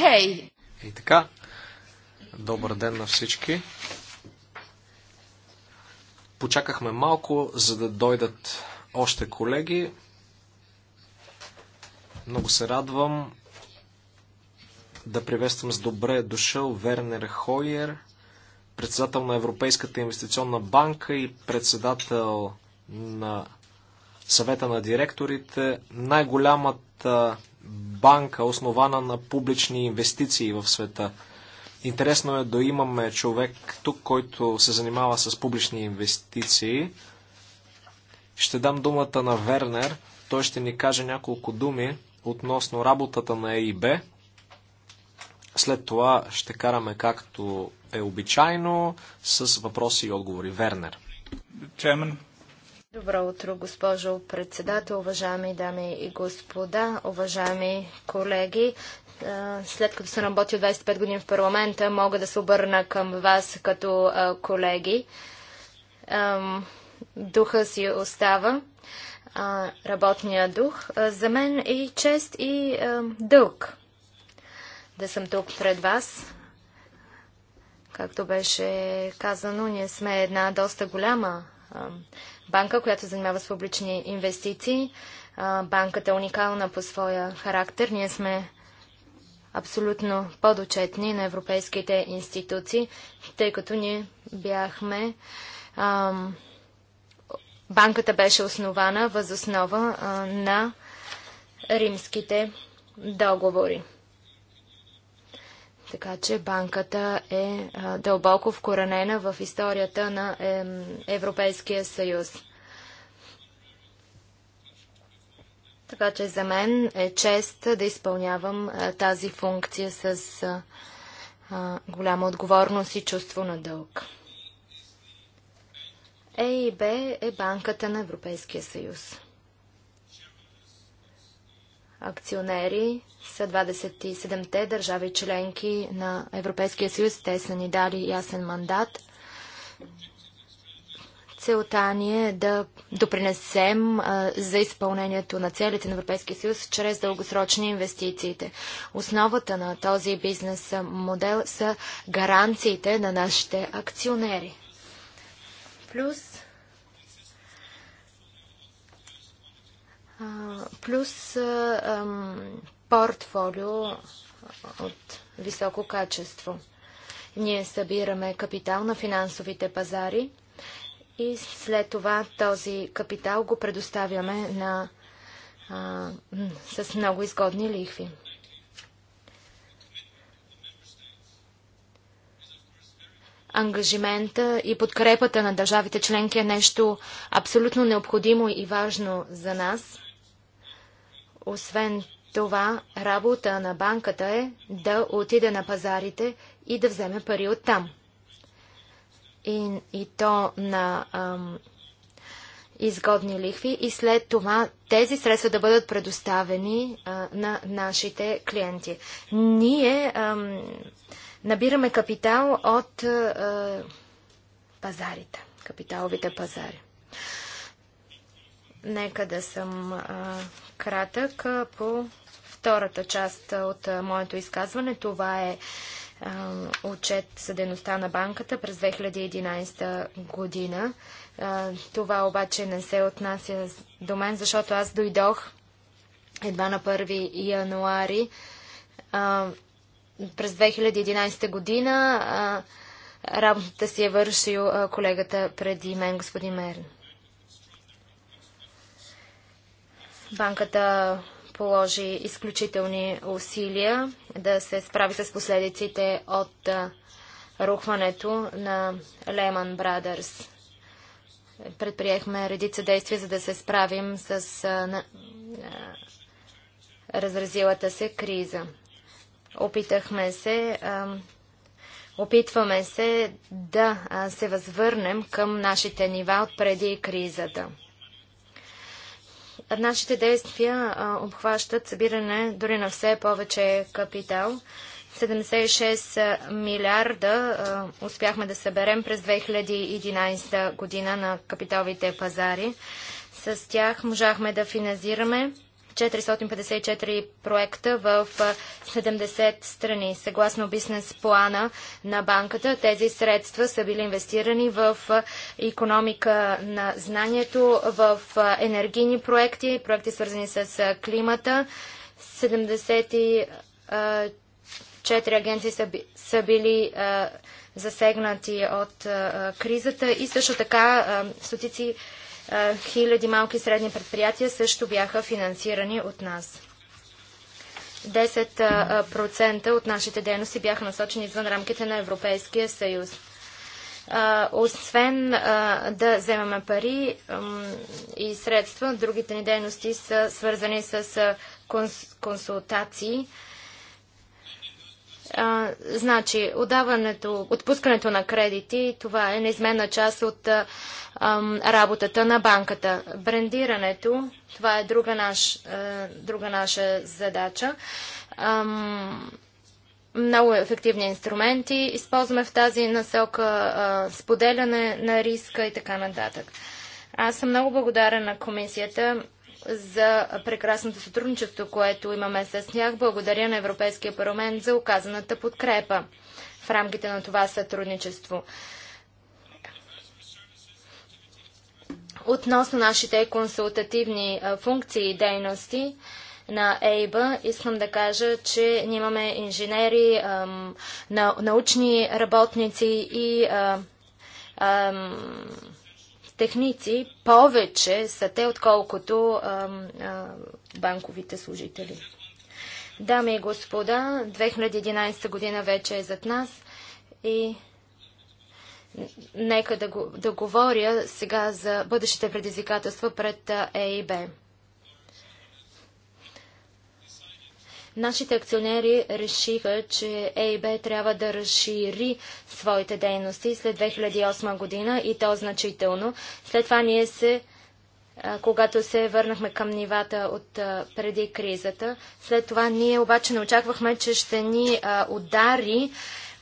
Okay. И така, добър ден на всички. Почакахме малко, за да дойдат още колеги. Много се радвам да приветствам с добре дошъл Вернер Хойер, председател на Европейската инвестиционна банка и председател на съвета на директорите. Най-голямата банка, основана на публични инвестиции в света. Интересно е да имаме човек тук, който се занимава с публични инвестиции. Ще дам думата на Вернер. Той ще ни каже няколко думи относно работата на ЕИБ. След това ще караме както е обичайно с въпроси и отговори. Вернер. Chairman, Добро утро, госпожо председател, уважаеми дами и господа, уважаеми колеги. След като съм работил 25 години в парламента, мога да се обърна към вас като колеги. Духа си остава, работния дух. За мен е чест и дълг да съм тук пред вас. Както беше казано, ние сме една доста голяма банка, която занимава с публични инвестиции. Банката е уникална по своя характер. Ние сме абсолютно подочетни на европейските институции, тъй като ние бяхме. банката беше основана възоснова на римските договори. Така че банката е дълбоко вкоренена в историята на Европейския съюз. Така че за мен е чест да изпълнявам тази функция с голяма отговорност и чувство на дълг. ЕИБ е банката на Европейския съюз акционери са 27-те държави членки на Европейския съюз. Те са ни дали ясен мандат. Целта ни е да допринесем за изпълнението на целите на Европейския съюз чрез дългосрочни инвестициите. Основата на този бизнес модел са гаранциите на нашите акционери. Плюс плюс портфолио от високо качество. Ние събираме капитал на финансовите пазари и след това този капитал го предоставяме на, а, с много изгодни лихви. Ангажимента и подкрепата на държавите членки е нещо абсолютно необходимо и важно за нас – освен това, работа на банката е да отиде на пазарите и да вземе пари от там. И, и то на ам, изгодни лихви и след това тези средства да бъдат предоставени а, на нашите клиенти. Ние ам, набираме капитал от а, пазарите, капиталовите пазари. Нека да съм а, кратък по втората част от моето изказване. Това е отчет за дейността на банката през 2011 година. Това обаче не се отнася до мен, защото аз дойдох едва на 1 януари през 2011 година. Работата си е вършил колегата преди мен, господин Мерн. Банката положи изключителни усилия да се справи с последиците от рухването на Lehman Brothers. Предприехме редица действия, за да се справим с а, а, разразилата се криза. Опитахме се, а, опитваме се да се възвърнем към нашите нива от преди кризата. Нашите действия а, обхващат събиране дори на все повече капитал. 76 милиарда а, успяхме да съберем през 2011 година на капиталовите пазари. С тях можахме да финансираме 454 проекта в 70 страни. Съгласно бизнес плана на банката, тези средства са били инвестирани в економика на знанието, в енергийни проекти, проекти свързани с климата. 74 агенции са, са били засегнати от кризата и също така стотици Хиляди малки и средни предприятия също бяха финансирани от нас. 10% от нашите дейности бяха насочени извън рамките на Европейския съюз. Освен да вземаме пари и средства, другите ни дейности са свързани с консултации а, значи, отдаването, отпускането на кредити, това е неизменна част от а, работата на банката. Брендирането, това е друга, наш, а, друга наша задача. А, много ефективни инструменти използваме в тази насока, а, споделяне на риска и така нататък. Аз съм много благодарен на комисията за прекрасното сътрудничество, което имаме с тях. Благодаря на Европейския парламент за оказаната подкрепа в рамките на това сътрудничество. Относно нашите консултативни функции и дейности на ЕИБА, искам да кажа, че ние имаме инженери, научни работници и техници, повече са те, отколкото а, а, банковите служители. Дами и господа, 2011 година вече е зад нас и нека да, го, да говоря сега за бъдещите предизвикателства пред ЕИБ. Нашите акционери решиха, че ЕИБ трябва да разшири своите дейности след 2008 година и то значително. След това ние се когато се върнахме към нивата от преди кризата. След това ние обаче не очаквахме, че ще ни удари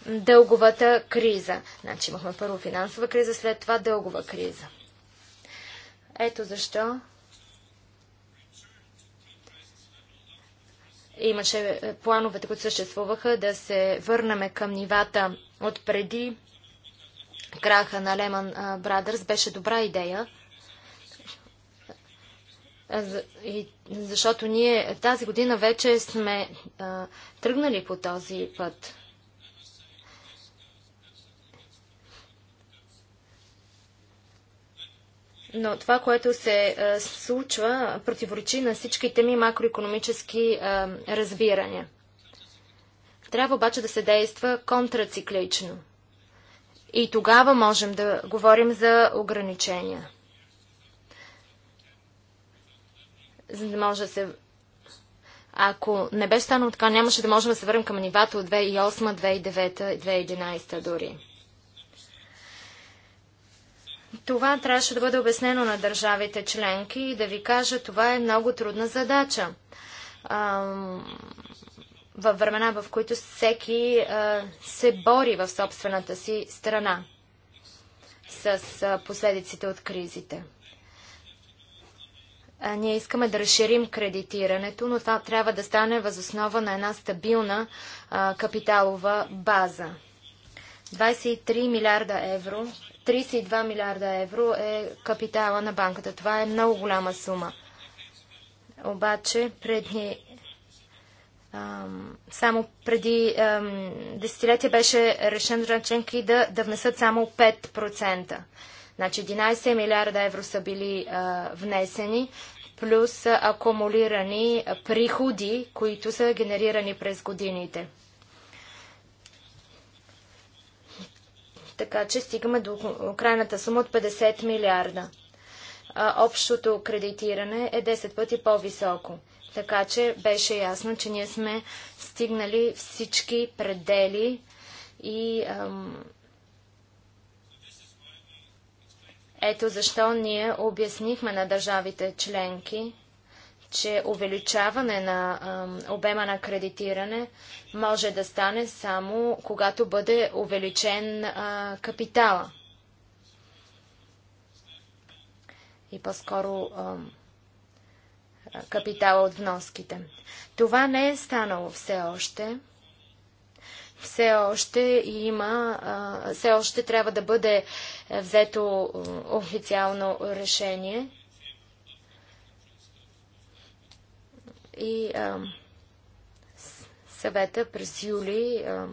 дълговата криза. Значи имахме първо финансова криза, след това дългова криза. Ето защо Имаше е, плановете, които съществуваха да се върнаме към нивата от преди краха на Леман Брадърс. Беше добра идея. И защото ние тази година вече сме а, тръгнали по този път. Но това, което се случва, противоречи на всичките ми макроекономически разбирания. Трябва обаче да се действа контрациклично. И тогава можем да говорим за ограничения. За да може да се. Ако не беше станало така, нямаше да можем да се върнем към нивата от 2008, 2009, 2011 дори. Това трябваше да бъде обяснено на държавите членки и да ви кажа, това е много трудна задача. Във времена, в които всеки се бори в собствената си страна с последиците от кризите. Ние искаме да разширим кредитирането, но това трябва да стане възоснова на една стабилна капиталова база. 23 милиарда евро 32 милиарда евро е капитала на банката. Това е много голяма сума. Обаче преди само преди ам, десетилетия беше решено държавите да, да внесат само 5%. Значи 11 милиарда евро са били а, внесени, плюс акумулирани приходи, които са генерирани през годините. така че стигаме до крайната сума от 50 милиарда. А, общото кредитиране е 10 пъти по-високо. Така че беше ясно, че ние сме стигнали всички предели и ам, ето защо ние обяснихме на държавите членки, че увеличаване на обема на кредитиране може да стане само когато бъде увеличен капитала. И по-скоро капитала от вноските. Това не е станало все още. Все още има, все още трябва да бъде е, взето официално решение и а, съвета през юли а,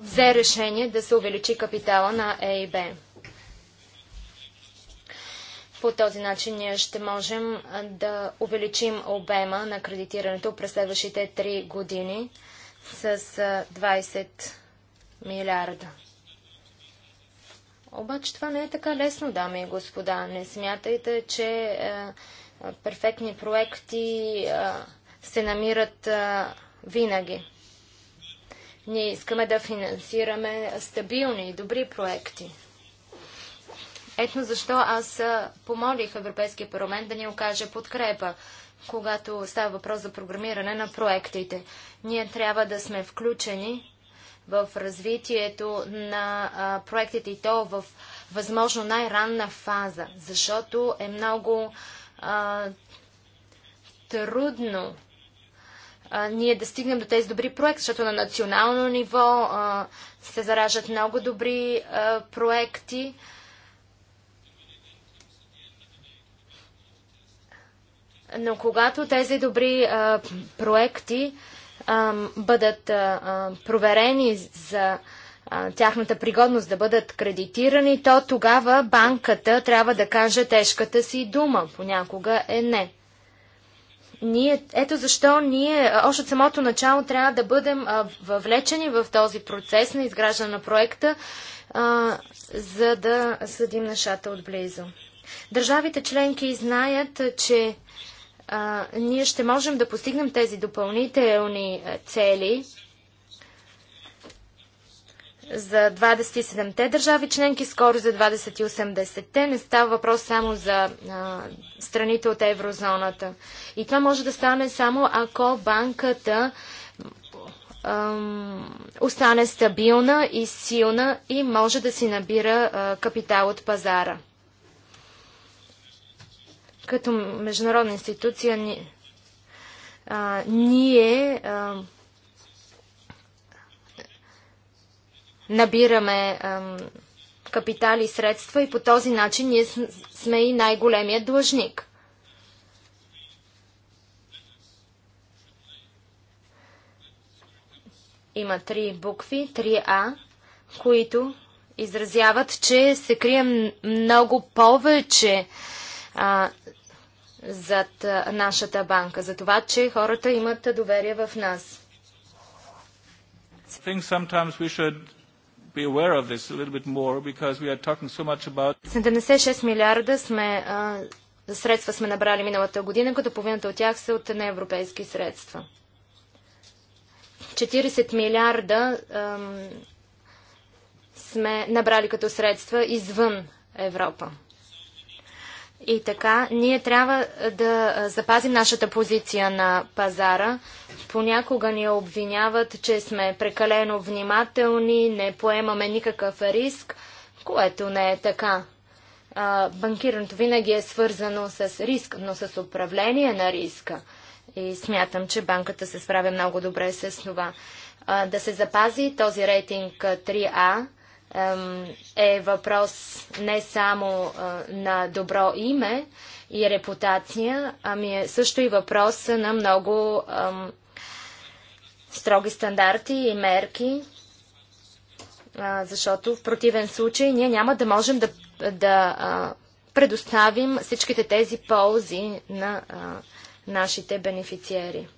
взе решение да се увеличи капитала на ЕИБ. По този начин ние ще можем да увеличим обема на кредитирането през следващите 3 години с 20 милиарда. Обаче това не е така лесно, дами и господа. Не смятайте, че е, перфектни проекти е, се намират е, винаги. Ние искаме да финансираме стабилни и добри проекти. Ето защо аз е, помолих Европейския парламент да ни окаже подкрепа, когато става въпрос за програмиране на проектите. Ние трябва да сме включени в развитието на проектите и то в възможно най-ранна фаза, защото е много а, трудно а, ние да стигнем до тези добри проекти, защото на национално ниво а, се заражат много добри а, проекти. Но когато тези добри а, проекти бъдат проверени за тяхната пригодност да бъдат кредитирани, то тогава банката трябва да каже тежката си дума. Понякога е не. Ние, ето защо ние още от самото начало трябва да бъдем въвлечени в този процес на изграждане на проекта, за да съдим нещата отблизо. Държавите членки знаят, че ние ще можем да постигнем тези допълнителни цели за 27-те държави членки, скоро за 28-те. Не става въпрос само за а, страните от еврозоната. И това може да стане само ако банката остане стабилна и силна и може да си набира а, капитал от пазара като международна институция ни, а, ние а, набираме а, капитали и средства и по този начин ние сме и най-големият длъжник. Има три букви, три А, които изразяват, че се крием много повече а, зад нашата банка, за това, че хората имат доверие в нас. So about... 76 милиарда сме, а, средства сме набрали миналата година, като половината от тях са от неевропейски средства. 40 милиарда а, сме набрали като средства извън Европа. И така, ние трябва да запазим нашата позиция на пазара. Понякога ни обвиняват, че сме прекалено внимателни, не поемаме никакъв риск, което не е така. Банкирането винаги е свързано с риск, но с управление на риска. И смятам, че банката се справя много добре с това. Да се запази този рейтинг 3А, е въпрос не само е, на добро име и репутация, ами е също и въпрос на много строги стандарти и мерки, е, защото в противен случай ние няма да можем да, да е, предоставим всичките тези ползи на нашите бенефициери.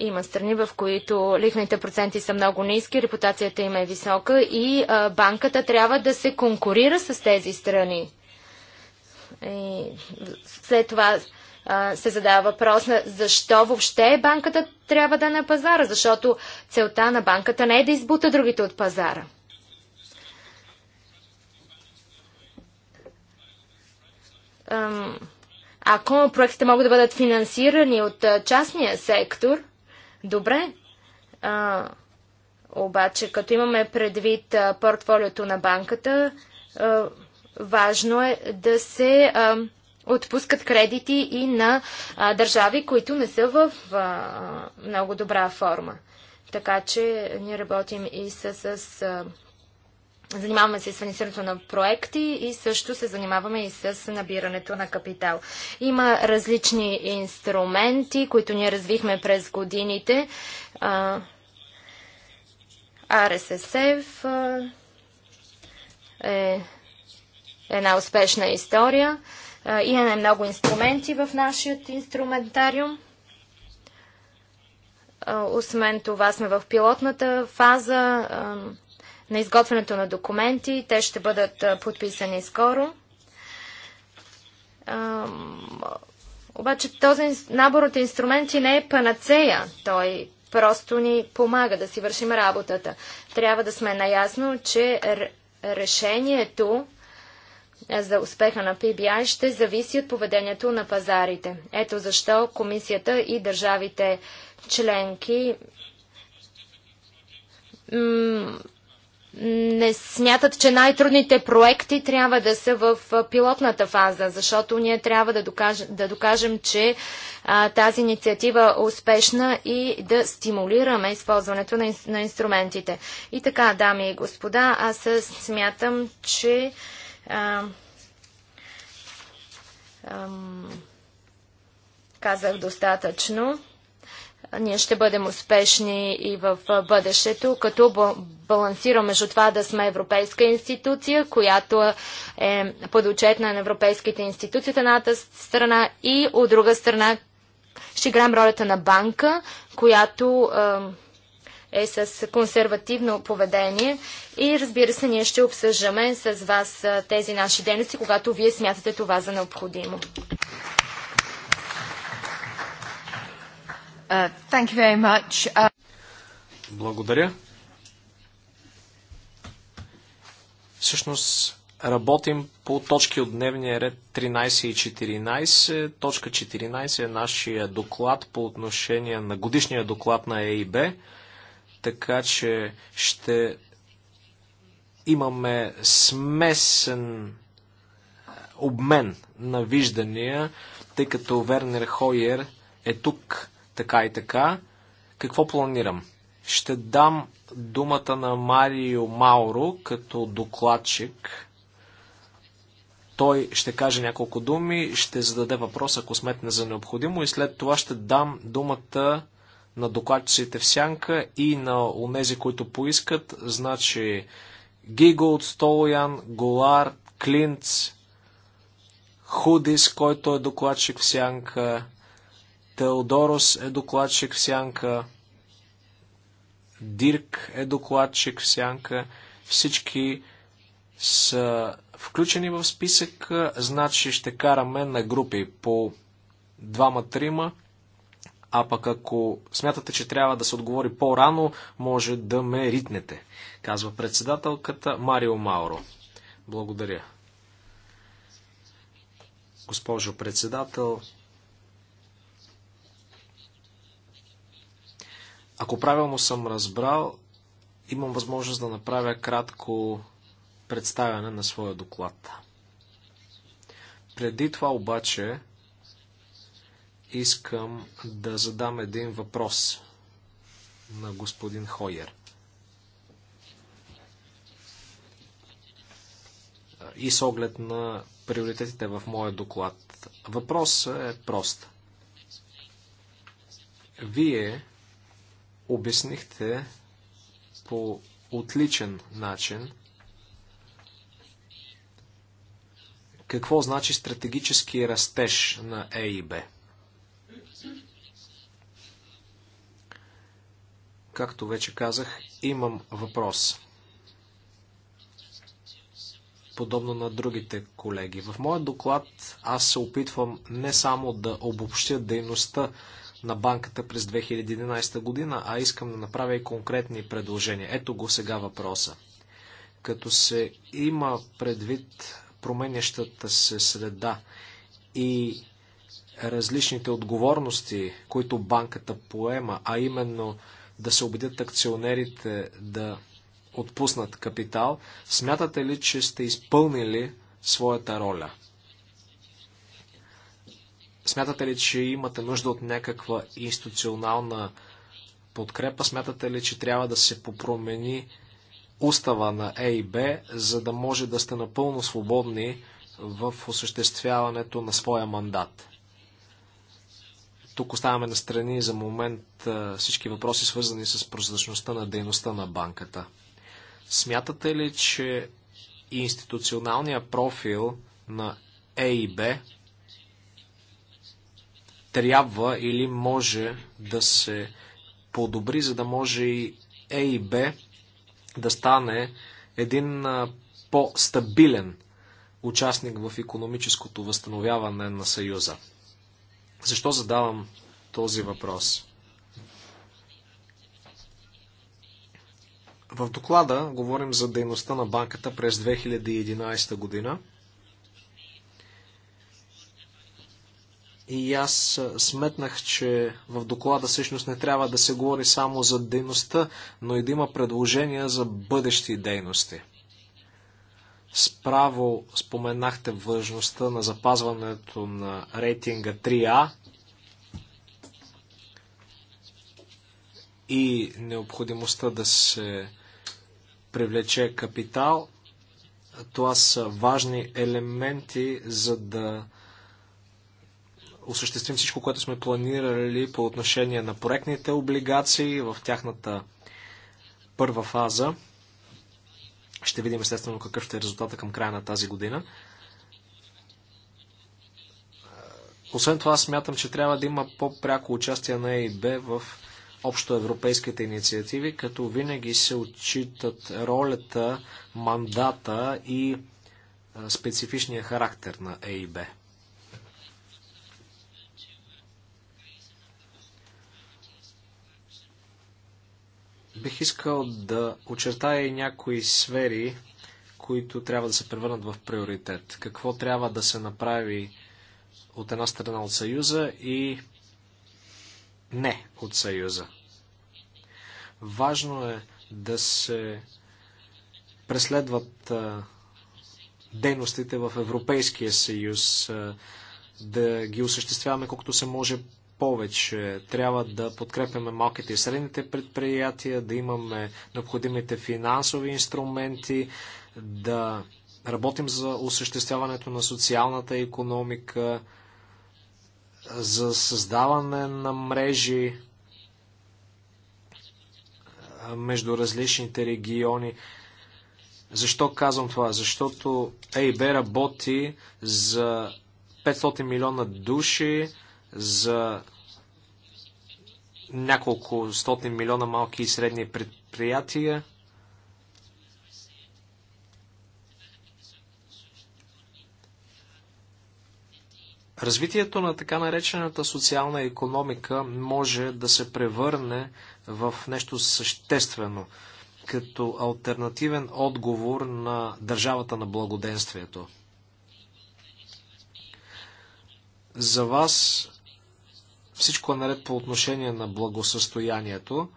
Има страни, в които лихвените проценти са много ниски, репутацията им е висока и а, банката трябва да се конкурира с тези страни. И след това а, се задава въпрос на защо въобще банката трябва да е на пазара, защото целта на банката не е да избута другите от пазара. ако проектите могат да бъдат финансирани от частния сектор – Добре, а, обаче като имаме предвид а, портфолиото на банката, а, важно е да се а, отпускат кредити и на а, държави, които не са в а, много добра форма. Така че ние работим и с, с Занимаваме се с финансирането на проекти и също се занимаваме и с набирането на капитал. Има различни инструменти, които ние развихме през годините. РССФ е една успешна история. Имаме много инструменти в нашия инструментариум. Освен това сме в пилотната фаза на изготвянето на документи. Те ще бъдат подписани скоро. Обаче този набор от инструменти не е панацея. Той просто ни помага да си вършим работата. Трябва да сме наясно, че решението за успеха на PBI ще зависи от поведението на пазарите. Ето защо комисията и държавите членки не смятат, че най-трудните проекти трябва да са в пилотната фаза, защото ние трябва да докажем, да докажем че а, тази инициатива е успешна и да стимулираме използването на, на инструментите. И така, дами и господа, аз смятам, че. А, ам, казах достатъчно ние ще бъдем успешни и в бъдещето, като балансираме между това да сме европейска институция, която е подочетна на европейските институции от едната страна и от друга страна ще играем ролята на банка, която е с консервативно поведение и разбира се, ние ще обсъждаме с вас тези наши дейности, когато вие смятате това за необходимо. Uh, uh, Благодаря. Всъщност работим по точки от дневния ред 13 и 14. Точка 14 е нашия доклад по отношение на годишния доклад на ЕИБ, така че ще имаме смесен обмен на виждания, тъй като Вернер Хойер е тук така и така. Какво планирам? Ще дам думата на Марио Мауро като докладчик. Той ще каже няколко думи, ще зададе въпрос, ако сметне за необходимо и след това ще дам думата на докладчиците в сянка и на унези, които поискат. Значи Гиголд, Столоян, Голар, Клинц, Худис, който е докладчик в сянка, Теодорос е докладчик в сянка. Дирк е докладчик в сянка. Всички са включени в списък, значи ще караме на групи по двама-трима. А пък ако смятате, че трябва да се отговори по-рано, може да ме ритнете, казва председателката Марио Мауро. Благодаря. Госпожо председател, Ако правилно съм разбрал, имам възможност да направя кратко представяне на своя доклад. Преди това обаче искам да задам един въпрос на господин Хойер. И с оглед на приоритетите в моя доклад. Въпросът е прост. Вие обяснихте по отличен начин какво значи стратегически растеж на Е и Б? Както вече казах, имам въпрос. Подобно на другите колеги. В моят доклад аз се опитвам не само да обобщя дейността на банката през 2011 година, а искам да направя и конкретни предложения. Ето го сега въпроса. Като се има предвид променящата се среда и различните отговорности, които банката поема, а именно да се убедят акционерите да отпуснат капитал, смятате ли, че сте изпълнили своята роля? Смятате ли, че имате нужда от някаква институционална подкрепа? Смятате ли, че трябва да се попромени устава на Б, за да може да сте напълно свободни в осъществяването на своя мандат? Тук оставяме на страни за момент всички въпроси, свързани с прозрачността на дейността на банката. Смятате ли, че институционалния профил на ЕИБ трябва или може да се подобри, за да може и Е и B да стане един по-стабилен участник в економическото възстановяване на Съюза. Защо задавам този въпрос? В доклада говорим за дейността на банката през 2011 година – И аз сметнах, че в доклада всъщност не трябва да се говори само за дейността, но и да има предложения за бъдещи дейности. Справо споменахте важността на запазването на рейтинга 3А и необходимостта да се привлече капитал. Това са важни елементи, за да осъществим всичко, което сме планирали по отношение на проектните облигации в тяхната първа фаза. Ще видим естествено какъв ще е резултата към края на тази година. Освен това, смятам, че трябва да има по-пряко участие на ЕИБ в общоевропейските инициативи, като винаги се отчитат ролята, мандата и специфичния характер на ЕИБ. Бих искал да очертая и някои сфери, които трябва да се превърнат в приоритет. Какво трябва да се направи от една страна от Съюза и не от Съюза. Важно е да се преследват дейностите в Европейския съюз, да ги осъществяваме колкото се може повече. Трябва да подкрепяме малките и средните предприятия, да имаме необходимите финансови инструменти, да работим за осъществяването на социалната економика, за създаване на мрежи между различните региони. Защо казвам това? Защото ЕИБ работи за 500 милиона души, за няколко стотни милиона малки и средни предприятия. Развитието на така наречената социална економика може да се превърне в нещо съществено, като альтернативен отговор на държавата на благоденствието. За вас всичко е наред по отношение на благосъстоянието.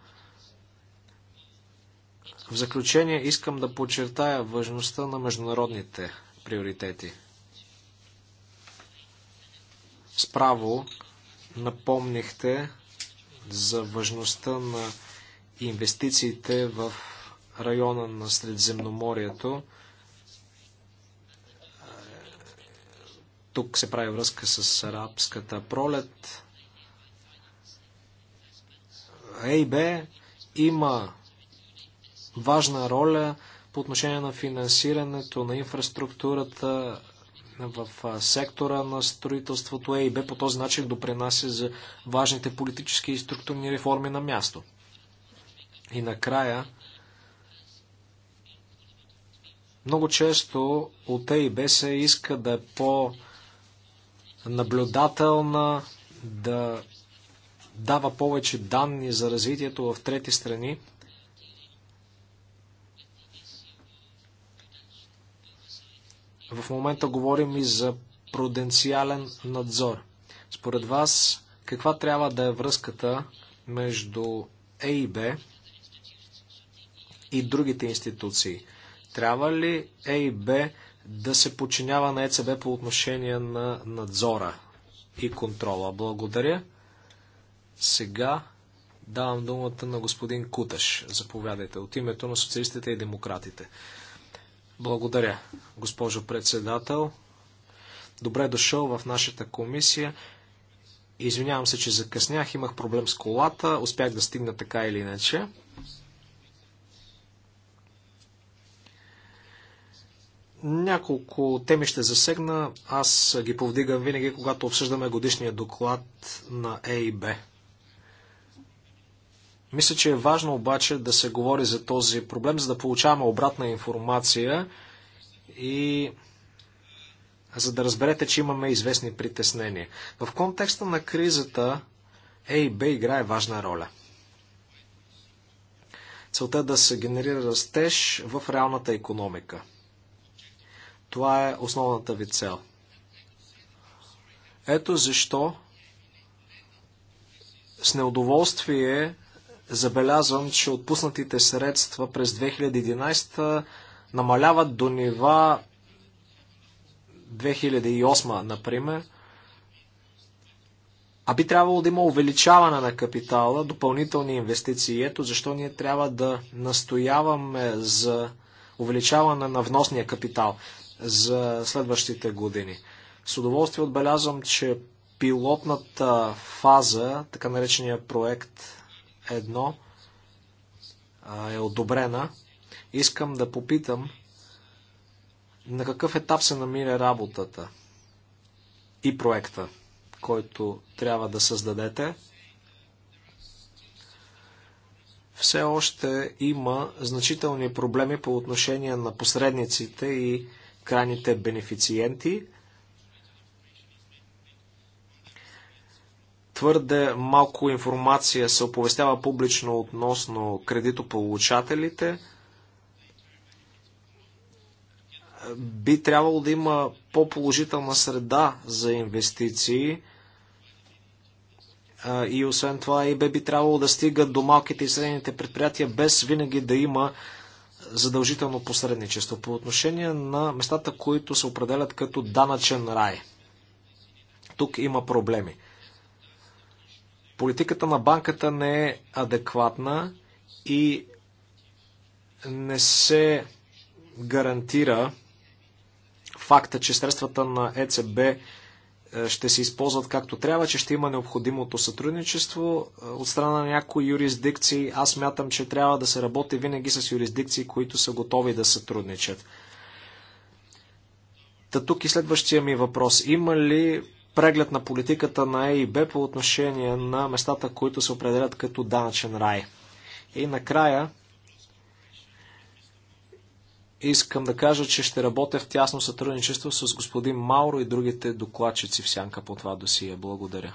В заключение искам да подчертая важността на международните приоритети. Справо напомнихте за важността на инвестициите в района на Средземноморието. Тук се прави връзка с арабската пролет. ЕИБ има важна роля по отношение на финансирането на инфраструктурата в сектора на строителството ЕИБ по този начин допринася за важните политически и структурни реформи на място. И накрая, много често от ЕИБ се иска да е по-наблюдателна, да дава повече данни за развитието в трети страни. В момента говорим и за пруденциален надзор. Според вас, каква трябва да е връзката между Е и Б и другите институции? Трябва ли Е и Б да се подчинява на ЕЦБ по отношение на надзора и контрола? Благодаря. Сега давам думата на господин Куташ. Заповядайте от името на социалистите и демократите. Благодаря, госпожо председател. Добре дошъл в нашата комисия. Извинявам се, че закъснях. Имах проблем с колата. Успях да стигна така или иначе. Няколко теми ще засегна. Аз ги повдигам винаги, когато обсъждаме годишния доклад на ЕИБ. Мисля, че е важно обаче да се говори за този проблем, за да получаваме обратна информация и за да разберете, че имаме известни притеснения. В контекста на кризата ЕИБ играе важна роля. Целта е да се генерира растеж в реалната економика. Това е основната ви цел. Ето защо с неудоволствие забелязвам, че отпуснатите средства през 2011 намаляват до нива 2008, например. А би трябвало да има увеличаване на капитала, допълнителни инвестиции. Ето защо ние трябва да настояваме за увеличаване на вносния капитал за следващите години. С удоволствие отбелязвам, че пилотната фаза, така наречения проект 1 е одобрена. Искам да попитам на какъв етап се намира работата и проекта, който трябва да създадете. Все още има значителни проблеми по отношение на посредниците и крайните бенефициенти. Твърде малко информация се оповестява публично относно кредитополучателите. Би трябвало да има по-положителна среда за инвестиции и освен това ИБ би трябвало да стига до малките и средните предприятия без винаги да има задължително посредничество по отношение на местата, които се определят като данъчен рай. Тук има проблеми. Политиката на банката не е адекватна и не се гарантира факта, че средствата на ЕЦБ е, ще се използват както трябва, че ще има необходимото сътрудничество е, от страна на някои юрисдикции. Аз мятам, че трябва да се работи винаги с юрисдикции, които са готови да сътрудничат. Та тук и следващия ми въпрос. Има ли преглед на политиката на ЕИБ по отношение на местата, които се определят като данъчен рай. И накрая искам да кажа, че ще работя в тясно сътрудничество с господин Мауро и другите докладчици в сянка по това досие. Благодаря.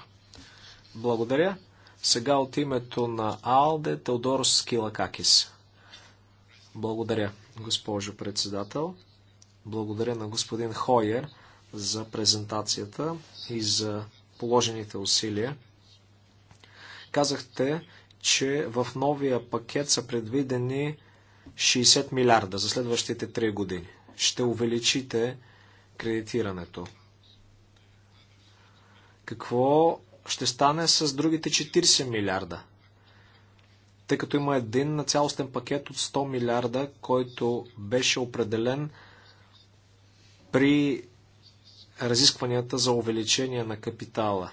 Благодаря. Сега от името на Алде Теодорос Скилакакис. Благодаря, госпожо председател. Благодаря на господин Хойер за презентацията и за положените усилия. Казахте, че в новия пакет са предвидени 60 милиарда за следващите 3 години. Ще увеличите кредитирането. Какво ще стане с другите 40 милиарда? Тъй като има един цялостен пакет от 100 милиарда, който беше определен при разискванията за увеличение на капитала.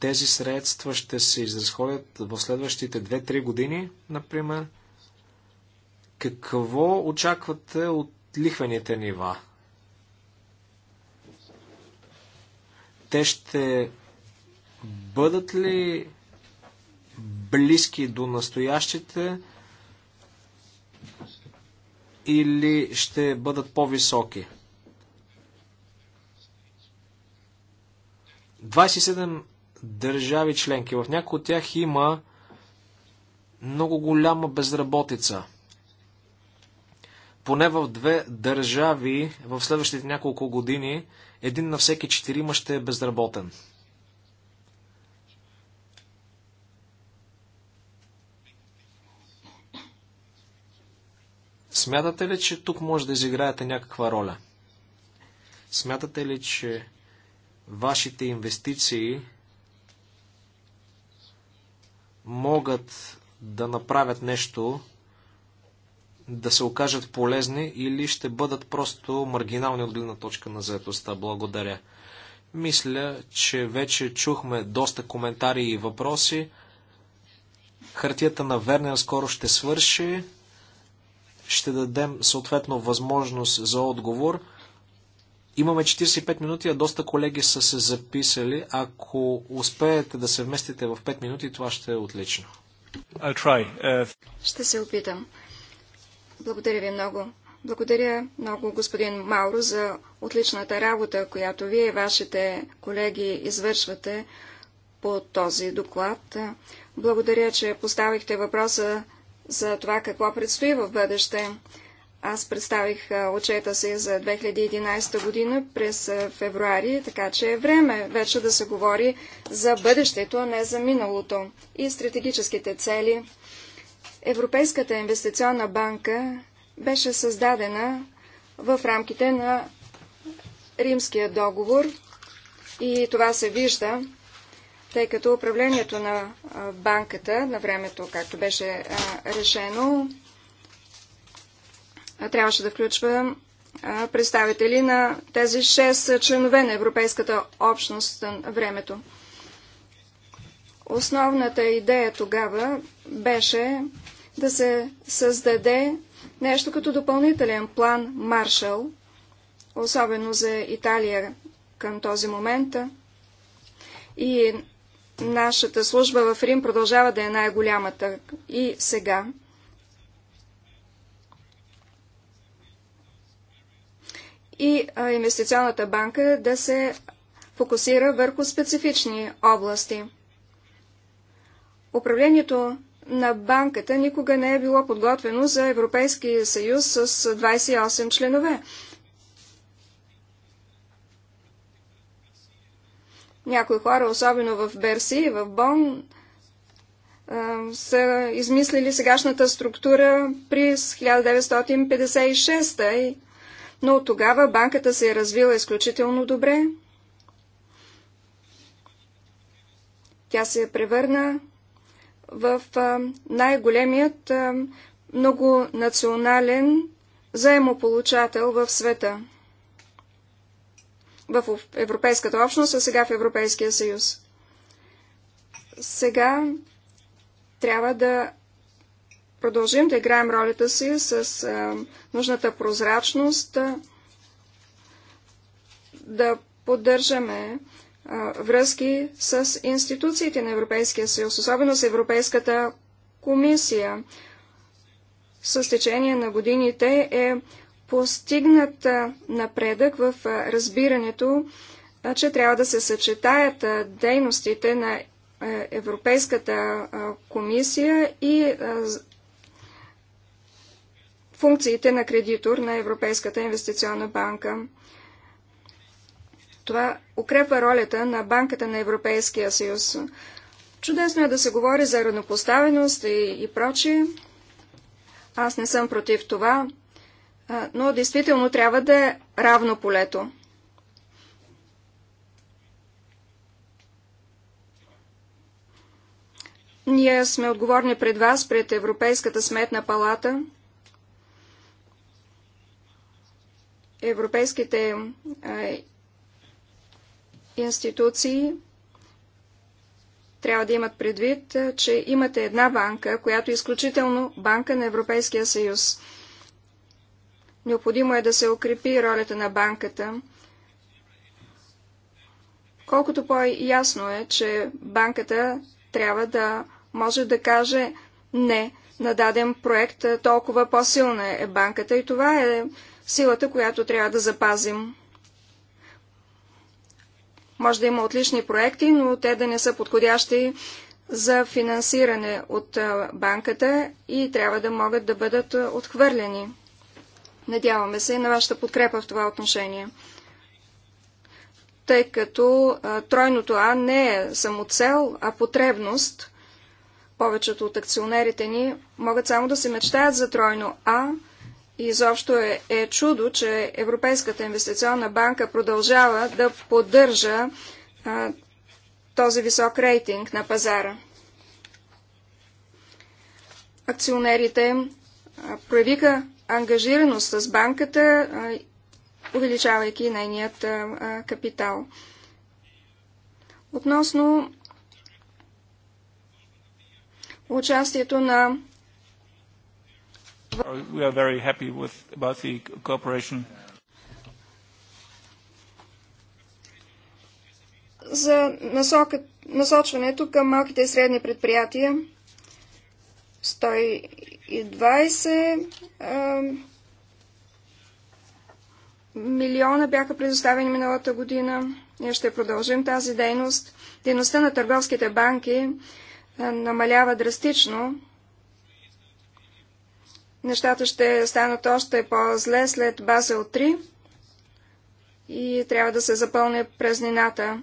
Тези средства ще се изразходят в следващите 2-3 години, например. Какво очаквате от лихвените нива? Те ще бъдат ли близки до настоящите или ще бъдат по-високи? 27 държави членки. В някои от тях има много голяма безработица. Поне в две държави в следващите няколко години един на всеки четирима ще е безработен. Смятате ли, че тук може да изиграете някаква роля? Смятате ли, че вашите инвестиции могат да направят нещо, да се окажат полезни или ще бъдат просто маргинални от гледна точка на заедостта. Благодаря. Мисля, че вече чухме доста коментари и въпроси. Хартията на Вернер скоро ще свърши. Ще дадем съответно възможност за отговор. Имаме 45 минути, а доста колеги са се записали. Ако успеете да се вместите в 5 минути, това ще е отлично. Uh... Ще се опитам. Благодаря ви много. Благодаря много, господин Мауро, за отличната работа, която вие и вашите колеги извършвате по този доклад. Благодаря, че поставихте въпроса за това какво предстои в бъдеще. Аз представих отчета си за 2011 година през февруари, така че е време вече да се говори за бъдещето, а не за миналото и стратегическите цели. Европейската инвестиционна банка беше създадена в рамките на Римския договор и това се вижда, тъй като управлението на банката на времето, както беше решено, трябваше да включва представители на тези 6 членове на Европейската общност на времето. Основната идея тогава беше да се създаде нещо като допълнителен план Маршал, особено за Италия към този момент. И нашата служба в Рим продължава да е най-голямата и сега. и инвестиционната банка да се фокусира върху специфични области. Управлението на банката никога не е било подготвено за Европейския съюз с 28 членове. Някои хора, особено в Берси и в Бон, са измислили сегашната структура при 1956 и но от тогава банката се е развила изключително добре. Тя се е превърна в най-големият многонационален заемополучател в света. В Европейската общност, а сега в Европейския съюз. Сега трябва да продължим да играем ролята си с а, нужната прозрачност, а, да поддържаме а, връзки с институциите на Европейския съюз, особено с Европейската комисия. С течение на годините е постигнат напредък в разбирането, че трябва да се съчетаят дейностите на Европейската комисия и функциите на кредитор на Европейската инвестиционна банка. Това укрепва ролята на Банката на Европейския съюз. Чудесно е да се говори за равнопоставеност и, и прочие. Аз не съм против това, но действително трябва да е равно полето. Ние сме отговорни пред вас, пред Европейската сметна палата – европейските институции трябва да имат предвид, че имате една банка, която е изключително банка на Европейския съюз. Необходимо е да се укрепи ролята на банката. Колкото по-ясно е, че банката трябва да може да каже не на даден проект, толкова по-силна е банката. И това е силата, която трябва да запазим. Може да има отлични проекти, но те да не са подходящи за финансиране от банката и трябва да могат да бъдат отхвърлени. Надяваме се на вашата подкрепа в това отношение. Тъй като тройното А не е самоцел, а потребност, повечето от акционерите ни могат само да се мечтаят за тройно А, и изобщо е, е чудо, че Европейската инвестиционна банка продължава да поддържа а, този висок рейтинг на пазара. Акционерите а, проявиха ангажираност с банката, а, увеличавайки нейният а, капитал. Относно участието на We are very happy with, about the cooperation. За насока, насочването към малките и средни предприятия 120 а, милиона бяха предоставени миналата година. Ние ще продължим тази дейност. Дейността на търговските банки намалява драстично Нещата ще станат още по-зле след Базел 3 и трябва да се запълне празнината,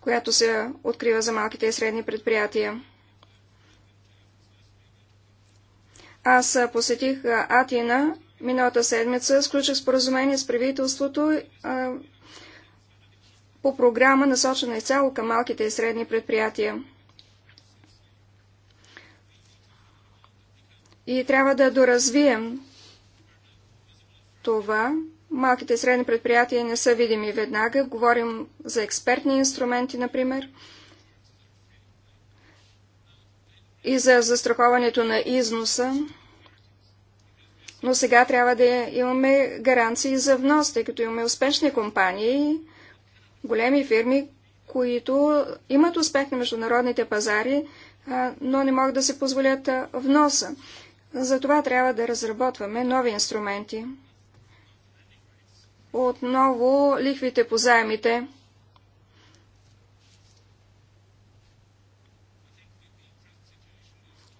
която се открива за малките и средни предприятия. Аз посетих Атина миналата седмица, сключих споразумение с правителството по програма, насочена изцяло към малките и средни предприятия. и трябва да доразвием това. Малките и средни предприятия не са видими веднага. Говорим за експертни инструменти, например, и за застраховането на износа. Но сега трябва да имаме гаранции за внос, тъй като имаме успешни компании, големи фирми, които имат успех на международните пазари, но не могат да се позволят вноса. Затова трябва да разработваме нови инструменти. Отново лихвите по заемите.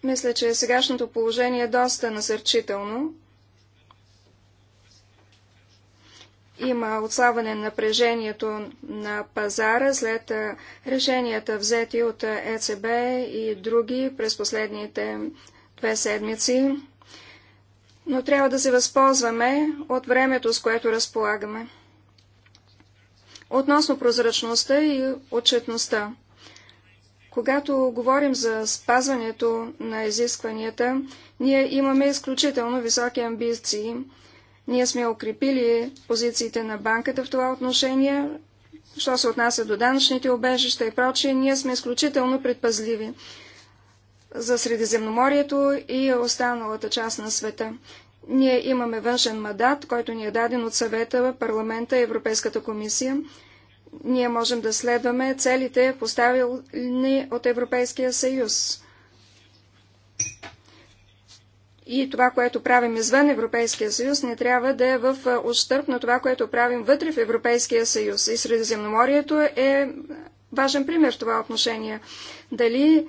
Мисля, че сегашното положение е доста насърчително. Има отслабване на напрежението на пазара след решенията взети от ЕЦБ и други през последните две седмици, но трябва да се възползваме от времето, с което разполагаме. Относно прозрачността и отчетността. Когато говорим за спазването на изискванията, ние имаме изключително високи амбиции. Ние сме укрепили позициите на банката в това отношение, що се отнася до данъчните обежища и прочие, ние сме изключително предпазливи за Средиземноморието и останалата част на света. Ние имаме външен мандат, който ни е даден от съвета, парламента и Европейската комисия. Ние можем да следваме целите, поставени от Европейския съюз. И това, което правим извън Европейския съюз, не трябва да е в ущърп на това, което правим вътре в Европейския съюз. И Средиземноморието е важен пример в това отношение. Дали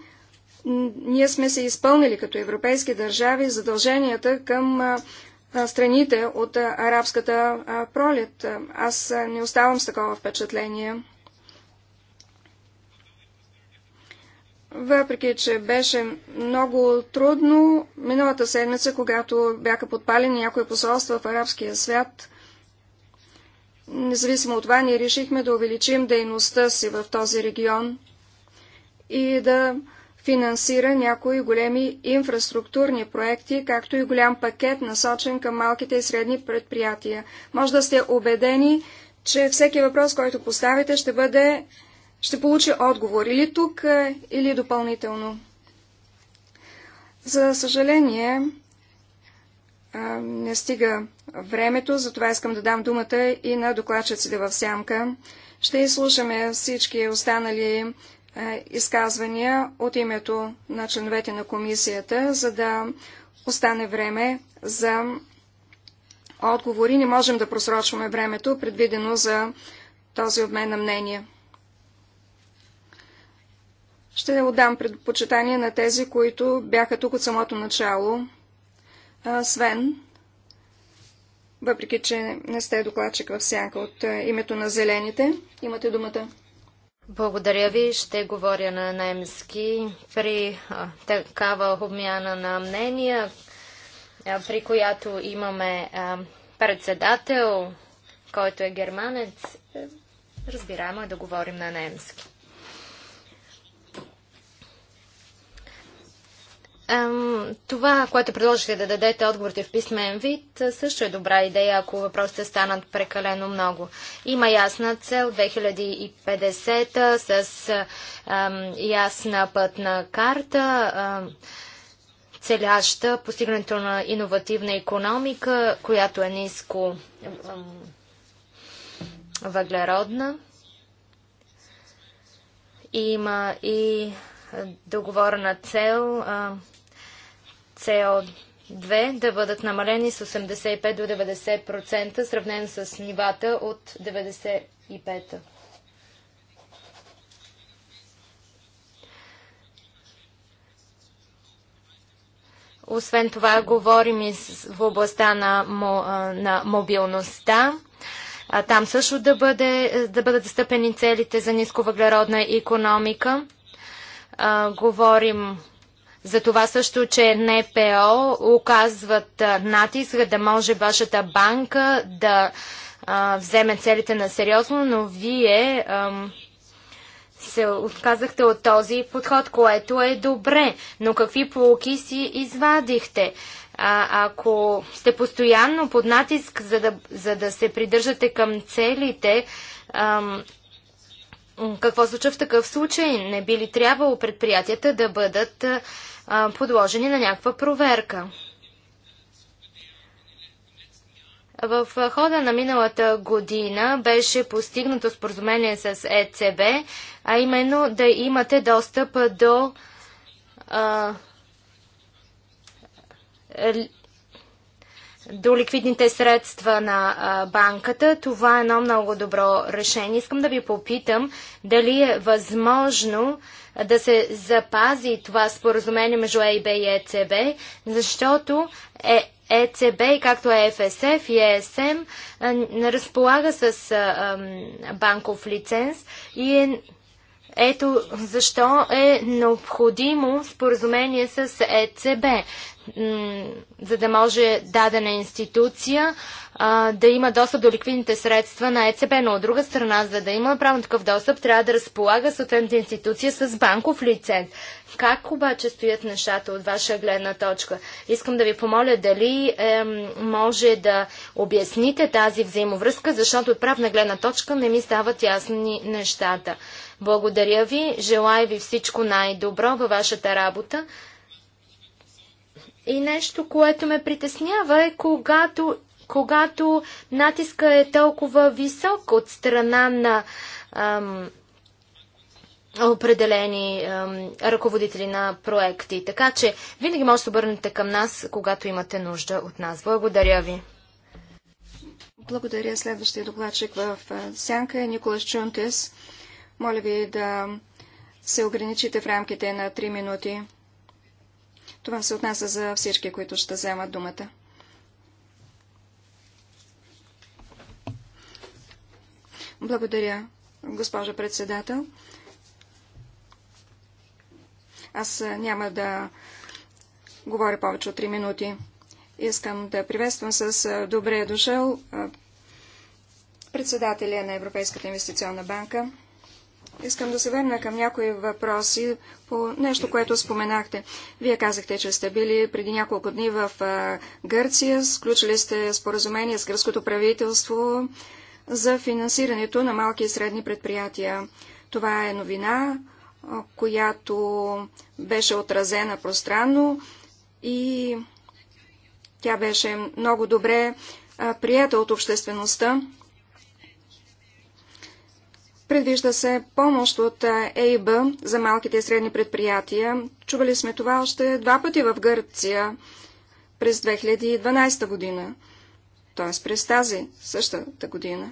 ние сме се изпълнили като европейски държави задълженията към страните от арабската пролет. Аз не оставам с такова впечатление. Въпреки, че беше много трудно, миналата седмица, когато бяха подпалени някои посолства в арабския свят, независимо от това, ние решихме да увеличим дейността си в този регион и да финансира някои големи инфраструктурни проекти, както и голям пакет насочен към малките и средни предприятия. Може да сте убедени, че всеки въпрос, който поставите, ще бъде ще получи отговор или тук, е, или допълнително. За съжаление, не стига времето, затова искам да дам думата и на докладчиците в сямка. Ще изслушаме всички останали е, изказвания от името на членовете на комисията, за да остане време за отговори. Не можем да просрочваме времето, предвидено за този обмен на мнение. Ще отдам предпочитание на тези, които бяха тук от самото начало. Свен, въпреки че не сте докладчик в сянка от е, името на зелените, имате думата. Благодаря ви. Ще говоря на немски. При а, такава обмяна на мнения, а, при която имаме а, председател, който е германец, разбираемо е да говорим на немски. Това, което предложите да дадете отговорите в писмен вид, също е добра идея, ако въпросите станат прекалено много. Има ясна цел 2050 с ам, ясна пътна карта, ам, целяща постигането на иновативна економика, която е ниско ам, въглеродна. Има и договорна цел. Ам, CO2 да бъдат намалени с 85 до 90%, сравнено с нивата от 95-та. Освен това, говорим и в областта на, на мобилността. А там също да, бъде, да бъдат застъпени целите за нисковъглеродна економика. А, говорим за това също, че НПО оказват натиск да може вашата банка да а, вземе целите на сериозно, но вие ам, се отказахте от този подход, което е добре. Но какви полуки си извадихте? А, ако сте постоянно под натиск, за да, за да се придържате към целите, ам, какво случва в такъв случай? Не би ли трябвало предприятията да бъдат а, подложени на някаква проверка. В хода на миналата година беше постигнато споразумение с ЕЦБ, а именно да имате достъп до а, до ликвидните средства на банката. Това е едно много добро решение. Искам да ви попитам дали е възможно да се запази това споразумение между ЕИБ и ЕЦБ, e защото е, ЕЦБ, e както е ФСФ и ЕСМ, e не разполага с банков лиценз и е ето защо е необходимо споразумение с ЕЦБ за да може дадена институция а, да има достъп до ликвидните средства на ЕЦБ, но от друга страна, за да има право такъв достъп, трябва да разполага съответната институция с банков лиценз. Как обаче стоят нещата от ваша гледна точка? Искам да ви помоля дали е, може да обясните тази взаимовръзка, защото от правна гледна точка не ми стават ясни нещата. Благодаря ви, желая ви всичко най-добро във вашата работа. И нещо, което ме притеснява е, когато, когато натиска е толкова висок от страна на ам, определени ам, ръководители на проекти. Така че винаги може да обърнете към нас, когато имате нужда от нас. Благодаря ви. Благодаря. Следващия докладчик в Сянка е Николас Чунтес. Моля ви да се ограничите в рамките на 3 минути. Това се отнася за всички, които ще вземат думата. Благодаря, госпожа председател. Аз няма да говоря повече от 3 минути. Искам да приветствам с добре е дошъл председателя на Европейската инвестиционна банка. Искам да се върна към някои въпроси по нещо, което споменахте. Вие казахте, че сте били преди няколко дни в Гърция, сключили сте споразумение с гръцкото правителство за финансирането на малки и средни предприятия. Това е новина, която беше отразена пространно и тя беше много добре прията от обществеността. Предвижда се помощ от ЕИБ за малките и средни предприятия. Чували сме това още два пъти в Гърция през 2012 година, т.е. през тази същата година.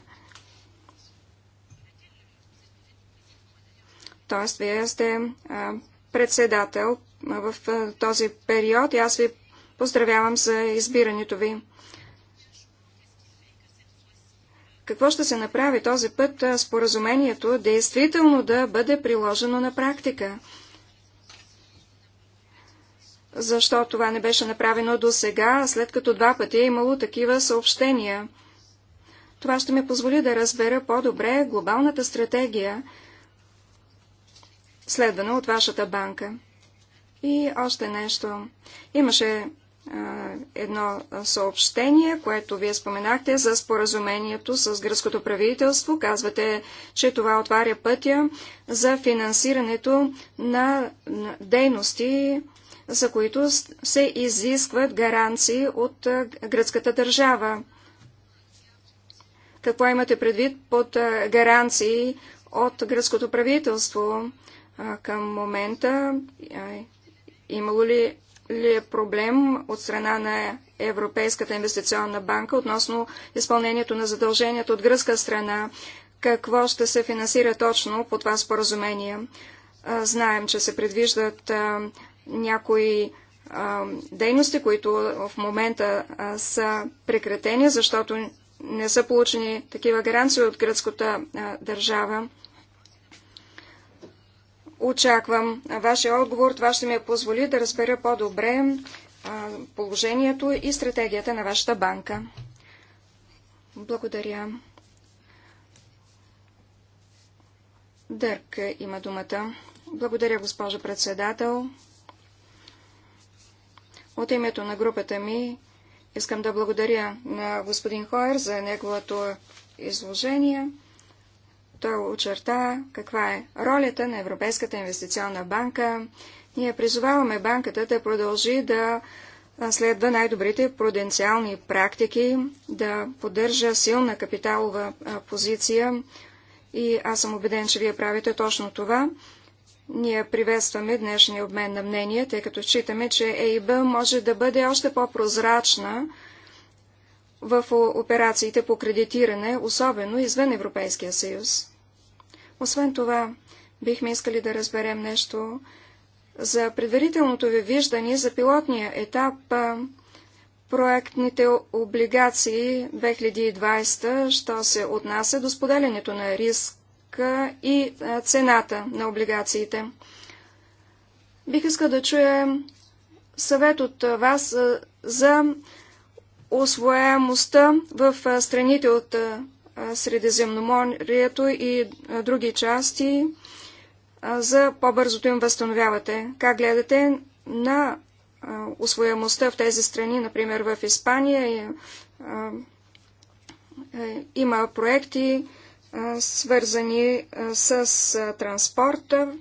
Т.е. вие сте председател в този период и аз ви поздравявам за избирането ви. какво ще се направи този път споразумението действително да бъде приложено на практика? Защо това не беше направено до сега, след като два пъти е имало такива съобщения? Това ще ми позволи да разбера по-добре глобалната стратегия, следвана от вашата банка. И още нещо. Имаше едно съобщение, което вие споменахте за споразумението с гръцкото правителство. Казвате, че това отваря пътя за финансирането на дейности, за които се изискват гаранции от гръцката държава. Какво имате предвид под гаранции от гръцкото правителство към момента? Имало ли ли е проблем от страна на Европейската инвестиционна банка относно изпълнението на задълженията от гръцка страна? Какво ще се финансира точно по това споразумение? Знаем, че се предвиждат някои дейности, които в момента са прекратени, защото не са получени такива гаранции от гръцката държава. Очаквам вашия отговор. Това ще ми позволи да разбера по-добре положението и стратегията на вашата банка. Благодаря. Дърк има думата. Благодаря, госпожо председател. От името на групата ми искам да благодаря на господин Хоер за неговото изложение. Той очерта каква е ролята на Европейската инвестиционна банка. Ние призоваваме банката да продължи да следва най-добрите пруденциални практики, да поддържа силна капиталова позиция и аз съм убеден, че вие правите точно това. Ние приветстваме днешния обмен на мнения, тъй като считаме, че ЕИБ може да бъде още по-прозрачна в операциите по кредитиране, особено извън Европейския съюз. Освен това, бихме искали да разберем нещо за предварителното ви виждане за пилотния етап проектните облигации 2020, що се отнася до споделянето на риска и цената на облигациите. Бих искал да чуя съвет от вас за освояемостта в страните от Средиземноморието и други части за по-бързото им възстановявате. Как гледате на освоемостта в тези страни, например в Испания е, има проекти, свързани с транспорта,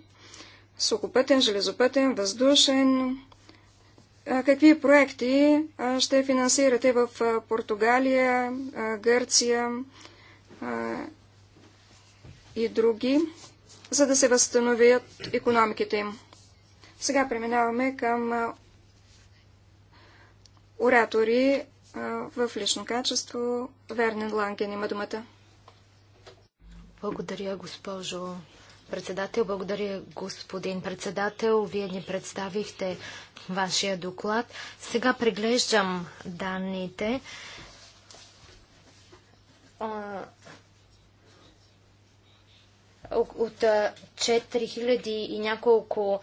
сухопътен, железопътен, въздушен. Какви проекти ще финансирате в Португалия, Гърция, и други, за да се възстановят економиките им. Сега преминаваме към оратори в лично качество. Вернен Ланген има думата. Благодаря, госпожо председател. Благодаря, господин председател. Вие ни представихте вашия доклад. Сега преглеждам данните от 4000 и няколко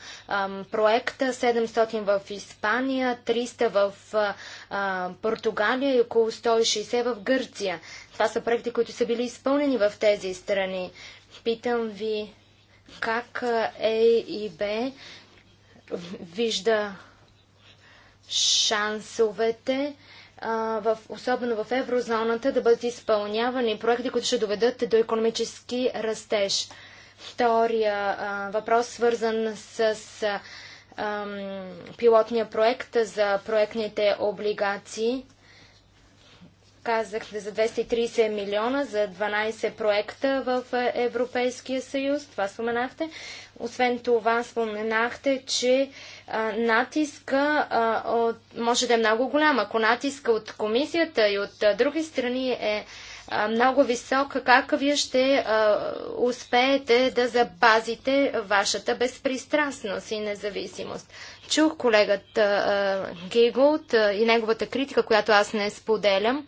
проекта, 700 в Испания, 300 в Португалия и около 160 в Гърция. Това са проекти, които са били изпълнени в тези страни. Питам ви как Е и Б вижда шансовете в, особено в еврозоната, да бъдат изпълнявани проекти, които ще доведат до економически растеж. Втория а, въпрос, свързан с а, пилотния проект за проектните облигации – Казахте за 230 милиона за 12 проекта в е, Европейския съюз. Това споменахте. Освен това споменахте, че а, натиска а, от, може да е много голям. Ако натиска от комисията и от а, други страни е а, много висок, как вие ще а, успеете да запазите вашата безпристрастност и независимост? Чух колегата Гигулт и неговата критика, която аз не споделям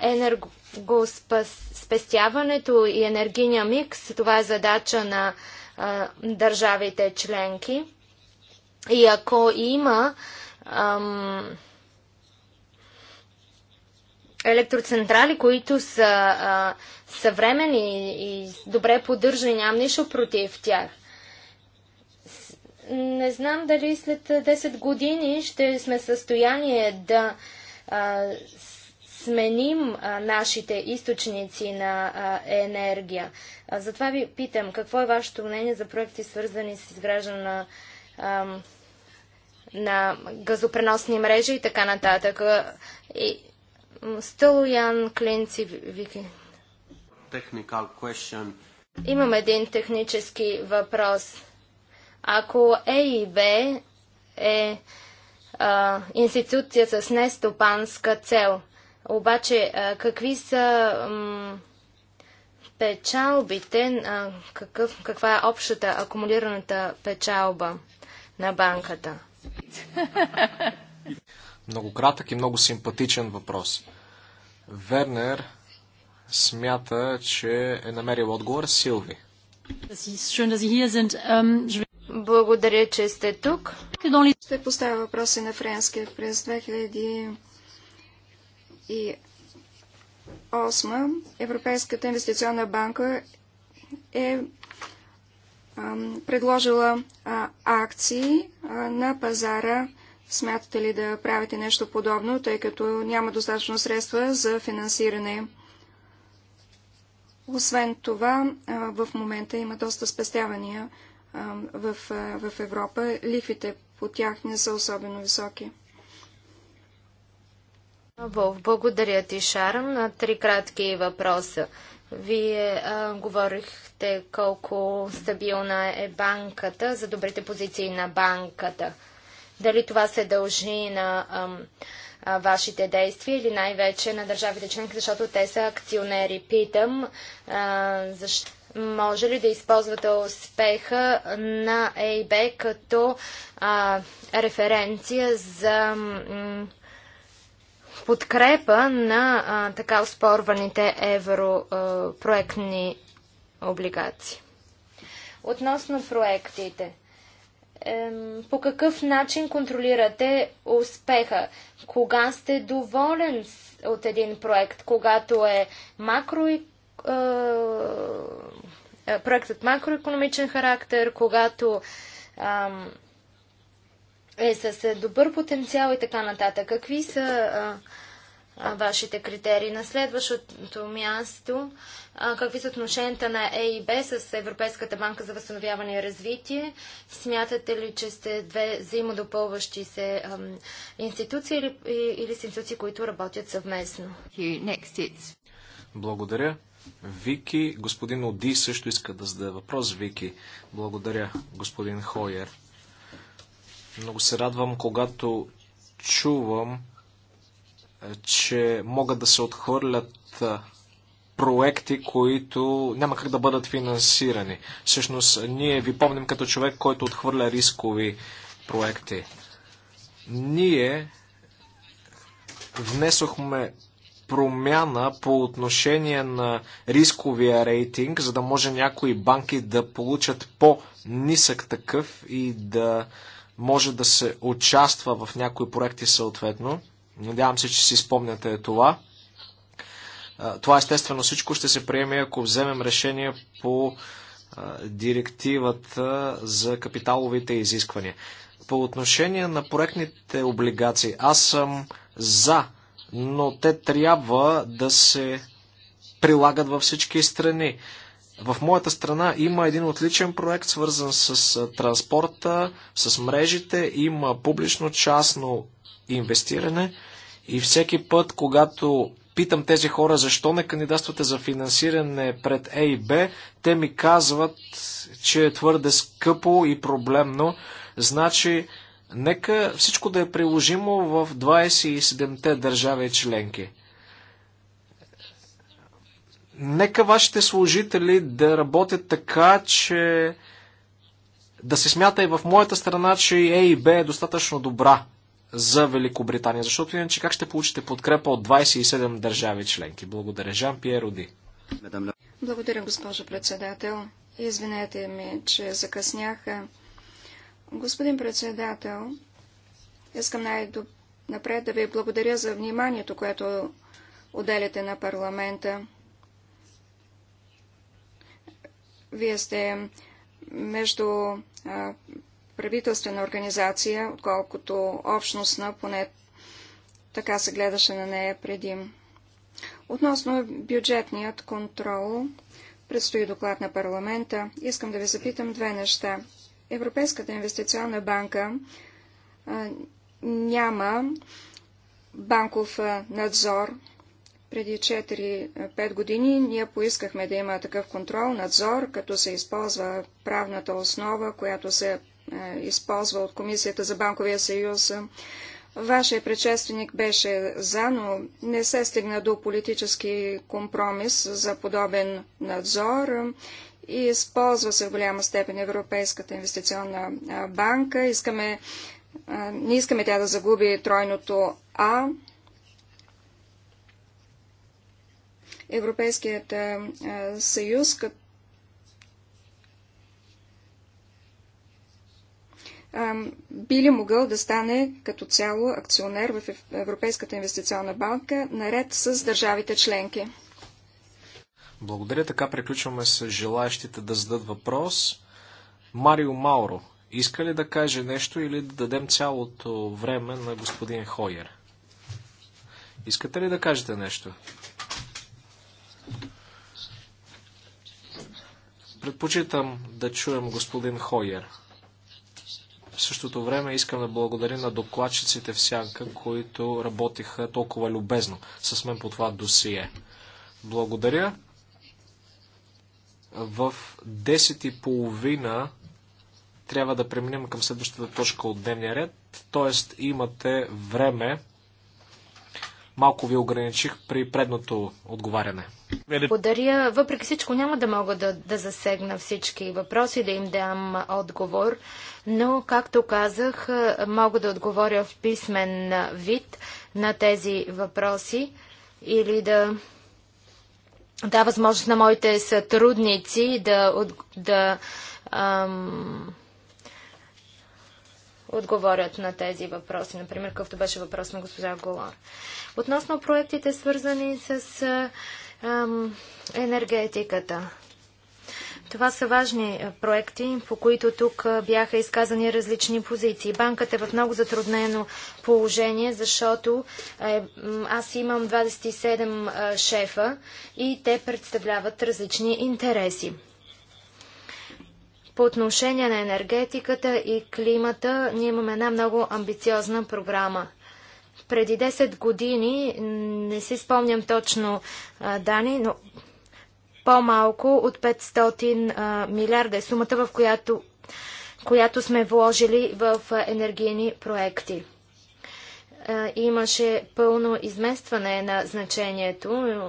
енергоспестяването и енергийния микс. Това е задача на а, държавите членки. И ако има ам, електроцентрали, които са а, съвремени и добре поддържани, нямам нищо против тях. Не знам дали след 10 години ще сме в състояние да а, сменим а, нашите източници на а, енергия. А, затова ви питам, какво е вашето мнение за проекти, свързани с изграждане на, на газопреносни мрежи и така нататък? И, Клинци Вики. Имам един технически въпрос. Ако ЕИБ е а, институция с нестопанска цел, обаче, какви са печалбите, какъв, каква е общата акумулираната печалба на банката? Много кратък и много симпатичен въпрос. Вернер смята, че е намерил отговор Силви. Ähm, Благодаря, че сте тук. Ще поставя въпроси на френски. През 2000 2008 Европейската инвестиционна банка е предложила акции на пазара. Смятате ли да правите нещо подобно, тъй като няма достатъчно средства за финансиране? Освен това, в момента има доста спестявания в, Европа. Лихвите по тях не са особено високи. Благодаря ти, Шарм. Три кратки въпроса. Вие а, говорихте колко стабилна е банката, за добрите позиции на банката. Дали това се дължи на а, а, вашите действия или най-вече на държавите членки, защото те са акционери. Питам, а, защ... може ли да използвате успеха на ЕИБ като а, референция за подкрепа на а, така оспорваните европроектни облигации. Относно проектите, ем, по какъв начин контролирате успеха? Кога сте доволен от един проект? Когато е макро, е, е проектът макроекономичен характер, когато ем, е с е, добър потенциал и така нататък. Какви са а, а, вашите критерии? На следващото място, а, какви са отношенията на е Б с Европейската банка за възстановяване и развитие? Смятате ли, че сте две взаимодопълващи се а, институции или, или с институции, които работят съвместно? Благодаря. Вики, господин Оди също иска да зададе въпрос. Вики, благодаря, господин Хойер. Много се радвам, когато чувам, е, че могат да се отхвърлят е, проекти, които няма как да бъдат финансирани. Всъщност, ние ви помним като човек, който отхвърля рискови проекти. Ние внесохме промяна по отношение на рисковия рейтинг, за да може някои банки да получат по-нисък такъв и да може да се участва в някои проекти съответно. Надявам се, че си спомняте това. Това естествено всичко ще се приеме, ако вземем решение по директивата за капиталовите изисквания. По отношение на проектните облигации, аз съм за, но те трябва да се прилагат във всички страни. В моята страна има един отличен проект, свързан с транспорта, с мрежите, има публично-частно инвестиране и всеки път, когато питам тези хора защо не кандидатствате за финансиране пред Е и Б, те ми казват, че е твърде скъпо и проблемно. Значи, нека всичко да е приложимо в 27-те държави членки. Нека вашите служители да работят така, че да се смята и в моята страна, че A и B е достатъчно добра за Великобритания, защото иначе как ще получите подкрепа от 27 държави членки? Благодаря, Жан Пьер Оди. Благодаря, госпожо председател. Извинете ми, че закъсняха. Господин председател, искам най-напред да ви благодаря за вниманието, което отделяте на парламента. Вие сте между правителствена организация, отколкото общностна, поне така се гледаше на нея преди. Относно бюджетният контрол, предстои доклад на парламента, искам да ви запитам две неща. Европейската инвестиционна банка а, няма банков надзор, преди 4-5 години ние поискахме да има такъв контрол, надзор, като се използва правната основа, която се използва от Комисията за банковия съюз. Вашия предшественик беше за, но не се стигна до политически компромис за подобен надзор и използва се в голяма степен Европейската инвестиционна банка. Искаме, не искаме тя да загуби тройното А, Европейският съюз, като би ли могъл да стане като цяло акционер в Европейската инвестиционна банка, наред с държавите членки? Благодаря. Така приключваме с желаящите да зададат въпрос. Марио Мауро, иска ли да каже нещо или да дадем цялото време на господин Хойер? Искате ли да кажете нещо? Предпочитам да чуем господин Хойер. В същото време искам да благодаря на докладчиците в Сянка, които работиха толкова любезно с мен по това досие. Благодаря. В 10.30 трябва да преминем към следващата точка от дневния ред, т.е. имате време Малко ви ограничих при предното отговаряне. Благодаря. Въпреки всичко няма да мога да, да засегна всички въпроси, да им дам отговор, но, както казах, мога да отговоря в писмен вид на тези въпроси или да да възможност на моите сътрудници да, да ам, отговорят на тези въпроси, например, какъвто беше въпрос на госпожа Голар. Относно проектите, свързани с а, а, енергетиката. Това са важни проекти, по които тук бяха изказани различни позиции. Банката е в много затруднено положение, защото е, аз имам 27 шефа и те представляват различни интереси. По отношение на енергетиката и климата, ние имаме една много амбициозна програма. Преди 10 години, не си спомням точно Дани, но по-малко от 500 милиарда е сумата, в която, която сме вложили в енергийни проекти. имаше пълно изместване на значението,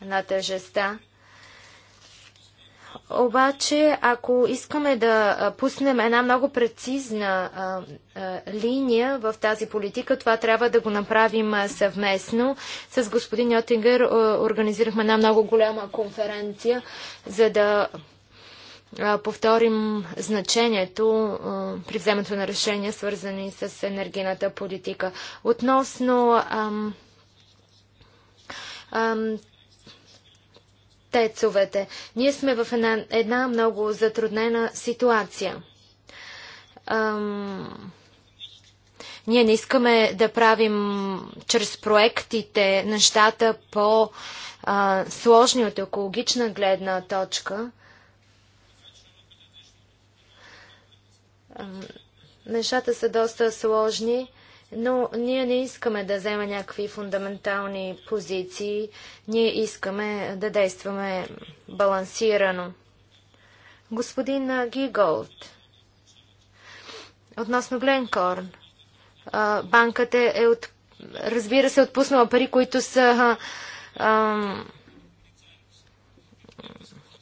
на тежеста обаче, ако искаме да пуснем една много прецизна а, а, линия в тази политика, това трябва да го направим съвместно. С господин Йотингер организирахме една много голяма конференция, за да повторим значението при вземането на решения, свързани с енергийната политика. Относно А, тецовете. Ние сме в една, една много затруднена ситуация. Ам... Ние не искаме да правим чрез проектите нещата по-сложни от екологична гледна точка. Ам... Нещата са доста сложни но ние не искаме да вземем някакви фундаментални позиции. Ние искаме да действаме балансирано. Господин Гиголд, относно Гленкорн, банката е от, разбира се, отпуснала пари, които са ам,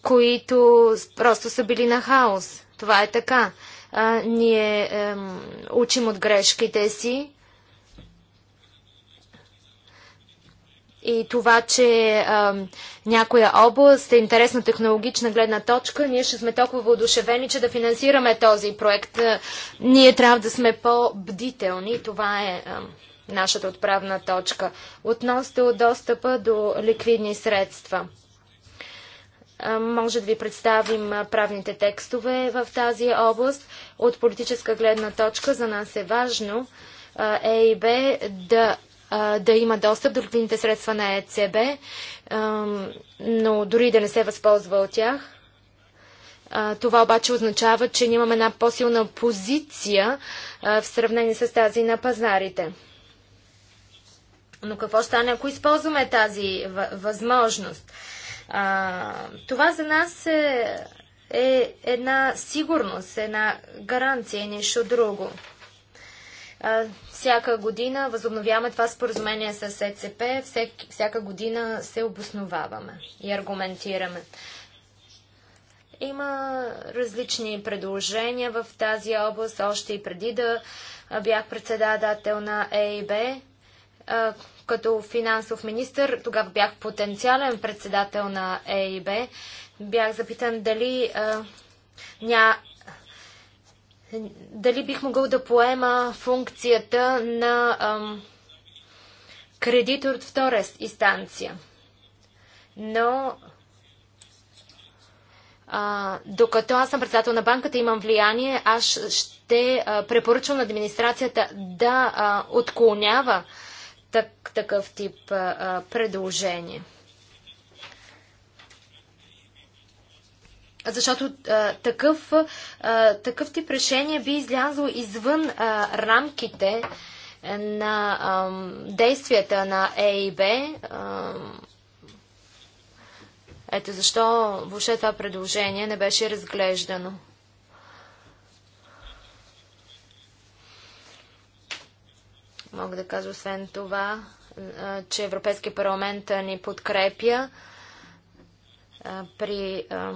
които просто са били на хаос. Това е така. А, ние ем, учим от грешките си и това, че а, някоя област е интересна технологична гледна точка, ние ще сме толкова въодушевени, че да финансираме този проект. А, ние трябва да сме по-бдителни. Това е а, нашата отправна точка. Относно достъпа до ликвидни средства. А, може да ви представим правните текстове в тази област. От политическа гледна точка за нас е важно ЕИБ да да има достъп до ликвидните средства на ЕЦБ, но дори да не се възползва от тях. това обаче означава, че ние имаме една по-силна позиция в сравнение с тази на пазарите. Но какво стане, ако използваме тази възможност? това за нас е, е една сигурност, една гаранция, нещо друго. Всяка година възобновяваме това споразумение с ЕЦП, всяка година се обосноваваме и аргументираме. Има различни предложения в тази област, още и преди да бях председател на ЕИБ. Като финансов министр, тогава бях потенциален председател на ЕИБ, бях запитан дали дали бих могъл да поема функцията на ам, кредитор от втора инстанция. Но а, докато аз съм председател на банката, имам влияние, аз ще а, препоръчвам на администрацията да а, отклонява так, такъв тип а, предложение. защото а, такъв, а, такъв тип решение би излязло извън а, рамките е, на а, действията на ЕИБ. А, ето защо въобще това предложение не беше разглеждано. Мога да кажа освен това, а, че Европейския парламент ни подкрепя а, при. А,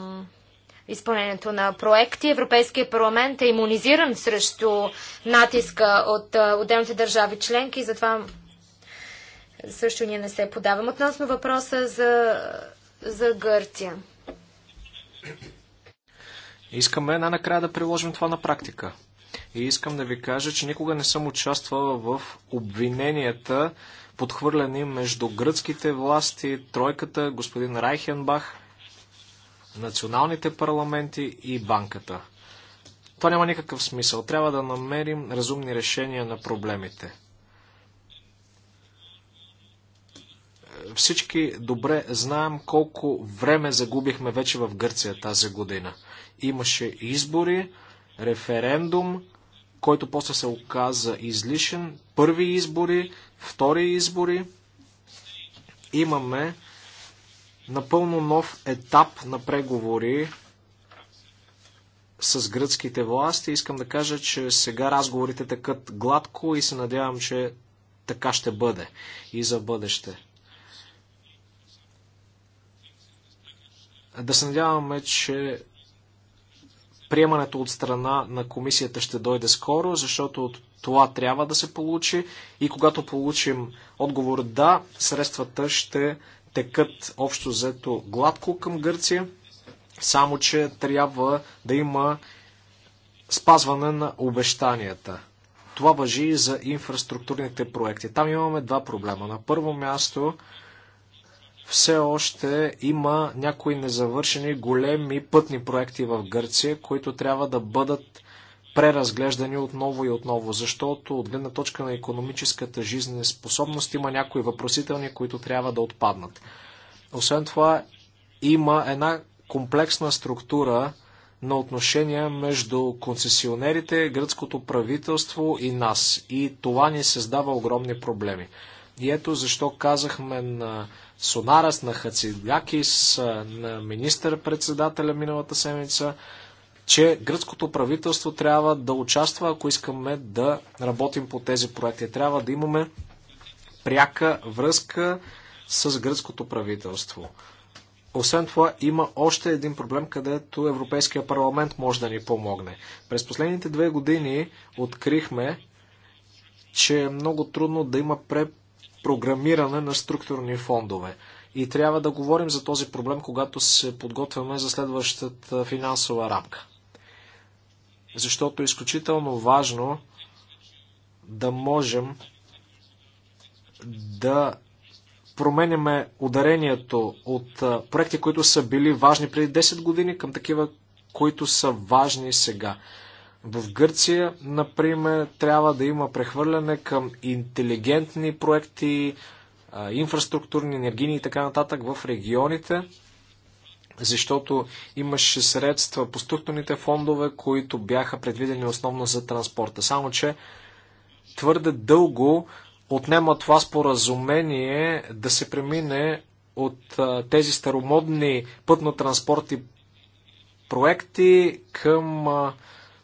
изпълнението на проекти. Европейския парламент е иммунизиран срещу натиска от отделните държави членки и затова също ние не се подавам. Относно въпроса за, за Гърция. Искаме най-накрая да приложим това на практика. И искам да ви кажа, че никога не съм участвал в обвиненията, подхвърляни между гръцките власти, тройката, господин Райхенбах националните парламенти и банката. Това няма никакъв смисъл. Трябва да намерим разумни решения на проблемите. Всички добре знаем колко време загубихме вече в Гърция тази година. Имаше избори, референдум, който после се оказа излишен, първи избори, втори избори. Имаме напълно нов етап на преговори с гръцките власти. Искам да кажа, че сега разговорите тъкат гладко и се надявам, че така ще бъде и за бъдеще. Да се надяваме, че приемането от страна на комисията ще дойде скоро, защото от това трябва да се получи и когато получим отговор да, средствата ще текат общо взето гладко към Гърция, само че трябва да има спазване на обещанията. Това въжи и за инфраструктурните проекти. Там имаме два проблема. На първо място все още има някои незавършени големи пътни проекти в Гърция, които трябва да бъдат преразглеждани отново и отново, защото от гледна точка на економическата жизнеспособност има някои въпросителни, които трябва да отпаднат. Освен това, има една комплексна структура на отношения между концесионерите, гръцкото правителство и нас. И това ни създава огромни проблеми. И ето защо казахме на Сонарас, на Хацидакис, на министър-председателя миналата седмица, че гръцкото правителство трябва да участва, ако искаме да работим по тези проекти. Трябва да имаме пряка връзка с гръцкото правителство. Освен това, има още един проблем, където Европейския парламент може да ни помогне. През последните две години открихме, че е много трудно да има препрограмиране на структурни фондове. И трябва да говорим за този проблем, когато се подготвяме за следващата финансова рамка защото е изключително важно да можем да променяме ударението от проекти, които са били важни преди 10 години към такива, които са важни сега. В Гърция, например, трябва да има прехвърляне към интелигентни проекти, инфраструктурни, енергийни и така нататък в регионите защото имаше средства по структурните фондове, които бяха предвидени основно за транспорта. Само, че твърде дълго отнема това споразумение да се премине от тези старомодни пътно-транспорти проекти към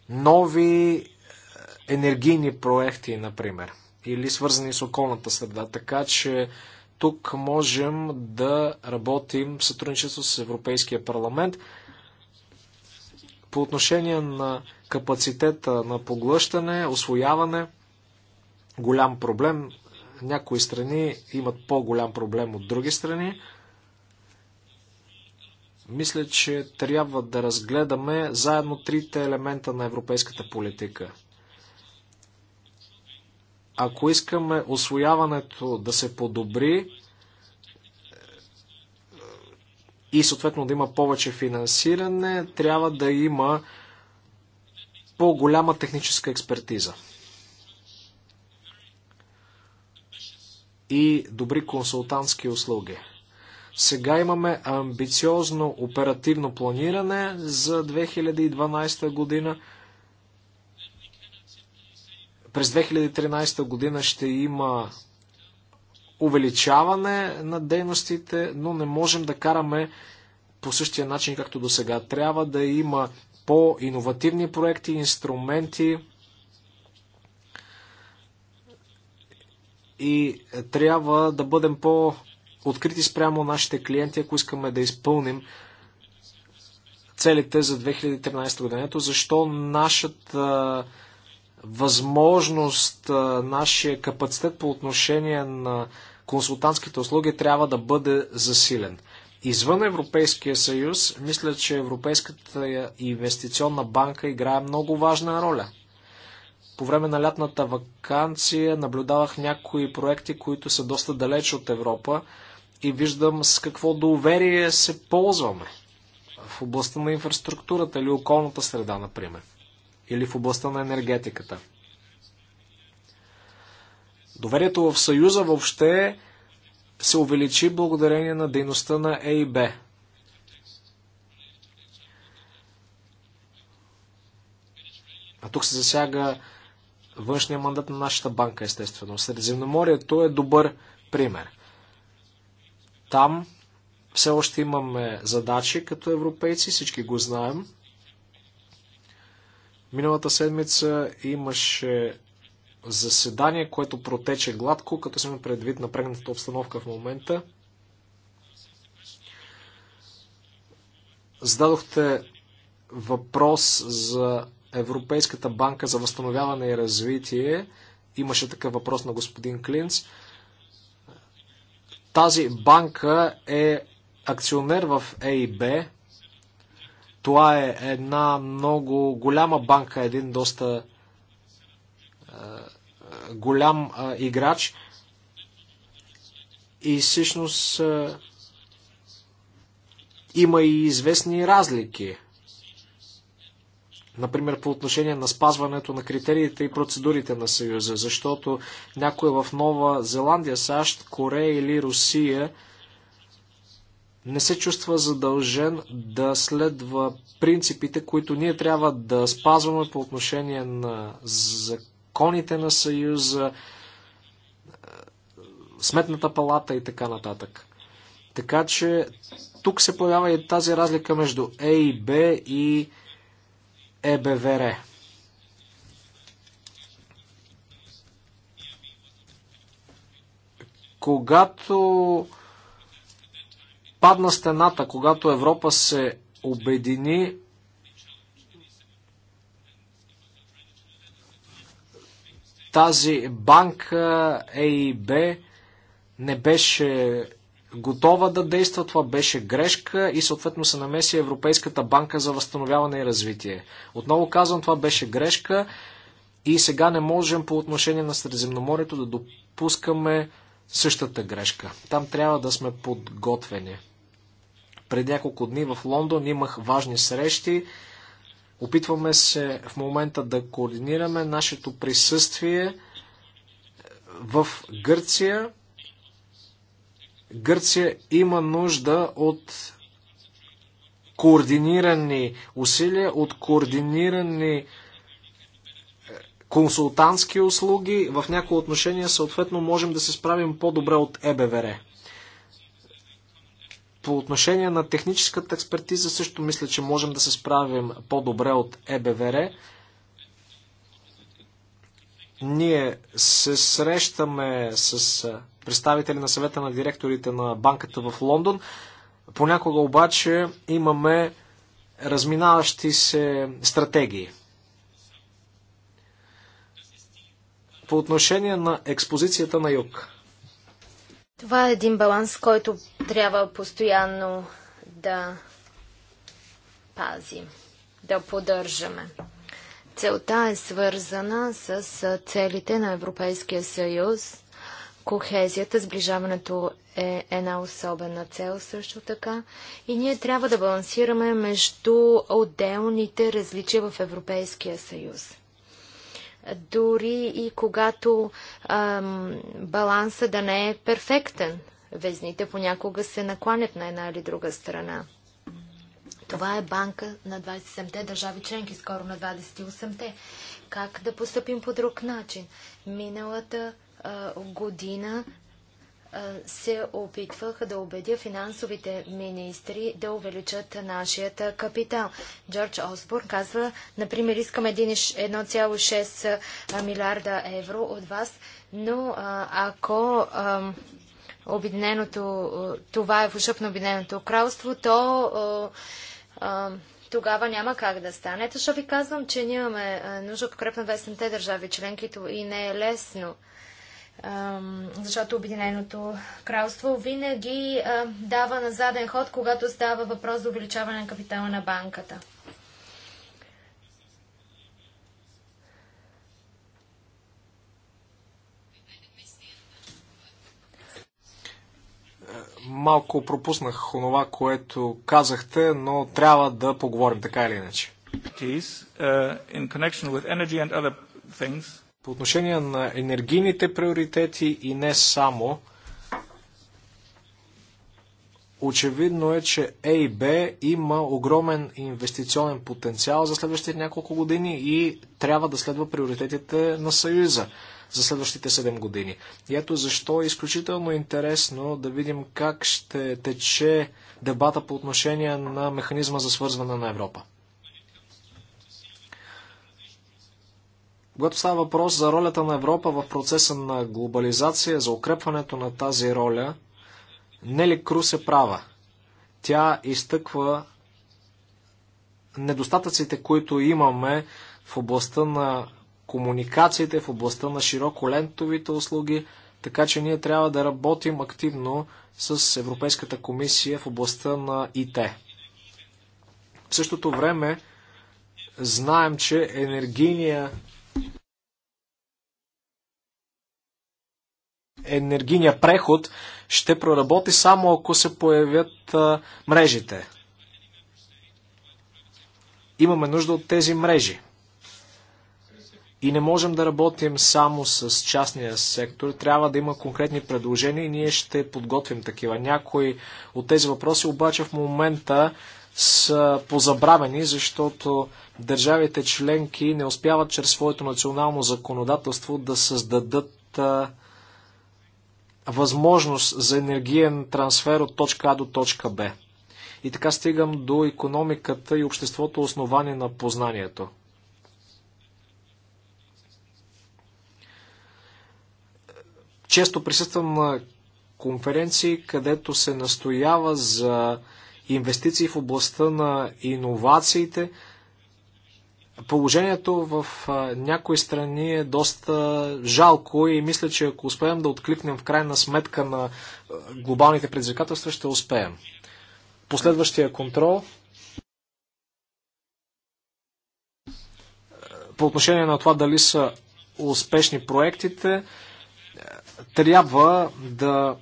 нови енергийни проекти, например, или свързани с околната среда. Така че тук можем да работим в сътрудничество с Европейския парламент. По отношение на капацитета на поглъщане, освояване, голям проблем. Някои страни имат по-голям проблем от други страни. Мисля, че трябва да разгледаме заедно трите елемента на европейската политика – ако искаме освояването да се подобри е, и съответно да има повече финансиране, трябва да има по-голяма техническа експертиза. И добри консултантски услуги. Сега имаме амбициозно оперативно планиране за 2012 година. През 2013 година ще има увеличаване на дейностите, но не можем да караме по същия начин, както до сега. Трябва да има по-инновативни проекти, инструменти и трябва да бъдем по-открити спрямо нашите клиенти, ако искаме да изпълним целите за 2013 година. Ето защо нашата възможност нашия капацитет по отношение на консултантските услуги трябва да бъде засилен. Извън Европейския съюз, мисля, че Европейската инвестиционна банка играе много важна роля. По време на лятната вакансия наблюдавах някои проекти, които са доста далеч от Европа и виждам с какво доверие се ползваме в областта на инфраструктурата или околната среда, например или в областта на енергетиката. Доверието в Съюза въобще се увеличи благодарение на дейността на ЕИБ. А тук се засяга външния мандат на нашата банка, естествено. Средиземноморието е добър пример. Там все още имаме задачи като европейци, всички го знаем. Миналата седмица имаше заседание, което протече гладко, като сме предвид напрегната обстановка в момента. Зададохте въпрос за Европейската банка за възстановяване и развитие. Имаше такъв въпрос на господин Клинц. Тази банка е акционер в ЕИБ, това е една много голяма банка, един доста а, е, голям а, е, играч. И всъщност а, е, има и известни разлики. Например, по отношение на спазването на критериите и процедурите на Съюза, защото някой в Нова Зеландия, САЩ, Корея или Русия не се чувства задължен да следва принципите, които ние трябва да спазваме по отношение на законите на Съюза, е, Сметната палата и така нататък. Така че тук се появява и тази разлика между Е и Б и ЕБВР. Когато падна стената, когато Европа се обедини. Тази банка ЕИБ не беше готова да действа, това беше грешка и съответно се намеси Европейската банка за възстановяване и развитие. Отново казвам, това беше грешка и сега не можем по отношение на Средиземноморието да допускаме същата грешка. Там трябва да сме подготвени пред няколко дни в Лондон имах важни срещи. Опитваме се в момента да координираме нашето присъствие в Гърция. Гърция има нужда от координирани усилия, от координирани е, консултантски услуги. В някои отношения съответно можем да се справим по-добре от ЕБВР. По отношение на техническата експертиза също мисля, че можем да се справим по-добре от ЕБВР. Ние се срещаме с представители на съвета на директорите на банката в Лондон. Понякога обаче имаме разминаващи се стратегии. По отношение на експозицията на юг. Това е един баланс, който трябва постоянно да пазим, да поддържаме. Целта е свързана с целите на Европейския съюз. Кохезията, сближаването е една особена цел също така. И ние трябва да балансираме между отделните различия в Европейския съюз дори и когато ам, баланса да не е перфектен. Везните понякога се накланят на една или друга страна. Това е банка на 27-те държави членки, скоро на 28-те. Как да поступим по друг начин? Миналата а, година се опитвах да убедя финансовите министри да увеличат нашият капитал. Джордж Осборн казва, например, искам 1,6 милиарда евро от вас, но ако обединеното, това е в ушъп на Обединеното кралство, то тогава няма как да стане. Ето, ви казвам, че нямаме нужда подкреп на вестните държави членки и не е лесно защото Обединеното кралство винаги дава на заден ход, когато става въпрос за увеличаване на капитала на банката. Малко пропуснах онова, което казахте, но трябва да поговорим така или иначе по отношение на енергийните приоритети и не само. Очевидно е, че ЕИБ има огромен инвестиционен потенциал за следващите няколко години и трябва да следва приоритетите на Съюза за следващите 7 години. И ето защо е изключително интересно да видим как ще тече дебата по отношение на механизма за свързване на Европа. Когато става въпрос за ролята на Европа в процеса на глобализация, за укрепването на тази роля, Нели Кру се права. Тя изтъква недостатъците, които имаме в областта на комуникациите, в областта на широколентовите услуги, така че ние трябва да работим активно с Европейската комисия в областта на ИТ. В същото време знаем, че енергийния енергийния преход ще проработи само ако се появят а, мрежите. Имаме нужда от тези мрежи. И не можем да работим само с частния сектор. Трябва да има конкретни предложения и ние ще подготвим такива. Някои от тези въпроси обаче в момента са позабравени, защото държавите членки не успяват чрез своето национално законодателство да създадат възможност за енергиен трансфер от точка А до точка Б. И така стигам до економиката и обществото основание на познанието. Често присъствам на конференции, където се настоява за инвестиции в областта на иновациите – Положението в някои страни е доста жалко и мисля, че ако успеем да откликнем в крайна сметка на глобалните предизвикателства, ще успеем. Последващия контрол. По отношение на това дали са успешни проектите, трябва да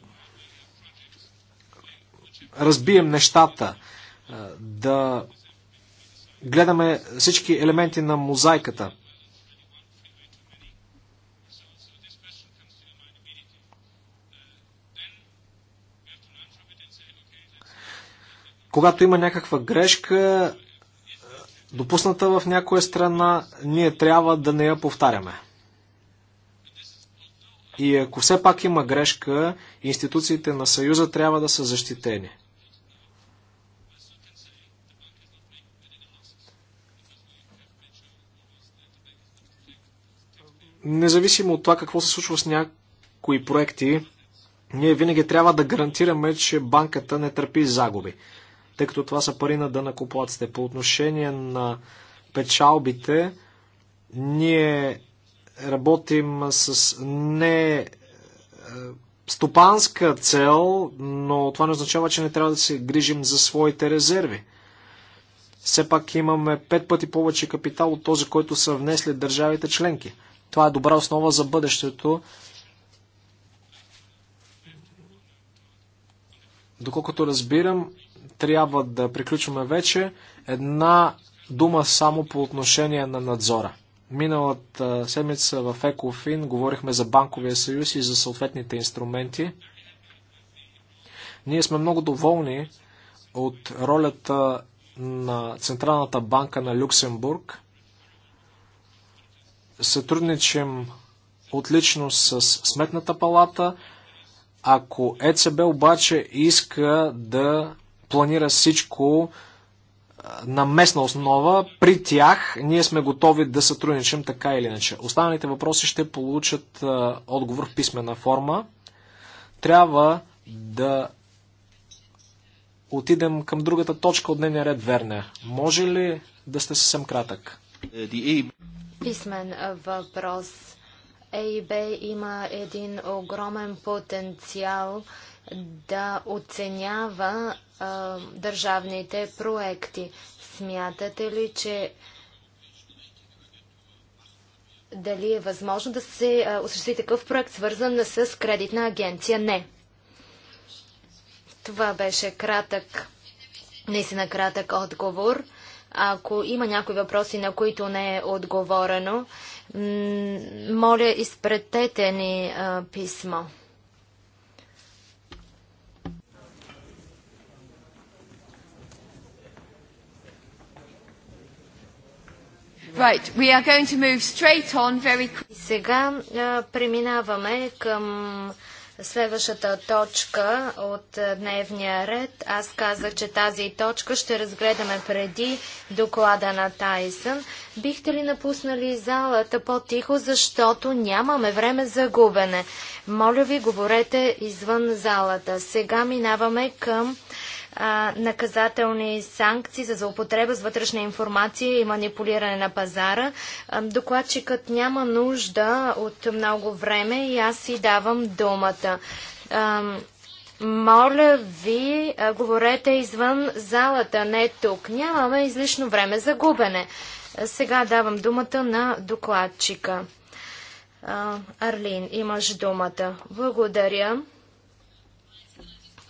разбием нещата, да гледаме всички елементи на мозайката. Когато има някаква грешка, допусната в някоя страна, ние трябва да не я повтаряме. И ако все пак има грешка, институциите на Съюза трябва да са защитени. Независимо от това какво се случва с някои проекти, ние винаги трябва да гарантираме, че банката не търпи загуби, тъй като това са пари на дънакоплаците. По отношение на печалбите, ние работим с не е, стопанска цел, но това не означава, че не трябва да се грижим за своите резерви. Все пак имаме пет пъти повече капитал от този, който са внесли държавите членки. Това е добра основа за бъдещето. Доколкото разбирам, трябва да приключваме вече. Една дума само по отношение на надзора. Миналата седмица в Екофин говорихме за банковия съюз и за съответните инструменти. Ние сме много доволни от ролята на Централната банка на Люксембург сътрудничим отлично с Сметната палата. Ако ЕЦБ обаче иска да планира всичко на местна основа, при тях ние сме готови да сътрудничим така или иначе. Останалите въпроси ще получат отговор в писмена форма. Трябва да отидем към другата точка от дневния ред, Верне. Може ли да сте съвсем кратък? Е, писмен въпрос. ЕИБ има един огромен потенциал да оценява а, държавните проекти. Смятате ли, че дали е възможно да се осъществи такъв проект, свързан с кредитна агенция? Не. Това беше кратък, наистина кратък отговор. Ако има някои въпроси, на които не е отговорено, моля, изпретете ни а, писмо. Right, we are going to move straight on very... Сега а, преминаваме към следващата точка от е, дневния ред. Аз казах, че тази точка ще разгледаме преди доклада на Тайсън. Бихте ли напуснали залата по-тихо, защото нямаме време за губене? Моля ви, говорете извън залата. Сега минаваме към наказателни санкции за злоупотреба с вътрешна информация и манипулиране на пазара. докладчикът няма нужда от много време и аз си давам думата. моля ви, говорете извън залата, не тук. Нямаме излишно време за губене. Сега давам думата на докладчика. Арлин, имаш думата. Благодаря.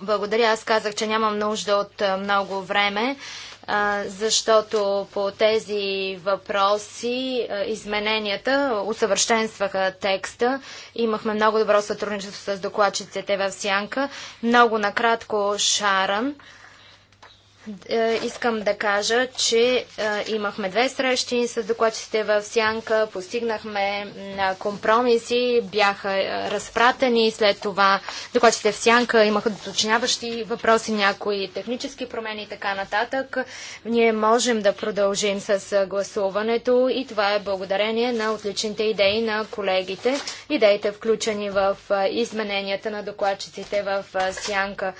Благодаря. Аз казах, че нямам нужда от много време, защото по тези въпроси измененията усъвършенстваха текста. Имахме много добро сътрудничество с докладчиците в Сянка. Много накратко Шаран. Е, искам да кажа, че е, имахме две срещи с докладчиците в Сянка, постигнахме компромиси, бяха е, разпратени, след това докладчиците в Сянка имаха доточняващи въпроси, някои технически промени и така нататък. Ние можем да продължим с гласуването и това е благодарение на отличните идеи на колегите, идеите включени в измененията на докладчиците в Сянка.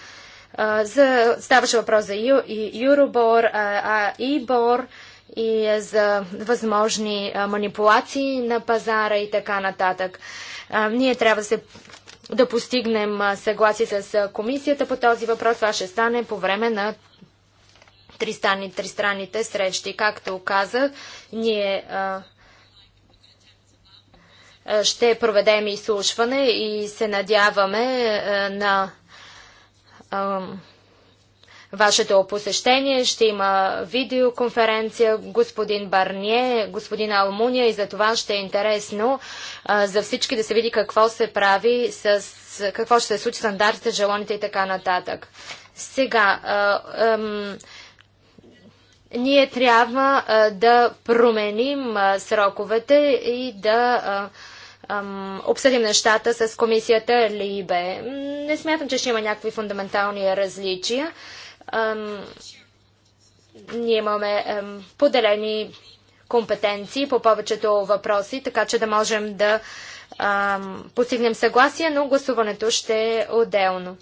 За, ставаше въпрос за Юробор, а, Бор и за възможни манипулации на пазара и така нататък. А, ние трябва да се да постигнем съгласие с комисията по този въпрос. Това ще стане по време на тристранни, тристранните срещи. Както казах, ние а, ще проведем изслушване и се надяваме а, на вашето посещение. Ще има видеоконференция господин Барние, господин Алмуния и за това ще е интересно а, за всички да се види какво се прави, с, какво ще се случи, стандартите, желоните и така нататък. Сега, а, ам, ние трябва а, да променим сроковете и да ам, обсъдим нещата с комисията Либе. Не смятам, че ще има някакви фундаментални различия. Ам, ние имаме ам, поделени компетенции по повечето въпроси, така че да можем да ам, постигнем съгласие, но гласуването ще е отделно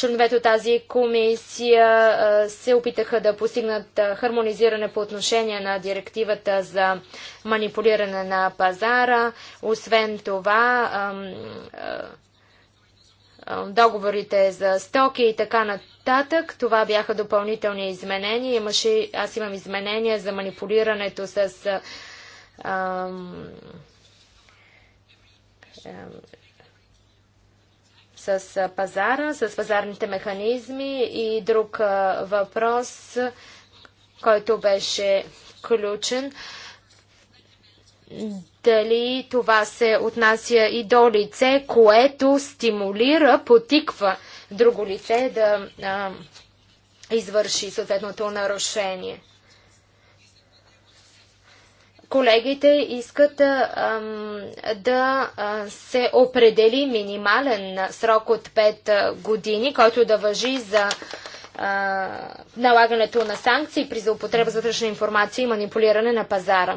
членовете от тази комисия се опитаха да постигнат хармонизиране по отношение на директивата за манипулиране на пазара. Освен това, договорите за стоки и така нататък. Това бяха допълнителни изменения. Имаше, аз имам изменения за манипулирането с с пазара, с пазарните механизми и друг въпрос, който беше включен. Дали това се отнася и до лице, което стимулира, потиква друго лице да а, извърши съответното нарушение колегите искат а, да се определи минимален срок от 5 години, който да въжи за а, налагането на санкции при злоупотреба за вътрешна информация и манипулиране на пазара.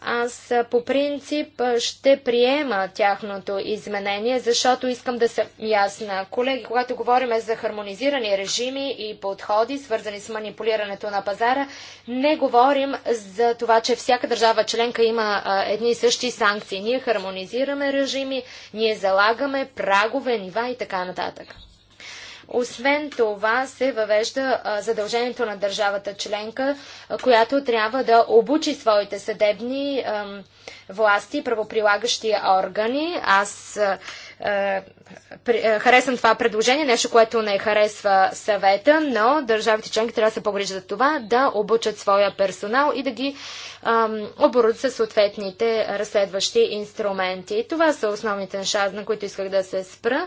Аз по принцип ще приема тяхното изменение, защото искам да съм ясна. Колеги, когато говорим за хармонизирани режими и подходи, свързани с манипулирането на пазара, не говорим за това, че всяка държава членка има едни и същи санкции. Ние хармонизираме режими, ние залагаме прагове, нива и така нататък. Освен това се въвежда задължението на държавата членка, която трябва да обучи своите съдебни власти, правоприлагащи органи. Аз харесвам това предложение, нещо, което не харесва съвета, но държавите членки трябва да се погрижат за това, да обучат своя персонал и да ги ам, оборудат със съответните разследващи инструменти. Това са основните неща, на които исках да се спра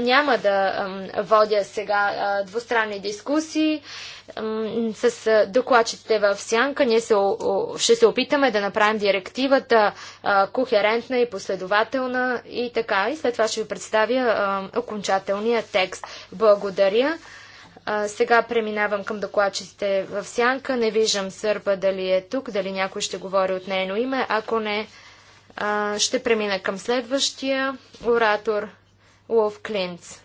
няма да водя сега двустранни дискусии с докладчите в сянка. Ние се, ще се опитаме да направим директивата кохерентна и последователна и така. И след това ще ви представя окончателния текст. Благодаря. Сега преминавам към докладчите в сянка. Не виждам Сърба дали е тук, дали някой ще говори от нейно име. Ако не, ще премина към следващия оратор. Wolf Klintz.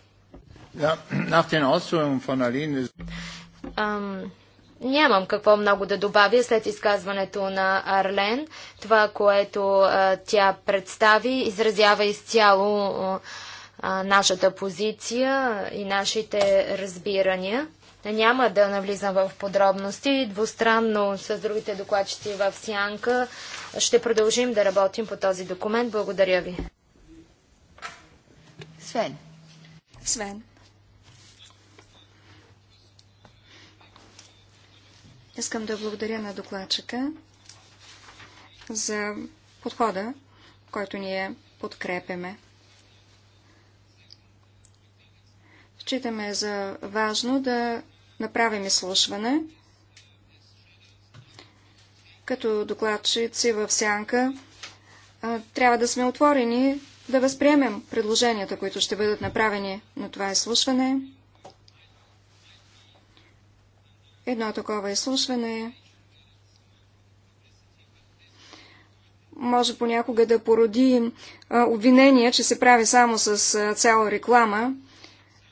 Ja, nach den Ausführungen von Aline... Ам, нямам какво много да добавя след изказването на Арлен. Това, което а, тя представи, изразява изцяло а, нашата позиция и нашите разбирания. Няма да навлизам в подробности. Двустранно с другите докладчици в Сянка ще продължим да работим по този документ. Благодаря ви. Sven. Sven. Искам да благодаря на докладчика за подхода, който ние подкрепяме. Считаме за важно да направим изслушване. Като докладчици в сянка трябва да сме отворени да възприемем предложенията, които ще бъдат направени на това изслушване. Едно такова изслушване може понякога да породи обвинение, че се прави само с цяла реклама,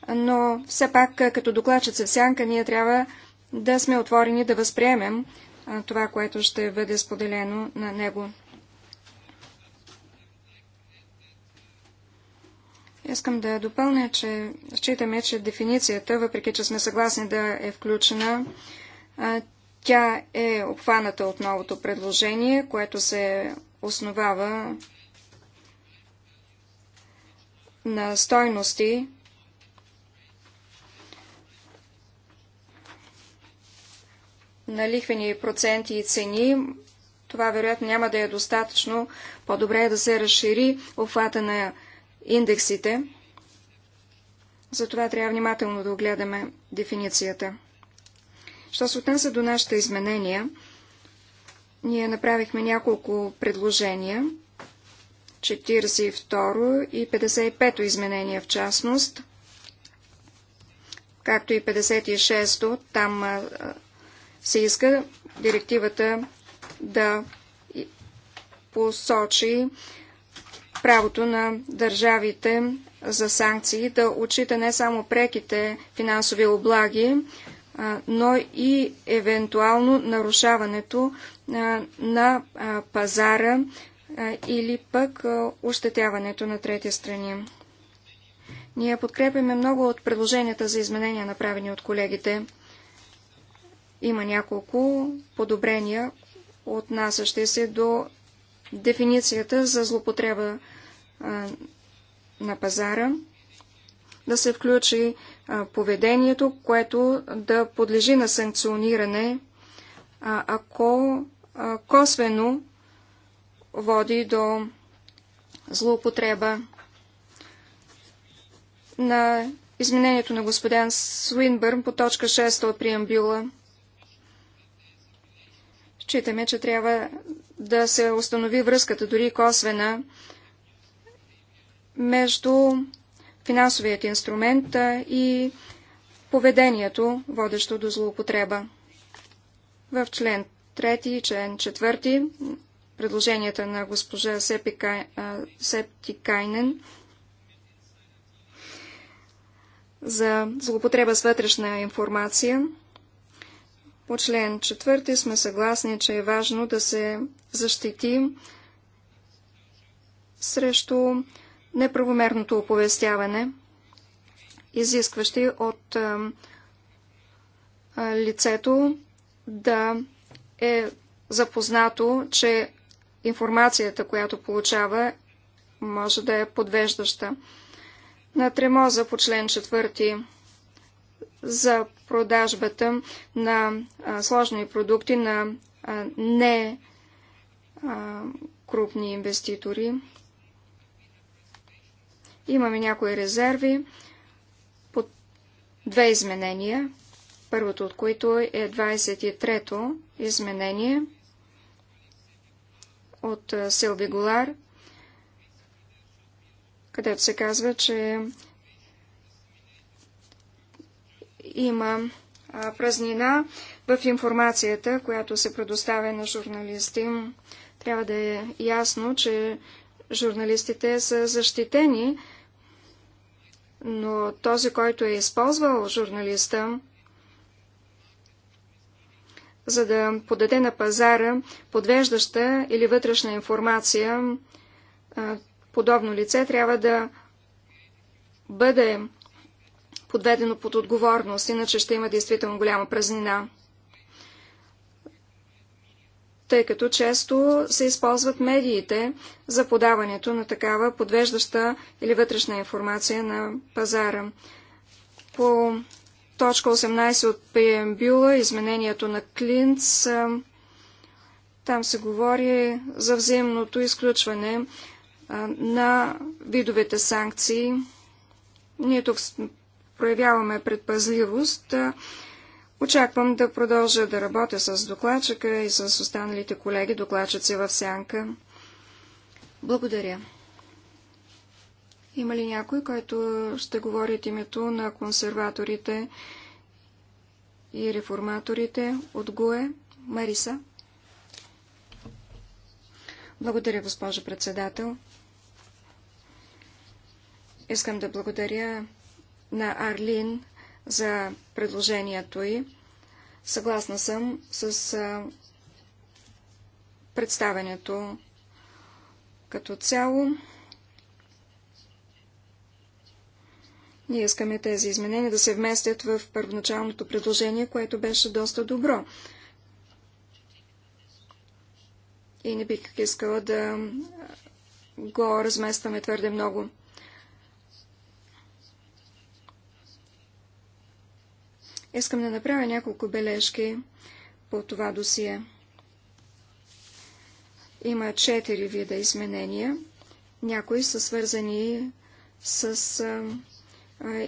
но все пак като докладчат се в сянка ние трябва да сме отворени да възприемем това, което ще бъде споделено на него. Искам да допълня, че считаме, че дефиницията, въпреки че сме съгласни да е включена, тя е обхваната от новото предложение, което се основава на стойности, на лихвени проценти и цени, това вероятно няма да е достатъчно. По-добре е да се разшири обхвата на индексите. Затова трябва внимателно да огледаме дефиницията. Що се отнася до нашите изменения, ние направихме няколко предложения, 42 и 55 изменения в частност, както и 56-то, там а, се иска директивата да посочи правото на държавите за санкции да отчита не само преките финансови облаги, но и евентуално нарушаването на пазара или пък ощетяването на трети страни. Ние подкрепяме много от предложенията за изменения, направени от колегите. Има няколко подобрения, отнасящи се до дефиницията за злопотреба на пазара, да се включи поведението, което да подлежи на санкциониране, ако косвено води до злоупотреба. На изменението на господин Свинбърн по точка 6 от приембюла. считаме, че трябва да се установи връзката, дори косвена, между финансовият инструмент и поведението, водещо до злоупотреба. В член 3 и член 4 предложенията на госпожа Септикайнен за злоупотреба с вътрешна информация. По член 4 сме съгласни, че е важно да се защити срещу неправомерното оповестяване, изискващи от лицето да е запознато, че информацията, която получава, може да е подвеждаща. На тремоза по член 4 за продажбата на а, сложни продукти на а, не а, крупни инвеститори. Имаме някои резерви по две изменения, първото от които е 23-то изменение от Силви Голар, където се казва, че има празнина в информацията, която се предоставя на журналисти. Трябва да е ясно, че журналистите са защитени но този, който е използвал журналиста, за да подаде на пазара подвеждаща или вътрешна информация, подобно лице трябва да бъде подведено под отговорност, иначе ще има действително голяма празнина тъй като често се използват медиите за подаването на такава подвеждаща или вътрешна информация на пазара. По точка 18 от преембюла, изменението на Клинц, там се говори за взаимното изключване на видовете санкции. Ние тук проявяваме предпазливост, Очаквам да продължа да работя с докладчика и с останалите колеги докладчици в сянка. Благодаря. Има ли някой, който ще говори от името на консерваторите и реформаторите от ГУЕ? Мариса? Благодаря, госпожо председател. Искам да благодаря на Арлин за предложението й. Съгласна съм с представенето като цяло. Ние искаме тези изменения да се вместят в първоначалното предложение, което беше доста добро. И не бих искала да го разместваме твърде много. Искам да направя няколко бележки по това досие. Има четири вида изменения. Някои са свързани с а, а,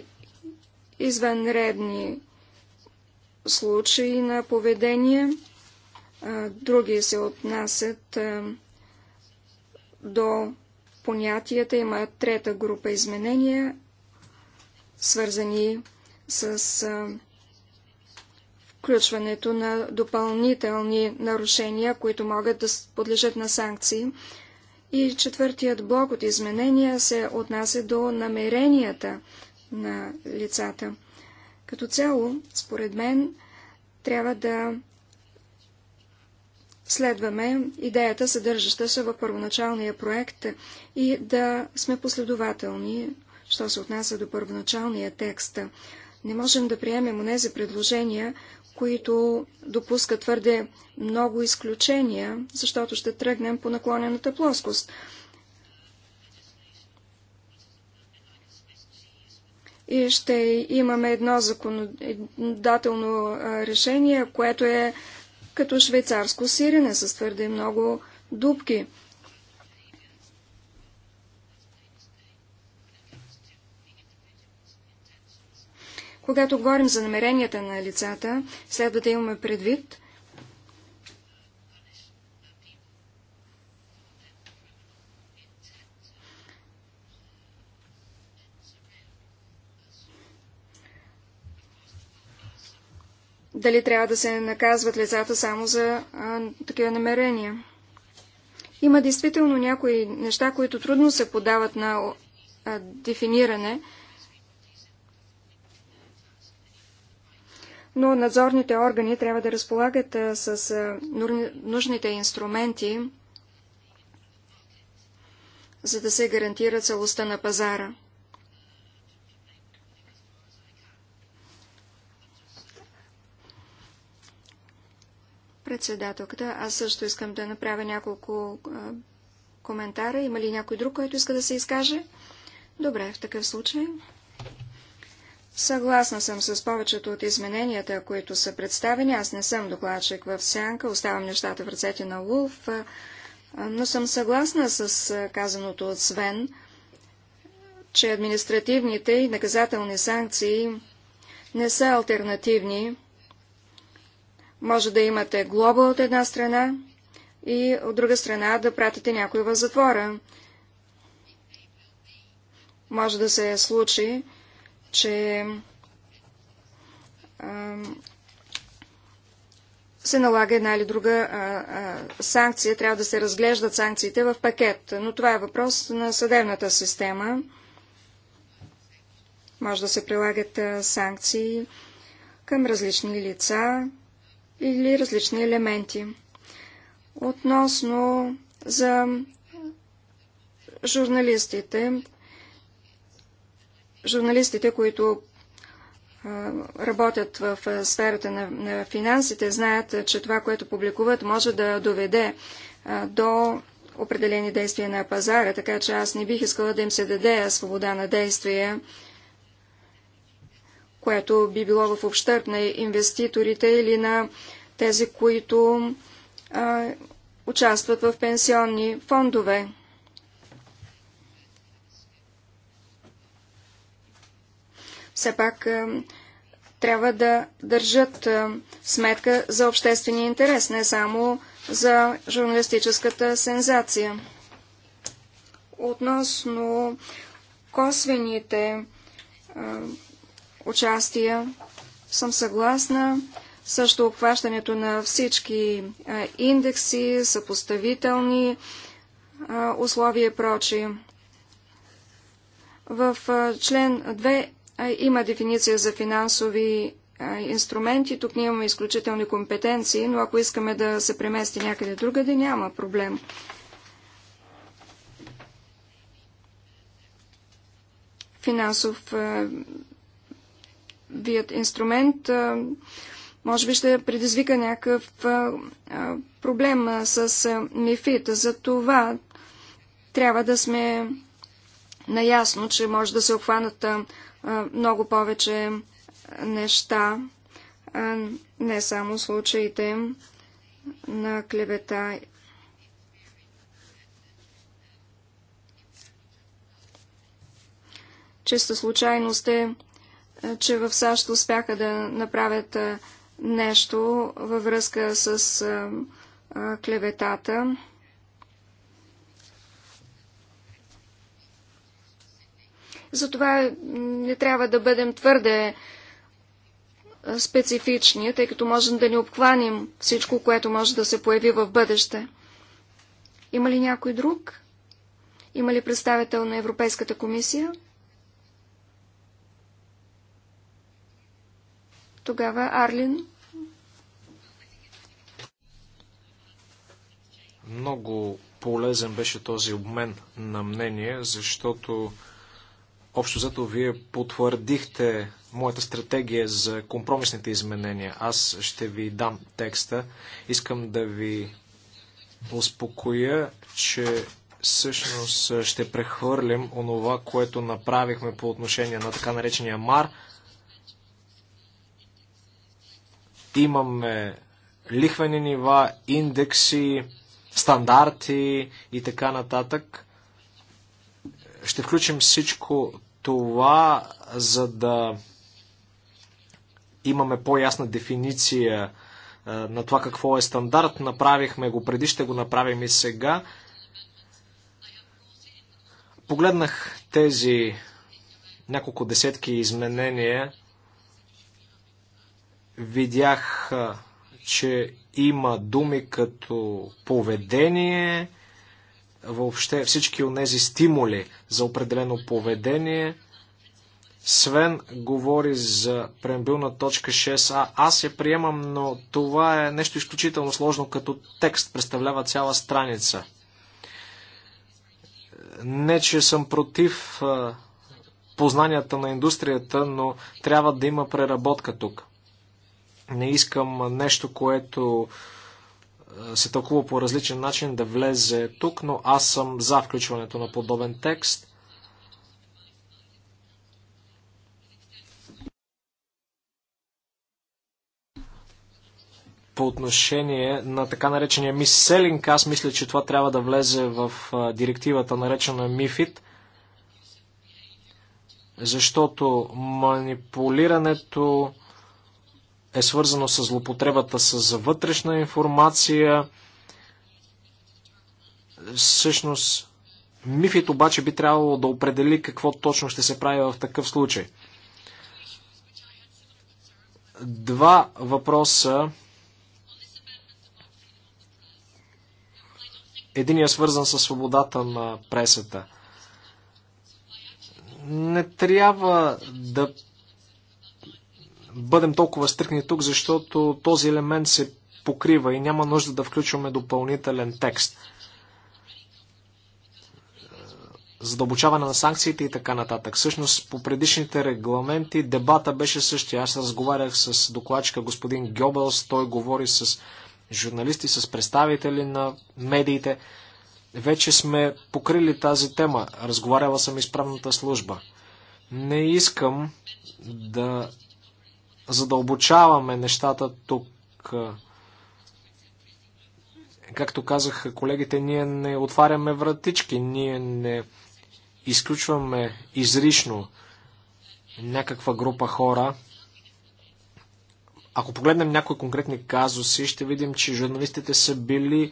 извънредни случаи на поведение. А, други се отнасят а, до понятията. Има трета група изменения, свързани с а, включването на допълнителни нарушения, които могат да подлежат на санкции. И четвъртият блок от изменения се отнася до намеренията на лицата. Като цяло, според мен, трябва да следваме идеята, съдържаща се в първоначалния проект и да сме последователни, що се отнася до първоначалния текст. Не можем да приемем онези предложения, които допускат твърде много изключения, защото ще тръгнем по наклонената плоскост. И ще имаме едно законодателно решение, което е като швейцарско сирене с твърде много дубки. Когато говорим за намеренията на лицата, следва да имаме предвид, дали трябва да се наказват лицата само за а, такива намерения. Има действително някои неща, които трудно се подават на а, дефиниране, но надзорните органи трябва да разполагат с нужните инструменти, за да се гарантира целостта на пазара. Председателката, аз също искам да направя няколко а, коментара. Има ли някой друг, който иска да се изкаже? Добре, в такъв случай. Съгласна съм с повечето от измененията, които са представени. Аз не съм докладчик в сянка, оставам нещата в ръцете на ЛУФ, но съм съгласна с казаното от Свен, че административните и наказателни санкции не са альтернативни. Може да имате глоба от една страна и от друга страна да пратите някой в затвора. Може да се случи, че се налага една или друга а, а, санкция, трябва да се разглеждат санкциите в пакет. Но това е въпрос на съдебната система. Може да се прилагат а, санкции към различни лица или различни елементи. Относно за журналистите, Журналистите, които работят в сферата на, на финансите, знаят, че това, което публикуват, може да доведе до определени действия на пазара, така че аз не бих искала да им се даде свобода на действие, което би било в общърп на инвеститорите или на тези, които а, участват в пенсионни фондове. все пак е, трябва да държат е, сметка за обществения интерес, не само за журналистическата сензация. Относно косвените е, участия, съм съгласна. Също обхващането на всички индекси, съпоставителни условия и прочие. В член има дефиниция за финансови инструменти. Тук ние имаме изключителни компетенции, но ако искаме да се премести някъде другаде, няма проблем. Финансов вият инструмент може би ще предизвика някакъв проблем с мифит. За това трябва да сме наясно, че може да се обхванат много повече неща, не само случаите на клевета. Чиста случайност е, че в САЩ успяха да направят нещо във връзка с клеветата. Затова не трябва да бъдем твърде е, специфични, тъй като можем да ни обхванем всичко, което може да се появи в бъдеще. Има ли някой друг? Има ли представител на Европейската комисия? Тогава Арлин. Много полезен беше този обмен на мнение, защото Общо зато вие потвърдихте моята стратегия за компромисните изменения. Аз ще ви дам текста. Искам да ви успокоя, че всъщност ще прехвърлим онова, което направихме по отношение на така наречения МАР. Имаме лихвени нива, индекси, стандарти и така нататък. Ще включим всичко това, за да имаме по-ясна дефиниция е, на това какво е стандарт. Направихме го преди, ще го направим и сега. Погледнах тези няколко десетки изменения. Видях, е, че има думи като поведение, въобще всички от тези стимули за определено поведение. Свен говори за преамбилна точка 6а. Аз я приемам, но това е нещо изключително сложно като текст. Представлява цяла страница. Не, че съм против познанията на индустрията, но трябва да има преработка тук. Не искам нещо, което е, се тълкува по различен начин да влезе тук, но аз съм за включването на подобен текст. По отношение на така наречения мисселинг, аз мисля, че това трябва да влезе в е, директивата, наречена МИФИТ защото манипулирането е свързано с злопотребата с вътрешна информация. Всъщност, Мифит обаче би трябвало да определи какво точно ще се прави в такъв случай. Два въпроса. Единият е свързан с свободата на пресата. Не трябва да бъдем толкова стрикни тук, защото този елемент се покрива и няма нужда да включваме допълнителен текст. Задълбочаване на санкциите и така нататък. Всъщност по предишните регламенти дебата беше същия. Аз разговарях с докладчика господин Гьобелс, той говори с журналисти, с представители на медиите. Вече сме покрили тази тема. Разговаряла съм и служба. Не искам да задълбочаваме нещата тук. Както казах колегите, ние не отваряме вратички, ние не изключваме изрично някаква група хора. Ако погледнем някои конкретни казуси, ще видим, че журналистите са били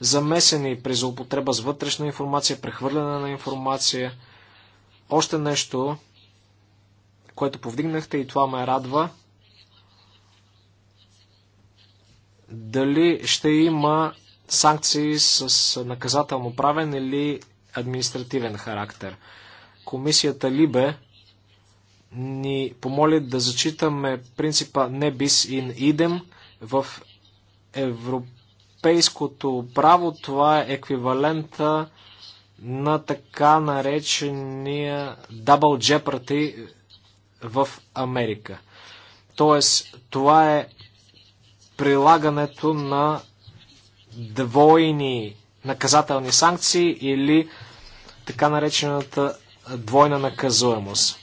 замесени при злоупотреба с вътрешна информация, прехвърляне на информация. Още нещо, което повдигнахте и това ме радва – дали ще има санкции с наказателно правен или административен характер. Комисията Либе ни помоли да зачитаме принципа не бис ин идем в европейското право. Това е еквивалента на така наречения double jeopardy в Америка. Тоест, това е прилагането на двойни наказателни санкции или така наречената двойна наказуемост.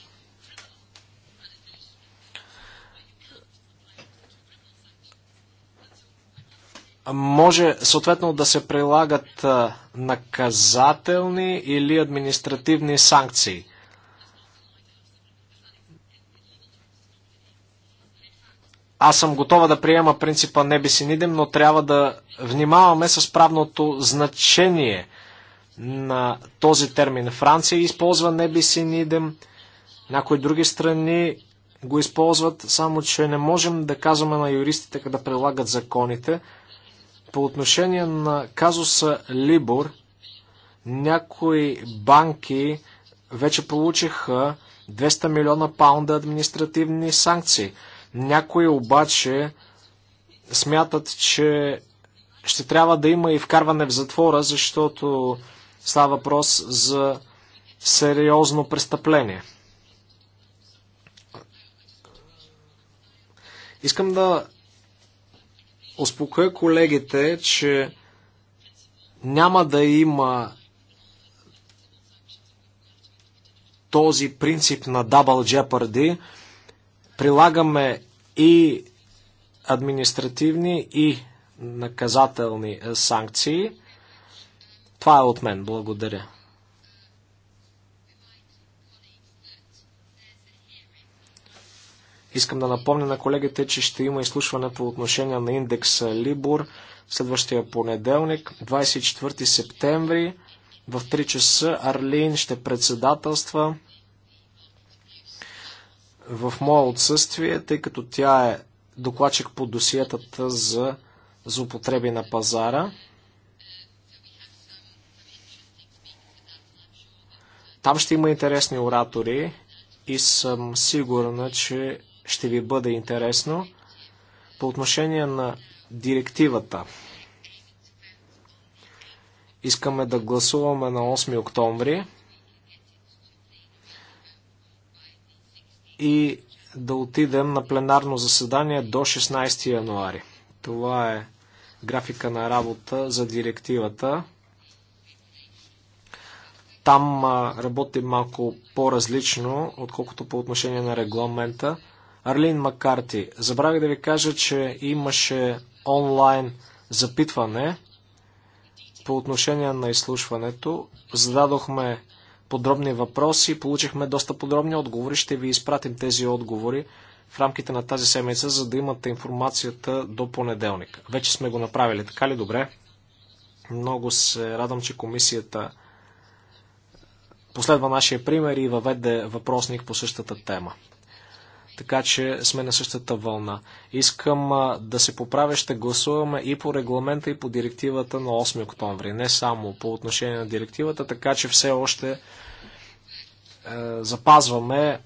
Може съответно да се прилагат наказателни или административни санкции Аз съм готова да приема принципа не би си нидем, но трябва да внимаваме с правното значение на този термин. Франция използва не би си нидем, някои други страни го използват, само че не можем да казваме на юристите как да прилагат законите. По отношение на казуса Либор, някои банки вече получиха 200 милиона паунда административни санкции. Някои обаче смятат, че ще трябва да има и вкарване в затвора, защото става въпрос за сериозно престъпление. Искам да успокоя колегите, че няма да има този принцип на Double Jeopardy, прилагаме и административни и наказателни е, санкции. Това е от мен. Благодаря. Искам да напомня на колегите, че ще има изслушване по отношение на индекс Либор следващия понеделник, 24 септември, в 3 часа. Арлин ще председателства в мое отсъствие, тъй като тя е докладчик по досиетата за злоупотреби на пазара. Там ще има интересни оратори и съм сигурна, че ще ви бъде интересно. По отношение на директивата, искаме да гласуваме на 8 октомври. и да отидем на пленарно заседание до 16 януари. Това е графика на работа за директивата. Там работим малко по-различно, отколкото по отношение на регламента. Арлин Макарти, забравих да ви кажа, че имаше онлайн запитване по отношение на изслушването. Зададохме подробни въпроси, получихме доста подробни отговори. Ще ви изпратим тези отговори в рамките на тази седмица, за да имате информацията до понеделник. Вече сме го направили, така ли добре? Много се радвам, че комисията последва нашия пример и въведе въпросник по същата тема така че сме на същата вълна. Искам а, да се поправя, ще гласуваме и по регламента, и по директивата на 8 октомври, не само по отношение на директивата, така че все още е, запазваме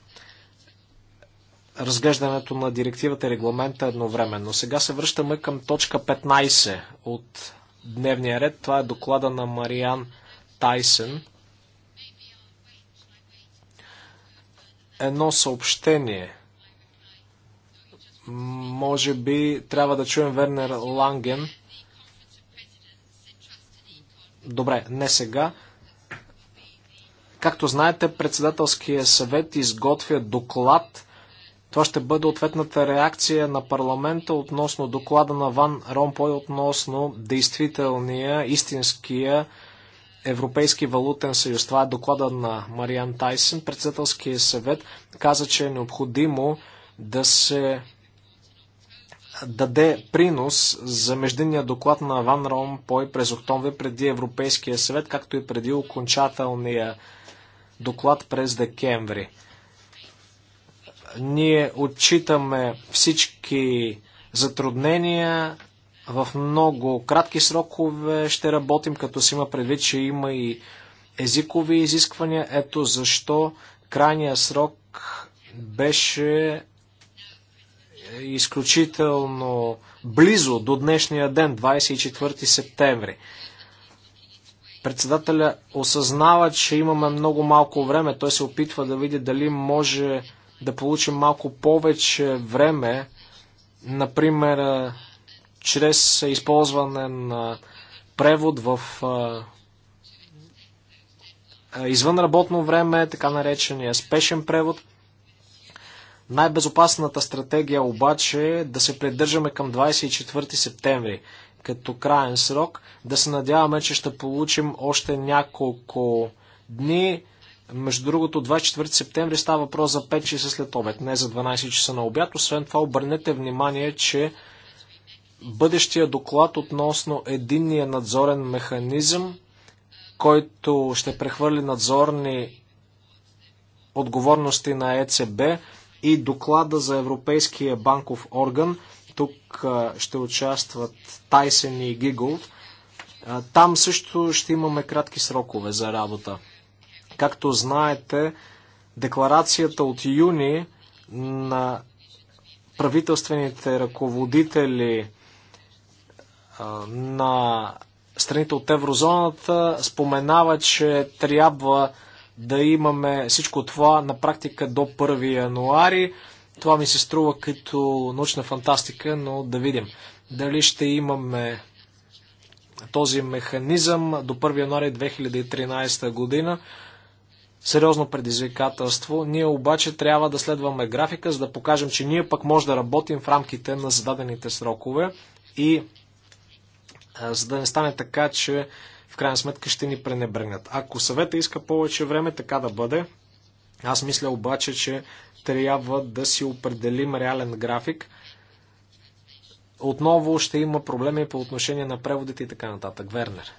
разглеждането на директивата и регламента едновременно. Сега се връщаме към точка 15 от дневния ред. Това е доклада на Мариан Тайсен. Едно съобщение – може би трябва да чуем Вернер Ланген. Добре, не сега. Както знаете, председателския съвет изготвя доклад. Това ще бъде ответната реакция на парламента относно доклада на Ван Ромпой относно действителния, истинския Европейски валутен съюз. Това е доклада на Мариан Тайсен. Председателския съвет каза, че е необходимо да се даде принос за междинния доклад на Ван Ромпой през октомври преди Европейския съвет, както и преди окончателния доклад през декември. Ние отчитаме всички затруднения в много кратки срокове ще работим, като си има предвид, че има и езикови изисквания. Ето защо крайния срок беше изключително близо до днешния ден, 24 септември. Председателя осъзнава, че имаме много малко време. Той се опитва да види дали може да получим малко повече време, например, чрез използване на превод в извънработно време, така наречения спешен превод – най-безопасната стратегия обаче е да се придържаме към 24 септември като краен срок. Да се надяваме, че ще получим още няколко дни. Между другото, 24 септември става въпрос за 5 часа след обед, не за 12 часа на обяд. Освен това, обърнете внимание, че бъдещия доклад относно единния надзорен механизъм, който ще прехвърли надзорни отговорности на ЕЦБ, и доклада за Европейския банков орган. Тук ще участват Тайсен и Гиголд. Там също ще имаме кратки срокове за работа. Както знаете, декларацията от юни на правителствените ръководители на страните от еврозоната споменава, че трябва да имаме всичко това на практика до 1 януари. Това ми се струва като научна фантастика, но да видим дали ще имаме този механизъм до 1 януари 2013 година. Сериозно предизвикателство. Ние обаче трябва да следваме графика, за да покажем, че ние пък може да работим в рамките на зададените срокове и за да не стане така, че крайна сметка ще ни пренебрегнат. Ако съвета иска повече време, така да бъде. Аз мисля обаче, че трябва да си определим реален график. Отново ще има проблеми по отношение на преводите и така нататък. Вернер.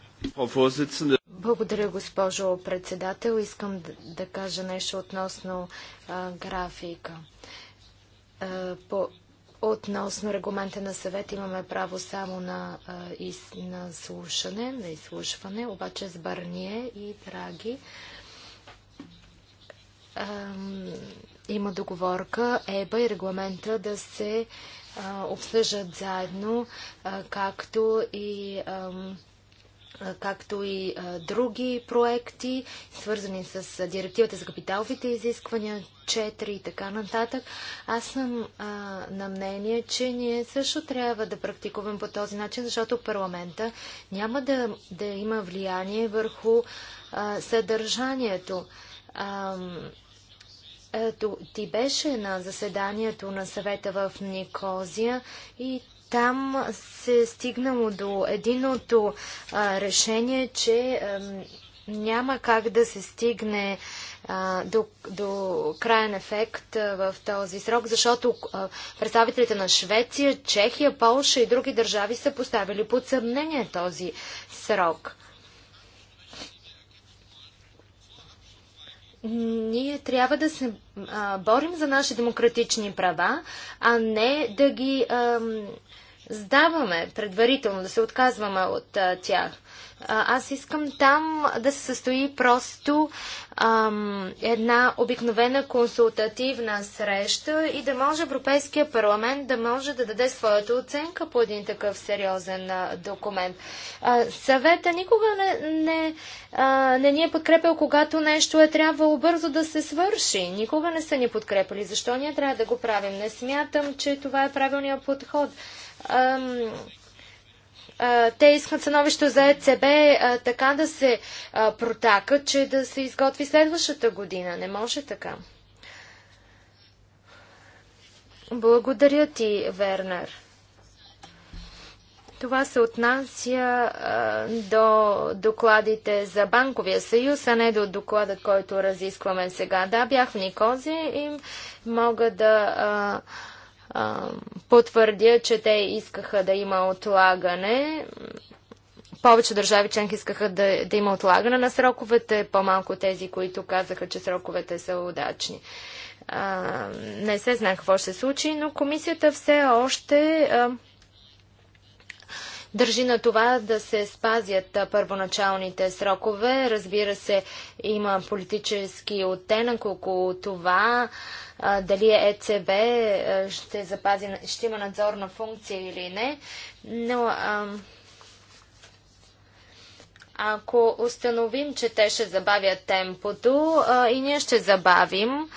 Благодаря, госпожо председател. Искам да, да кажа нещо относно а, графика. А, по Относно регламента на съвет имаме право само на, а, из, на слушане, на изслушване, обаче с Барние и Драги има договорка ЕБА и регламента да се обсъждат заедно, а, както и ам, както и други проекти, свързани с директивата за капиталовите изисквания 4 и така нататък. Аз съм а, на мнение, че ние също трябва да практикуваме по този начин, защото парламента няма да, да има влияние върху съдържанието. Ето, ти беше на заседанието на съвета в Никозия и там се е стигнало до единото а, решение, че а, няма как да се стигне а, до, до крайен ефект а, в този срок, защото а, представителите на Швеция, Чехия, Полша и други държави са поставили под съмнение този срок. ние трябва да се а, борим за наши демократични права, а не да ги а, сдаваме предварително, да се отказваме от а, тях. А, аз искам там да се състои просто ам, една обикновена консултативна среща и да може Европейския парламент да може да даде своята оценка по един такъв сериозен а, документ. А, съвета никога не, не, а, не ни е подкрепил, когато нещо е трябвало бързо да се свърши. Никога не са ни подкрепили. Защо ние трябва да го правим? Не смятам, че това е правилният подход те искат становище за ЕЦБ така да се протака, че да се изготви следващата година. Не може така. Благодаря ти, Вернер. Това се отнася а, до докладите за Банковия съюз, а не до доклада, който разискваме сега. Да, бях в Никози и мога да а, потвърдя, че те искаха да има отлагане. Повече държави членки искаха да, да има отлагане на сроковете, по-малко тези, които казаха, че сроковете са удачни. А, не се знае какво ще се случи, но комисията все още а, държи на това да се спазят първоначалните срокове. Разбира се, има политически оттенък около това дали ЕЦБ ще, запази, ще има надзорна функция или не. Но ако установим, че те ще забавят темпото и ние ще забавим,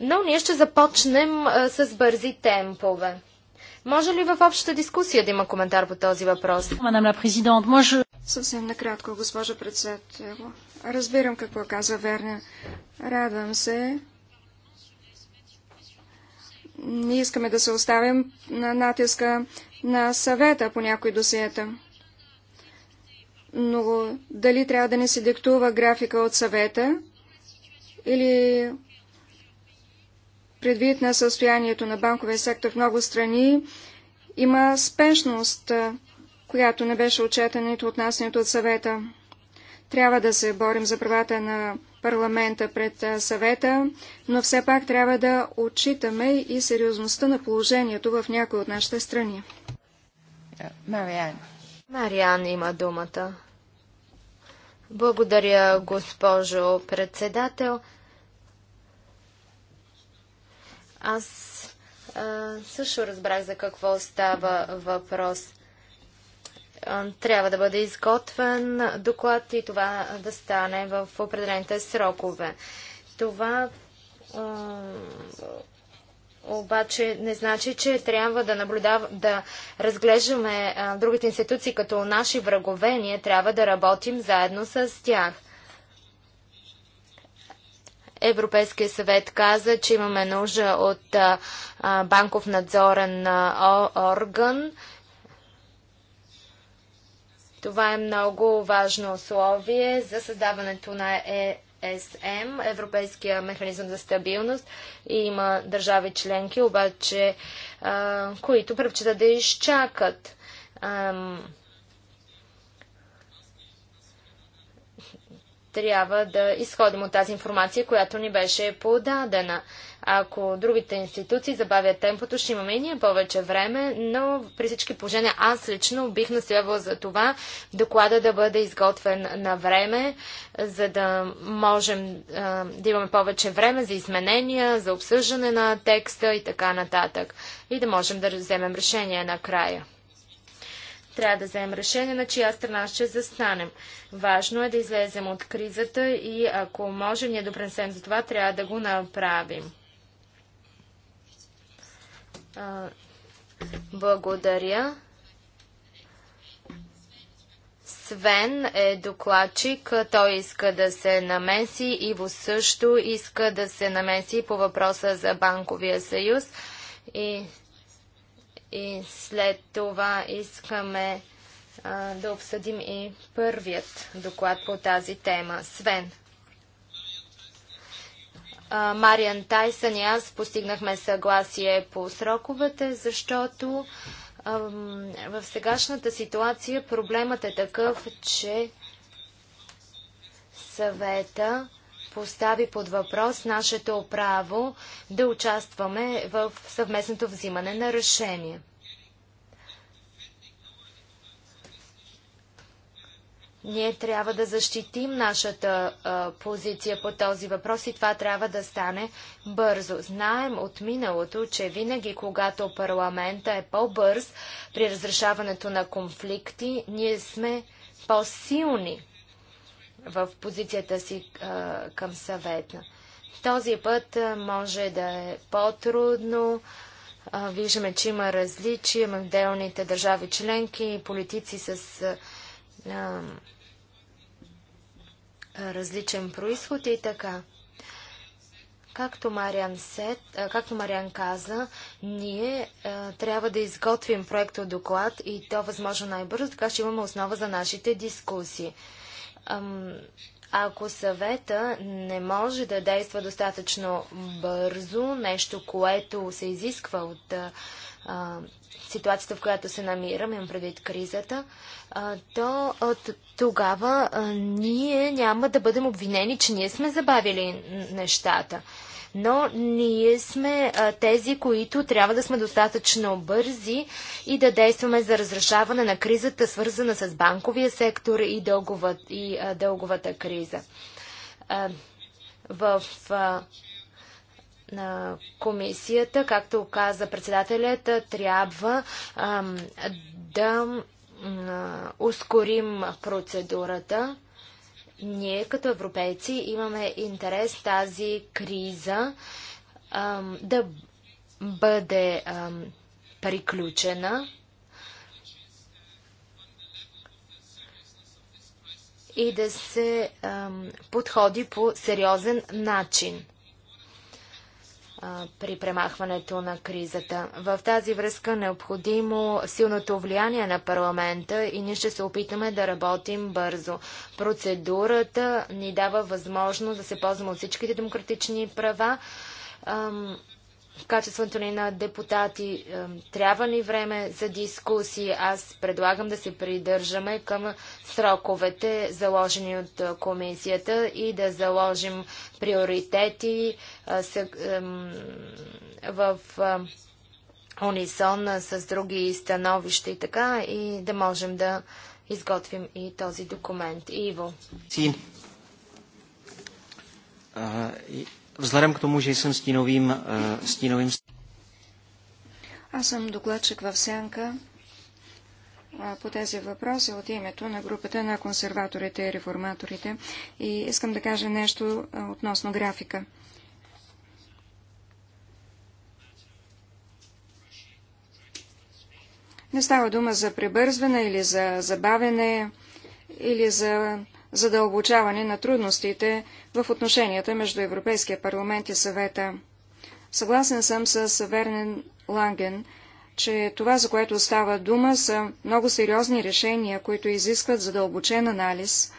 но ние ще започнем с бързи темпове. Може ли в общата дискусия да има коментар по този въпрос? Мадам президент, може... Съвсем накратко, госпожа председател. Разбирам какво каза верна. Радвам се. Ние искаме да се оставим на натиска на съвета по някои досиета. Но дали трябва да не се диктува графика от съвета или Предвид на състоянието на банковия сектор в много страни, има спешност, която не беше отчетена нито от нас, нито от съвета. Трябва да се борим за правата на парламента пред съвета, но все пак трябва да отчитаме и сериозността на положението в някои от нашите страни. Мариан. Мариан има думата. Благодаря, госпожо председател. Аз а, също разбрах за какво става въпрос. Трябва да бъде изготвен доклад и това да стане в определените срокове. Това обаче не значи, че трябва да наблюдаваме, да разглеждаме другите институции като наши врагове. Ние трябва да работим заедно с тях. Европейския съвет каза, че имаме нужда от банков надзорен орган. Това е много важно условие за създаването на ЕСМ, Европейския механизъм за стабилност. И има държави членки, обаче, които предпочитат да изчакат трябва да изходим от тази информация, която ни беше подадена. Ако другите институции забавят темпото, ще имаме и ние повече време, но при всички положения аз лично бих настоявала за това доклада да бъде изготвен на време, за да можем да имаме повече време за изменения, за обсъждане на текста и така нататък. И да можем да вземем решение накрая. Трябва да вземем решение на чия страна ще застанем. Важно е да излезем от кризата и ако може ние допренесем за това, трябва да го направим. Благодаря. Свен е докладчик, той иска да се намеси, Иво също иска да се намеси по въпроса за Банковия съюз и и след това искаме а, да обсъдим и първият доклад по тази тема. Свен. А, Мариан Тайсън и аз постигнахме съгласие по сроковете, защото в сегашната ситуация проблемът е такъв, че съвета постави под въпрос нашето право да участваме в съвместното взимане на решение. Ние трябва да защитим нашата а, позиция по този въпрос и това трябва да стане бързо. Знаем от миналото, че винаги, когато парламента е по-бърз при разрешаването на конфликти, ние сме по-силни в позицията си към съвета. Този път може да е по-трудно. Виждаме, че има различия в отделните държави членки и политици с а, различен происход и така. Както Мариан, Сет, както Мариан каза, ние а, трябва да изготвим проекто доклад и то възможно най-бързо, така ще имаме основа за нашите дискусии ако съвета не може да действа достатъчно бързо, нещо, което се изисква от ситуацията, в която се намираме, имам предвид кризата, то от тогава ние няма да бъдем обвинени, че ние сме забавили нещата но ние сме а, тези, които трябва да сме достатъчно бързи и да действаме за разрешаване на кризата, свързана с банковия сектор и, дългова, и а, дълговата криза. А, в на комисията, както каза председателят, трябва да ускорим процедурата. Ние като европейци имаме интерес тази криза ам, да бъде ам, приключена и да се ам, подходи по сериозен начин при премахването на кризата. В тази връзка необходимо силното влияние на парламента и ние ще се опитаме да работим бързо. Процедурата ни дава възможност да се ползваме от всичките демократични права. Ам, в качеството ни на депутати трябва ни време за дискусии. Аз предлагам да се придържаме към сроковете, заложени от е, комисията и да заложим приоритети е, в е, унисон с други становища и така и да можем да изготвим и този документ. Иво. Vzhledem k tomu, že jsem stínovým... Eh, stínovým... Аз съм докладчик в Сянка по тези въпроси от името на групата на консерваторите и реформаторите и искам да кажа нещо относно графика. Не става дума за прибързване или за забавене или за задълбочаване на трудностите в отношенията между Европейския парламент и съвета. Съгласен съм с Вернен Ланген, че това, за което става дума, са много сериозни решения, които изискват задълбочен анализ,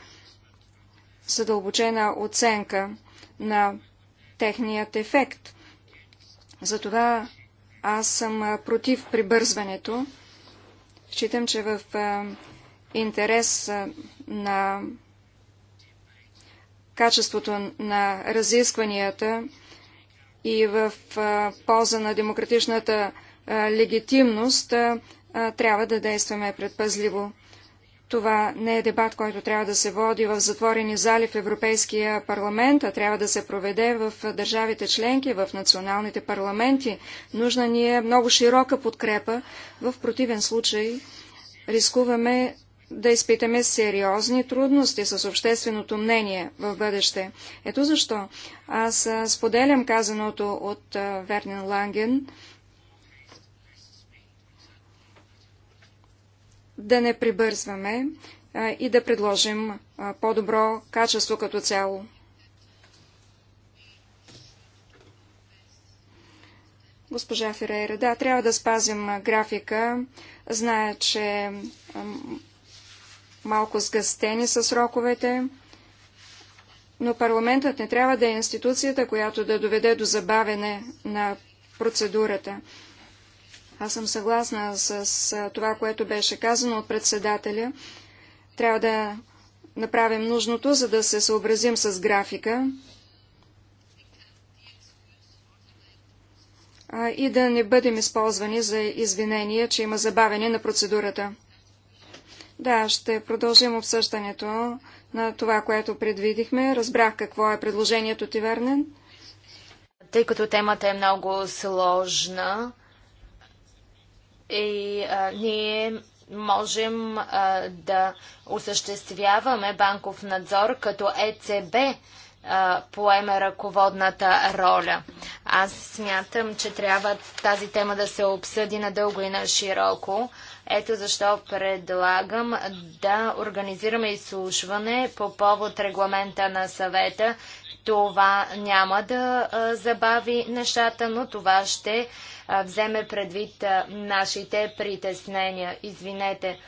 задълбочена оценка на техният ефект. Затова аз съм против прибързването. Считам, че в интерес на качеството на разискванията и в полза на демократичната легитимност, трябва да действаме предпазливо. Това не е дебат, който трябва да се води в затворени зали в Европейския парламент, а трябва да се проведе в държавите членки, в националните парламенти. Нужна ни е много широка подкрепа. В противен случай рискуваме да изпитаме сериозни трудности с общественото мнение в бъдеще. Ето защо аз споделям казаното от Вернин Ланген да не прибързваме и да предложим по-добро качество като цяло. Госпожа Ферейра, да, трябва да спазим графика. Зная, че малко сгъстени с сроковете, но парламентът не трябва да е институцията, която да доведе до забавене на процедурата. Аз съм съгласна с това, което беше казано от председателя. Трябва да направим нужното, за да се съобразим с графика и да не бъдем използвани за извинение, че има забавене на процедурата. Да, ще продължим обсъждането на това, което предвидихме. Разбрах какво е предложението ти, Вернен. Тъй като темата е много сложна и а, ние можем а, да осъществяваме банков надзор като ЕЦБ поеме ръководната роля. Аз смятам, че трябва тази тема да се обсъди надълго и на широко. Ето защо предлагам да организираме изслушване по повод регламента на съвета. Това няма да забави нещата, но това ще вземе предвид нашите притеснения. Извинете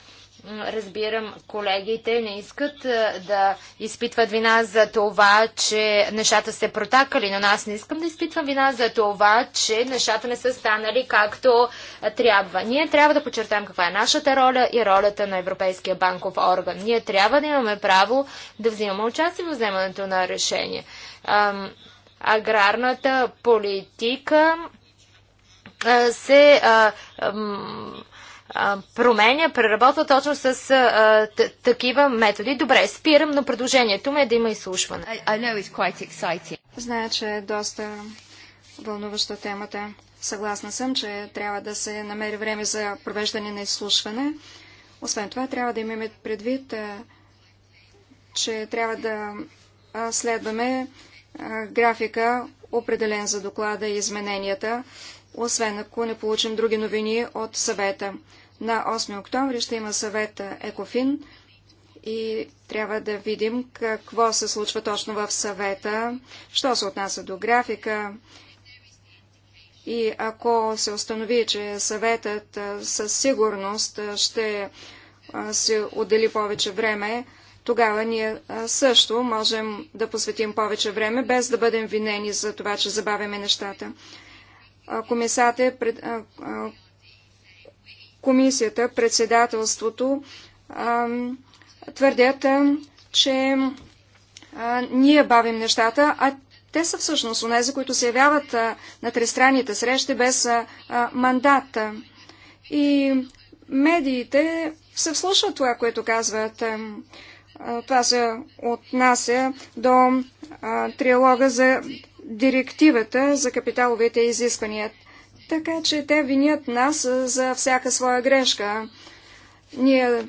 Разбирам, колегите не искат е, да изпитват вина за това, че нещата се протакали, но аз не искам да изпитвам вина за това, че нещата не са станали както е, трябва. Ние трябва да подчертаем каква е нашата роля и ролята на Европейския банков орган. Ние трябва да имаме право да взимаме участие в вземането на решение. аграрната политика е, се а, променя, преработва точно с а, такива методи. Добре, спирам, но предложението ми е да има изслушване. I, I Зная, че е доста вълнуваща темата. Съгласна съм, че трябва да се намери време за провеждане на изслушване. Освен това, трябва да имаме предвид, че трябва да следваме графика, определен за доклада и измененията освен ако не получим други новини от съвета. На 8 октомври ще има съвета ЕКОФИН и трябва да видим какво се случва точно в съвета, що се отнася до графика. И ако се установи, че съветът със сигурност ще се отдели повече време, тогава ние също можем да посветим повече време, без да бъдем винени за това, че забавяме нещата комисията, пред, комисията председателството твърдят, че ние бавим нещата, а те са всъщност онези, които се явяват на тристранните срещи без мандат. И медиите се вслушват това, което казват. Това се отнася до триалога за директивата за капиталовите изисквания. Така че те винят нас за всяка своя грешка. Ние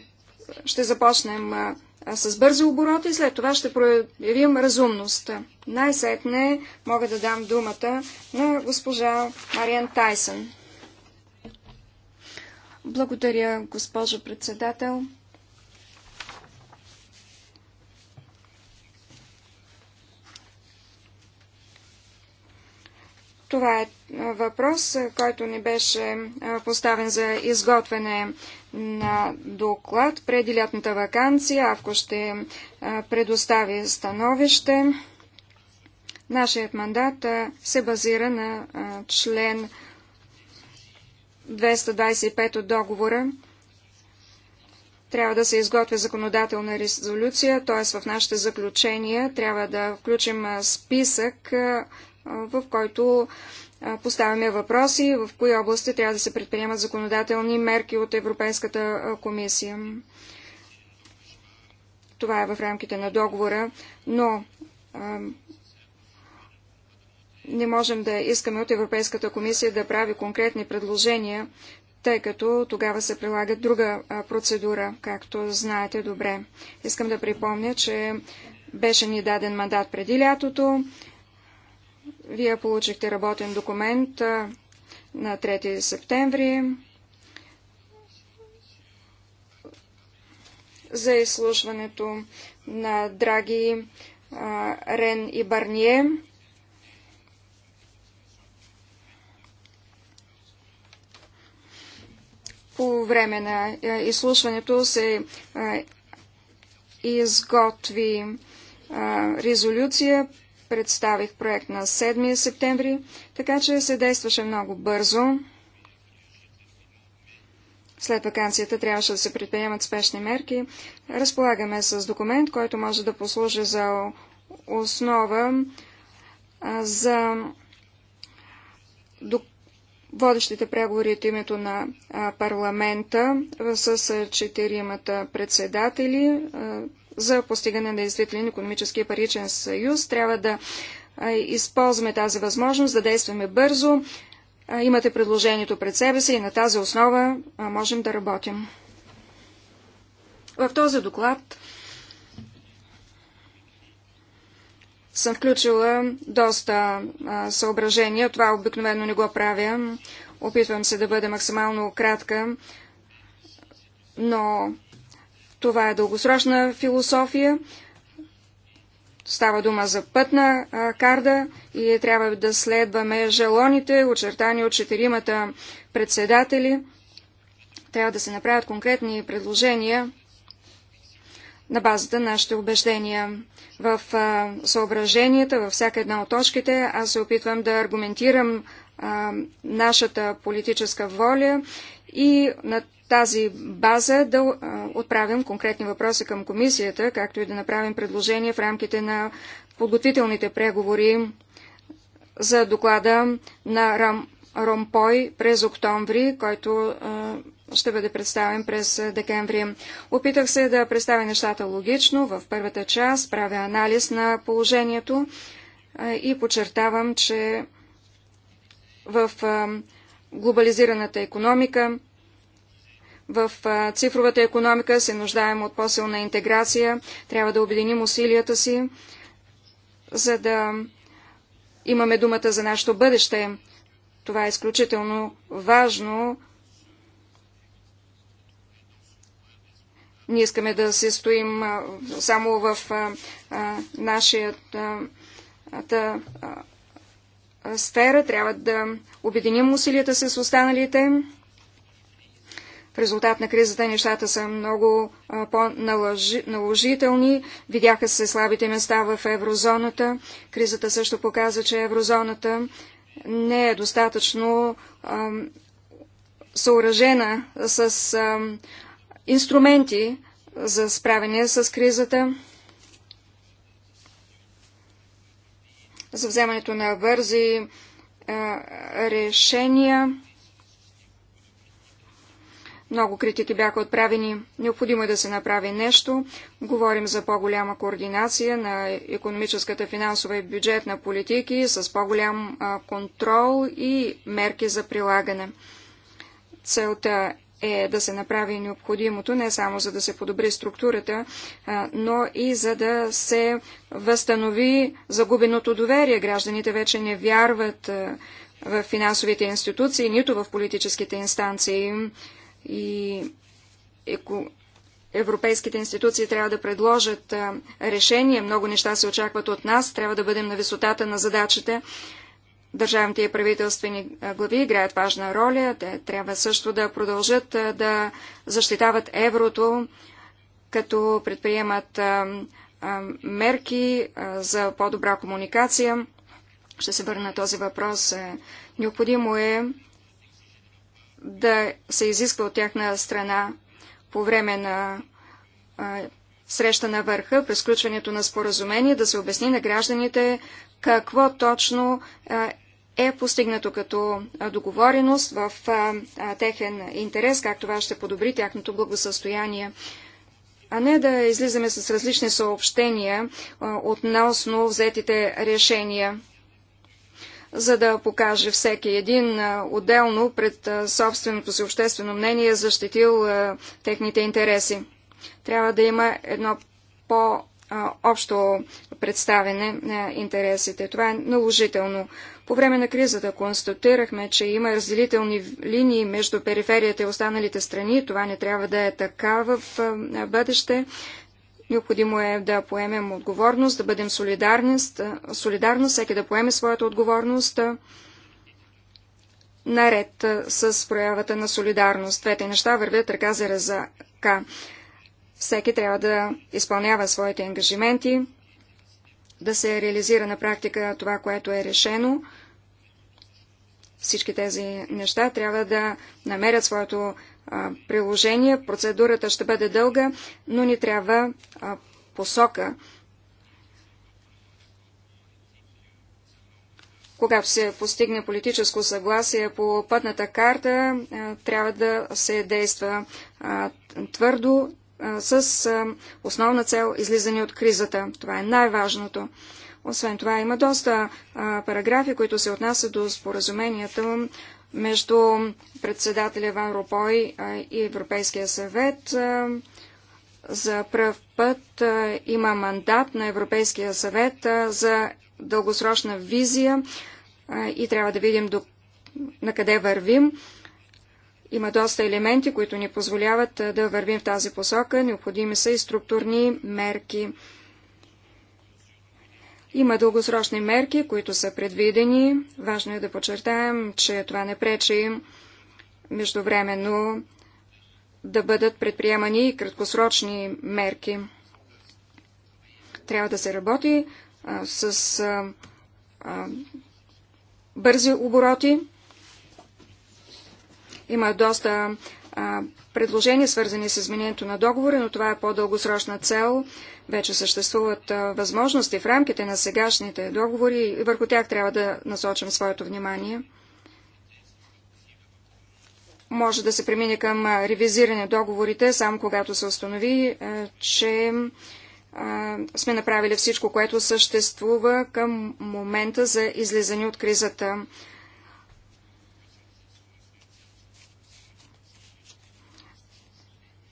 ще започнем с бързи обороти и след това ще проявим разумност. Най-сетне мога да дам думата на госпожа Мариан Тайсън. Благодаря, госпожо председател. Това е въпрос, който ни беше поставен за изготвяне на доклад преди лятната вакансия. Авко ще предостави становище. Нашият мандат се базира на член 225 от договора. Трябва да се изготви законодателна резолюция, т.е. в нашите заключения трябва да включим списък в който поставяме въпроси, в кои области трябва да се предприемат законодателни мерки от Европейската комисия. Това е в рамките на договора, но а, не можем да искаме от Европейската комисия да прави конкретни предложения, тъй като тогава се прилага друга процедура, както знаете добре. Искам да припомня, че беше ни даден мандат преди лятото. Вие получихте работен документ на 3 септември за изслушването на Драги, Рен и Барние. По време на изслушването се изготви резолюция представих проект на 7 септември, така че се действаше много бързо. След вакансията трябваше да се предприемат спешни мерки. Разполагаме с документ, който може да послужи за основа за водещите преговори от името на парламента с четиримата председатели за постигане на действителен економически паричен съюз. Трябва да използваме тази възможност, да действаме бързо. Имате предложението пред себе си и на тази основа можем да работим. В този доклад съм включила доста съображения. Това обикновено не го правя. Опитвам се да бъда максимално кратка, но това е дългосрочна философия. Става дума за пътна а, карда и е трябва да следваме жалоните, очертани от четиримата председатели. Трябва да се направят конкретни предложения на базата на нашите убеждения. В а, съображенията, във всяка една от точките, аз се опитвам да аргументирам а, нашата политическа воля и на тази база да отправим конкретни въпроси към комисията, както и да направим предложения в рамките на подготвителните преговори за доклада на Рам Ромпой през октомври, който ще бъде представен през декември. Опитах се да представя нещата логично. В първата част правя анализ на положението и подчертавам, че в глобализираната економика. В цифровата економика се нуждаем от по-силна интеграция. Трябва да обединим усилията си, за да имаме думата за нашето бъдеще. Това е изключително важно. Ние искаме да се стоим само в нашия сфера, трябва да обединим усилията с останалите. В резултат на кризата нещата са много по-наложителни. Видяха се слабите места в еврозоната. Кризата също показа, че еврозоната не е достатъчно съоръжена с инструменти за справяне с кризата. за вземането на бързи решения. Много критики бяха отправени. Необходимо е да се направи нещо. Говорим за по-голяма координация на економическата, финансова и бюджетна политики с по-голям контрол и мерки за прилагане. Целта е да се направи необходимото не само за да се подобри структурата, но и за да се възстанови загубеното доверие. Гражданите вече не вярват в финансовите институции, нито в политическите инстанции. И европейските институции трябва да предложат решения. Много неща се очакват от нас. Трябва да бъдем на висотата на задачата. Държавните и правителствени глави играят важна роля. Те трябва също да продължат да защитават еврото, като предприемат мерки за по-добра комуникация. Ще се върна на този въпрос. Е, необходимо е да се изисква от тяхна страна по време на среща на върха, през включването на споразумение, да се обясни на гражданите какво точно е постигнато като договореност в техен интерес, как това ще подобри тяхното благосъстояние а не да излизаме с различни съобщения относно взетите решения, за да покаже всеки един отделно пред собственото си обществено мнение защитил техните интереси. Трябва да има едно по общо представене на интересите. Това е наложително. По време на кризата констатирахме, че има разделителни линии между периферията и останалите страни. Това не трябва да е така в бъдеще. Необходимо е да поемем отговорност, да бъдем солидарни, солидарно, всеки да поеме своята отговорност наред с проявата на солидарност. Двете неща вървят ръка за ръка. Всеки трябва да изпълнява своите ангажименти, да се реализира на практика това, което е решено. Всички тези неща трябва да намерят своето а, приложение. Процедурата ще бъде дълга, но ни трябва а, посока. Когато се постигне политическо съгласие по пътната карта, трябва да се действа твърдо, с основна цел излизане от кризата. Това е най-важното. Освен това, има доста параграфи, които се отнасят до споразуменията между председателя Ван Ропой и Европейския съвет. За пръв път има мандат на Европейския съвет за дългосрочна визия и трябва да видим до, на къде вървим. Има доста елементи, които ни позволяват да вървим в тази посока. Необходими са и структурни мерки. Има дългосрочни мерки, които са предвидени. Важно е да подчертаем, че това не пречи междувременно да бъдат предприемани и краткосрочни мерки. Трябва да се работи а, с а, а, бързи обороти, има доста а, предложения, свързани с изменението на договора, но това е по-дългосрочна цел. Вече съществуват а, възможности в рамките на сегашните договори и върху тях трябва да насочим своето внимание. Може да се премине към а, ревизиране договорите, само когато се установи, а, че сме направили всичко, което съществува към момента за излизане от кризата.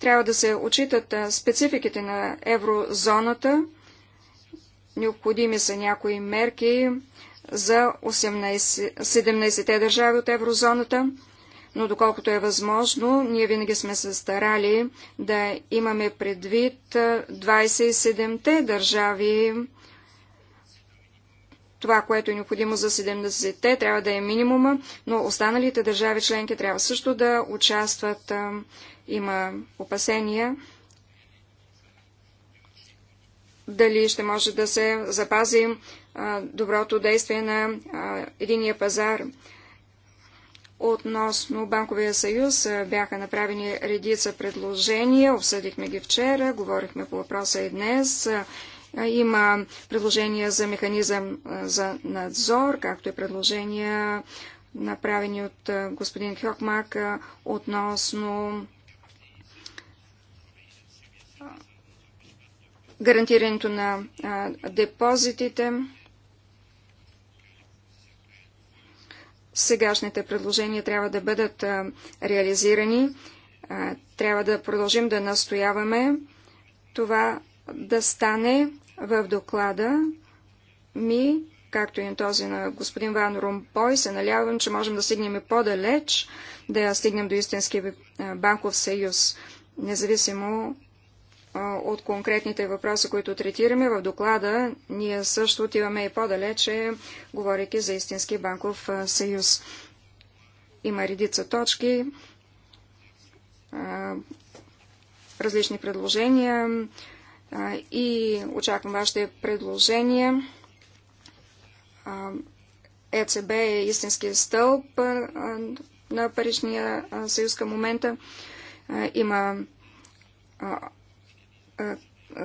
Трябва да се отчитат спецификите на еврозоната. Необходими са някои мерки за 17-те държави от еврозоната, но доколкото е възможно, ние винаги сме се старали да имаме предвид 27-те държави. Това, което е необходимо за 70-те, трябва да е минимума, но останалите държави членки трябва също да участват. Има опасения дали ще може да се запази доброто действие на единия пазар. Относно Банковия съюз бяха направени редица предложения, обсъдихме ги вчера, говорихме по въпроса и днес. Има предложения за механизъм за надзор, както и предложения направени от господин Хьокмак относно гарантирането на депозитите. Сегашните предложения трябва да бъдат реализирани. трябва да продължим да настояваме това да стане в доклада ми, както и на този на господин Ван Румпой. Се налявам, че можем да стигнем и по-далеч, да стигнем до истински банков съюз, независимо от конкретните въпроси, които третираме в доклада, ние също отиваме и по-далече, говоряки за истински банков съюз. Има редица точки, различни предложения и очаквам вашите предложения. ЕЦБ е истински стълб на Паричния съюз към момента. Има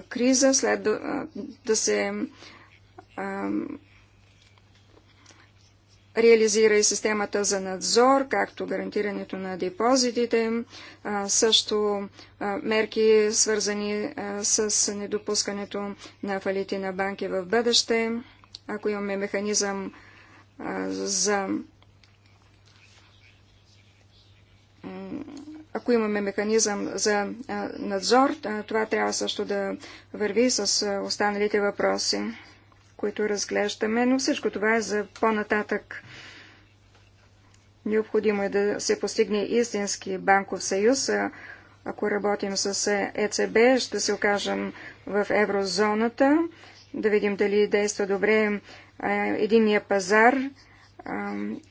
криза, след да, да се а, реализира и системата за надзор, както гарантирането на депозитите, а, също а, мерки свързани с недопускането на фалити на банки в бъдеще, ако имаме механизъм за ако имаме механизъм за надзор, това трябва също да върви с останалите въпроси, които разглеждаме, но всичко това е за по-нататък. Необходимо е да се постигне истински банков съюз. Ако работим с ЕЦБ, ще се окажем в еврозоната, да видим дали действа добре единния пазар,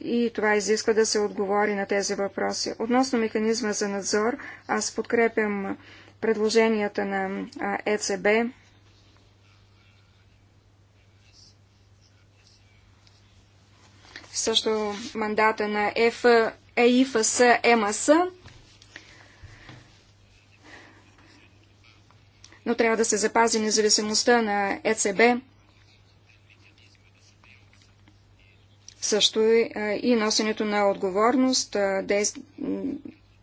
и това изисква да се отговори на тези въпроси. Относно механизма за надзор, аз подкрепям предложенията на ЕЦБ. Също мандата на ЕФ, ЕИФС, е МАС. Но трябва да се запази независимостта на ЕЦБ. също и носенето на отговорност,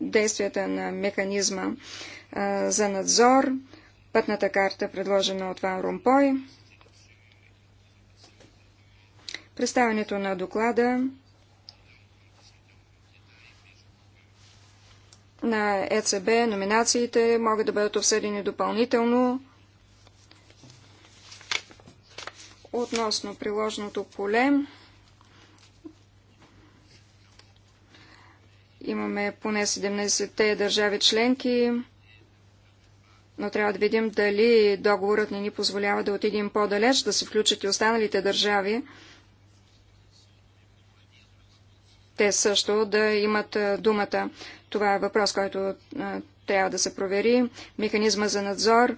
действията на механизма за надзор, пътната карта, предложена от Ван Румпой, представянето на доклада на ЕЦБ, номинациите могат да бъдат обсъдени допълнително относно приложеното поле. Имаме поне 17-те държави членки, но трябва да видим дали договорът не ни позволява да отидем по-далеч, да се включат и останалите държави. Те също да имат думата. Това е въпрос, който трябва да се провери. Механизма за надзор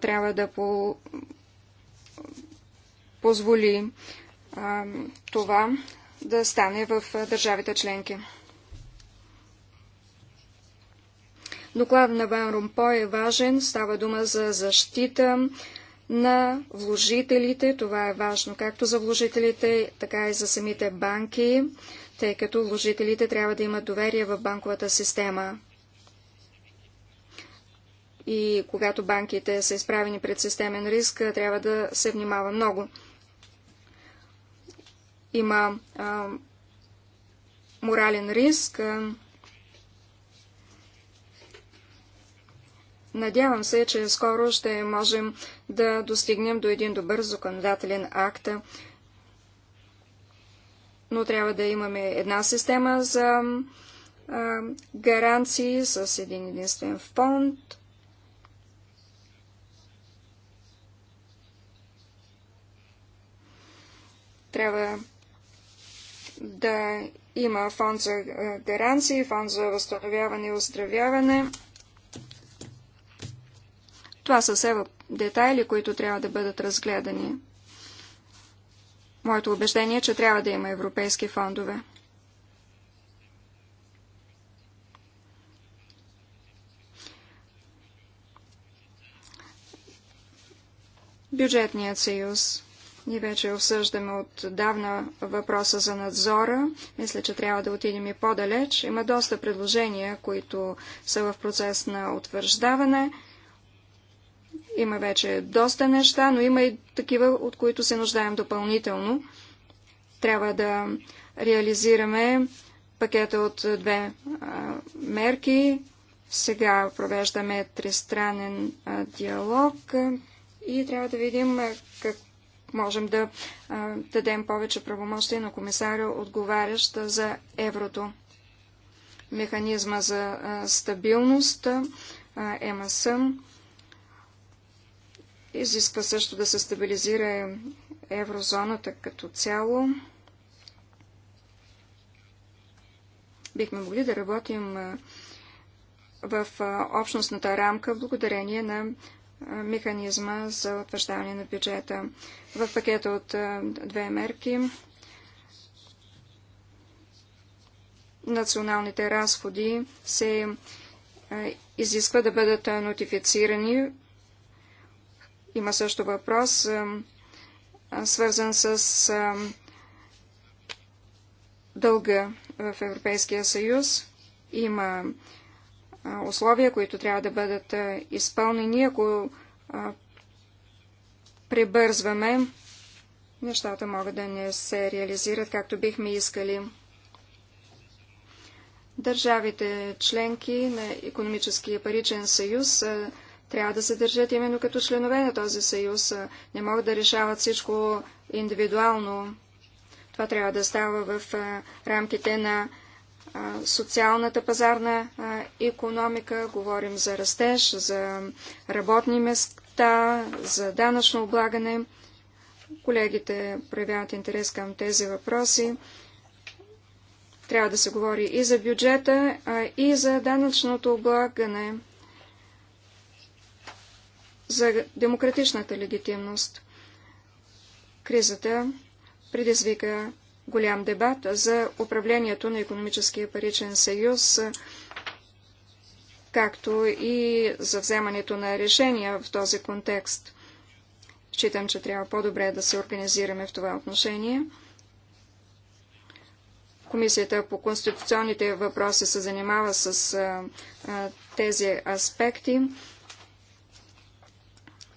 трябва да по... позволи това да стане в държавите членки. Доклад на Ван Румпо е важен. Става дума за защита на вложителите. Това е важно както за вложителите, така и за самите банки, тъй като вложителите трябва да имат доверие в банковата система. И когато банките са изправени пред системен риск, трябва да се внимава много. Има а, морален риск. А, Надявам се, че скоро ще можем да достигнем до един добър законодателен акт. Но трябва да имаме една система за а, гаранции с един единствен фонд, трябва да има фонд за гаранции, фонд за възстановяване и оздравяване. Това са все детайли, които трябва да бъдат разгледани. Моето убеждение е, че трябва да има европейски фондове. Бюджетният съюз. Ние вече обсъждаме отдавна въпроса за надзора. Мисля, че трябва да отидем и по-далеч. Има доста предложения, които са в процес на утвърждаване. Има вече доста неща, но има и такива, от които се нуждаем допълнително. Трябва да реализираме пакета от две а, мерки. Сега провеждаме тристранен а, диалог а, и трябва да видим а, как можем да а, дадем повече правомощи на комисаря, отговарящ за еврото. Механизма за а, стабилност, а, МСМ, Изисква също да се стабилизира еврозоната като цяло. Бихме могли да работим в общностната рамка благодарение на механизма за утвърждаване на бюджета. В пакета от две мерки националните разходи се изисква да бъдат нотифицирани има също въпрос, свързан с дълга в Европейския съюз. Има условия, които трябва да бъдат изпълнени, ако прибързваме, нещата могат да не се реализират както бихме искали. Държавите членки на економическия паричен съюз трябва да се държат именно като членове на този съюз. Не могат да решават всичко индивидуално. Това трябва да става в рамките на социалната пазарна економика. Говорим за растеж, за работни места, за данъчно облагане. Колегите проявяват интерес към тези въпроси. Трябва да се говори и за бюджета, и за данъчното облагане за демократичната легитимност. Кризата предизвика голям дебат за управлението на економическия паричен съюз, както и за вземането на решения в този контекст. Считам, че трябва по-добре да се организираме в това отношение. Комисията по конституционните въпроси се занимава с а, тези аспекти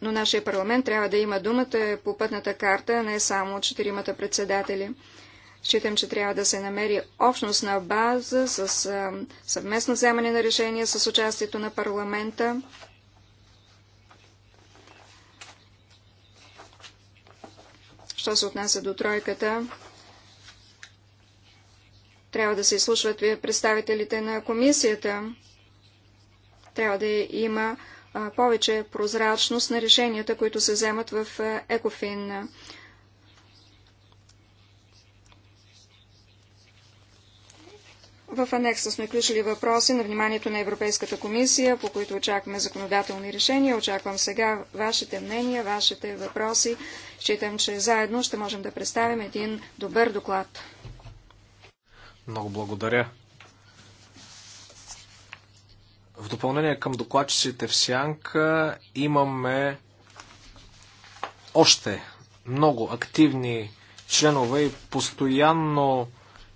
но нашия парламент трябва да има думата по пътната карта, не само четиримата председатели. Считам, че трябва да се намери общностна база с съвместно вземане на решения с участието на парламента. Що се отнася до тройката, трябва да се изслушват представителите на комисията. Трябва да има повече прозрачност на решенията, които се вземат в Екофин. В анекса сме включили въпроси на вниманието на Европейската комисия, по които очакваме законодателни решения. Очаквам сега вашите мнения, вашите въпроси. Считам, че заедно ще можем да представим един добър доклад. Много благодаря. В допълнение към докладчиците в Сянка имаме още много активни членове и постоянно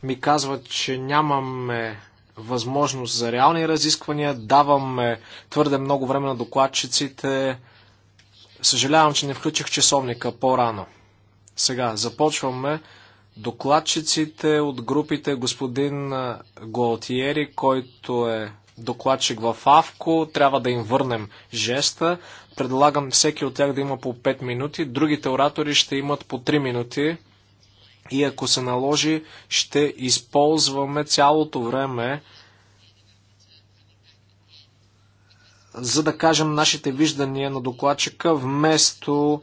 ми казват, че нямаме възможност за реални разисквания, даваме твърде много време на докладчиците. Съжалявам, че не включих часовника по-рано. Сега започваме. Докладчиците от групите господин Голтиери, който е докладчик в Авко, трябва да им върнем жеста. Предлагам всеки от тях да има по 5 минути, другите оратори ще имат по 3 минути и ако се наложи, ще използваме цялото време, за да кажем нашите виждания на докладчика, вместо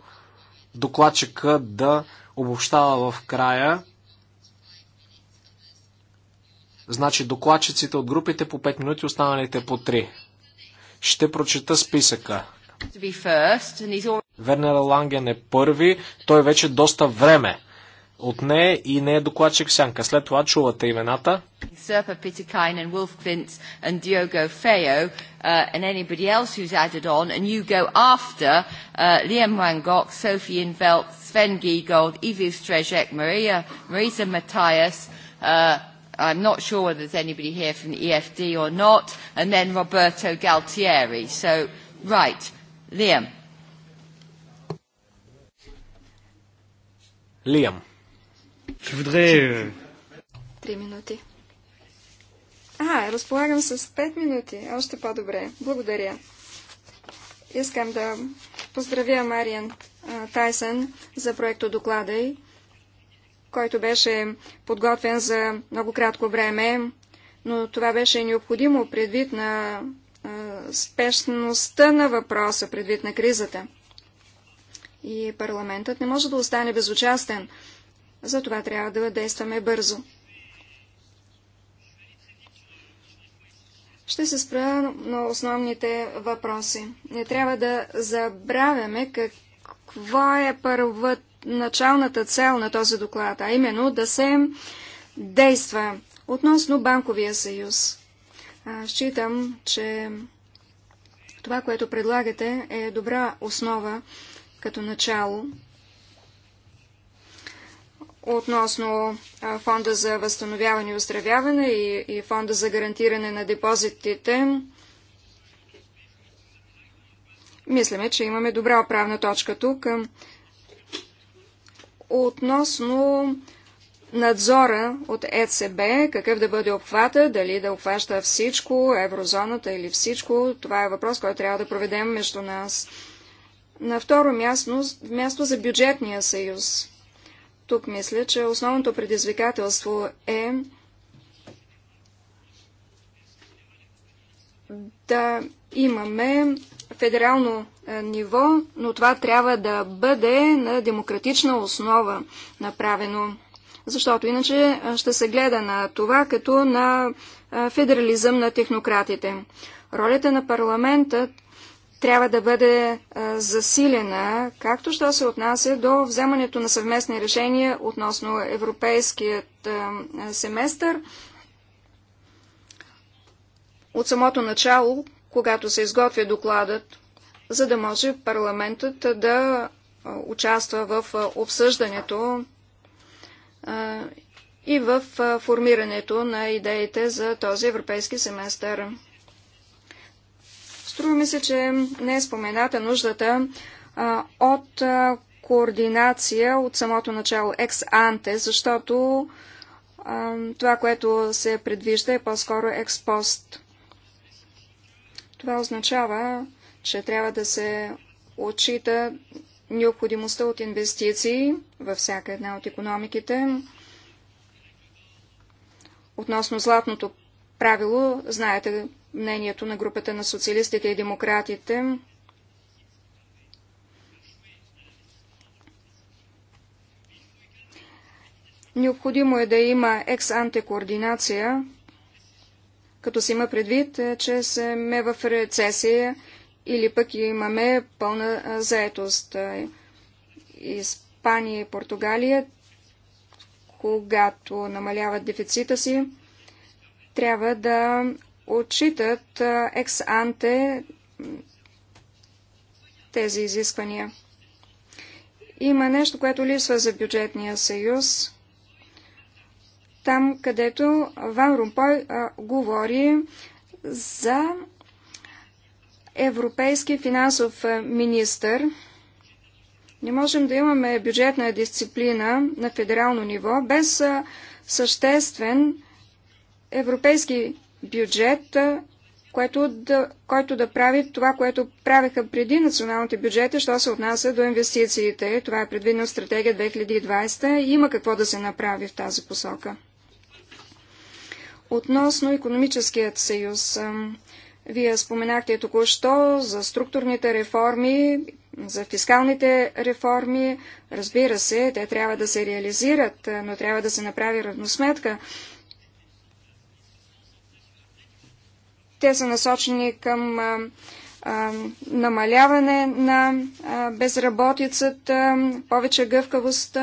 докладчика да обобщава в края. Значи докладчиците от групите по 5 минути, останалите по 3. Ще прочета списъка. Вернер Ланген е първи, той вече доста време от нея и не е докладчик в сянка. След това чувате имената. uh, I'm not sure whether there's anybody here from the EFD or not, and then Roberto Galtieri. So, right, Liam. Liam. Je voudrais... Три минути. А, разполагам с 5 минути. Още по-добре. Благодаря. Искам да поздравя Мариан Тайсън за проекто доклада й който беше подготвен за много кратко време, но това беше необходимо предвид на спешността на въпроса, предвид на кризата. И парламентът не може да остане безучастен. Затова трябва да действаме бързо. Ще се спра на основните въпроси. Не трябва да забравяме как каква е първата началната цел на този доклад, а именно да се действа относно банковия съюз. Считам, че това, което предлагате, е добра основа като начало относно фонда за възстановяване и оздравяване и фонда за гарантиране на депозитите. Мислиме, че имаме добра оправна точка тук. Относно надзора от ЕЦБ, какъв да бъде обхвата, дали да обхваща всичко, еврозоната или всичко, това е въпрос, който трябва да проведем между нас. На второ място, място за бюджетния съюз. Тук мисля, че основното предизвикателство е да имаме федерално е, ниво, но това трябва да бъде на демократична основа направено. Защото иначе е, ще се гледа на това като на е, федерализъм на технократите. Ролята на парламента трябва да бъде засилена, както що се отнася до вземането на съвместни решения относно европейският семестър. От самото начало когато се изготвя докладът, за да може парламентът да участва в обсъждането и в формирането на идеите за този европейски семестър. Струва ми се, че не е спомената нуждата от координация от самото начало екс-анте, защото това, което се предвижда е по-скоро експост. пост това означава, че трябва да се отчита необходимостта от инвестиции във всяка една от економиките. Относно златното правило, знаете мнението на групата на социалистите и демократите. Необходимо е да има екс-анте координация като се има предвид, е, че сме в рецесия или пък имаме пълна заетост. Испания и Португалия, когато намаляват дефицита си, трябва да отчитат екс-анте тези изисквания. Има нещо, което липсва за бюджетния съюз там където Ван Румпой а, говори за европейски финансов министър. Не можем да имаме бюджетна дисциплина на федерално ниво без съществен европейски бюджет, което да, който да прави това, което правеха преди националните бюджети, що се отнася до инвестициите. Това е предвидено в стратегия 2020 и има какво да се направи в тази посока. Относно економическият съюз, вие споменахте току-що за структурните реформи, за фискалните реформи. Разбира се, те трябва да се реализират, но трябва да се направи равносметка. Те са насочени към намаляване на безработицата, повече гъвкавост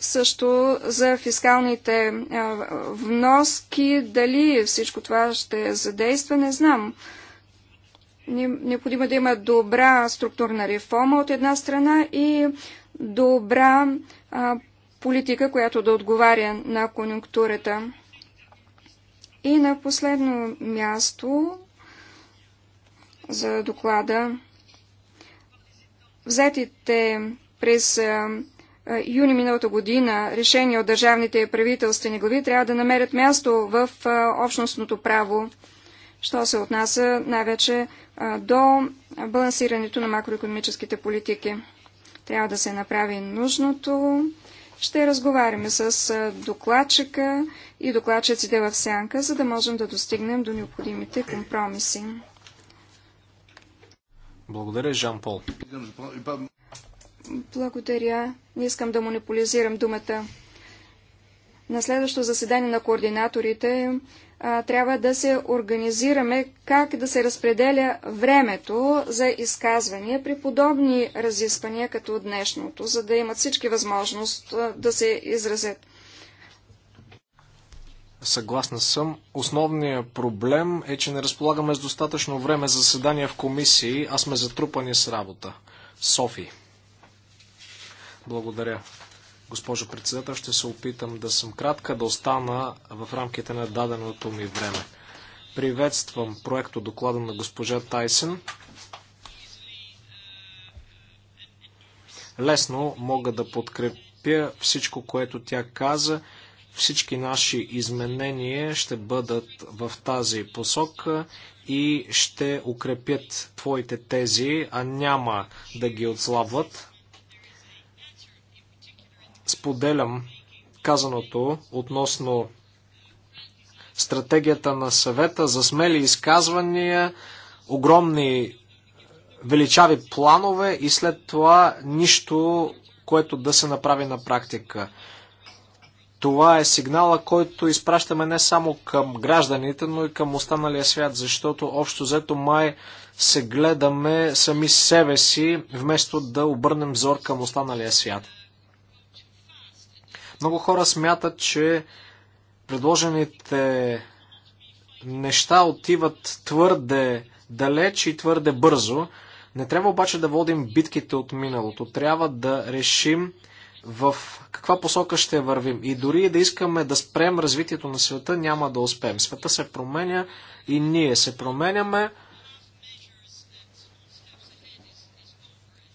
също за фискалните вноски. Дали всичко това ще задейства, не знам. Необходимо е да има добра структурна реформа от една страна и добра а, политика, която да отговаря на конюнктурата. И на последно място за доклада взетите през е, юни миналата година решение от държавните правителствени глави трябва да намерят място в е, общностното право, що се отнася най-вече е, до балансирането на макроекономическите политики. Трябва да се направи нужното. Ще разговаряме с докладчика и докладчиците в сянка, за да можем да достигнем до необходимите компромиси. Благодаря, Жан Пол. Благодаря. Не искам да монополизирам думата. На следващото заседание на координаторите а, трябва да се организираме как да се разпределя времето за изказвания при подобни разисквания като днешното, за да имат всички възможност а, да се изразят. Съгласна съм. Основният проблем е, че не разполагаме с достатъчно време за заседания в комисии, а сме затрупани с работа. Софи. Благодаря. Госпожо председател, ще се опитам да съм кратка, да остана в рамките на даденото ми време. Приветствам проекто доклада на госпожа Тайсен. Лесно мога да подкрепя всичко, което тя каза. Всички наши изменения ще бъдат в тази посока и ще укрепят твоите тези, а няма да ги отслабват. Споделям казаното относно стратегията на съвета за смели изказвания, огромни величави планове и след това нищо, което да се направи на практика. Това е сигнала, който изпращаме не само към гражданите, но и към останалия свят, защото общо взето май се гледаме сами себе си, вместо да обърнем взор към останалия свят. Много хора смятат, че предложените неща отиват твърде далеч и твърде бързо. Не трябва обаче да водим битките от миналото. Трябва да решим в каква посока ще вървим. И дори да искаме да спрем развитието на света, няма да успеем. Света се променя и ние се променяме.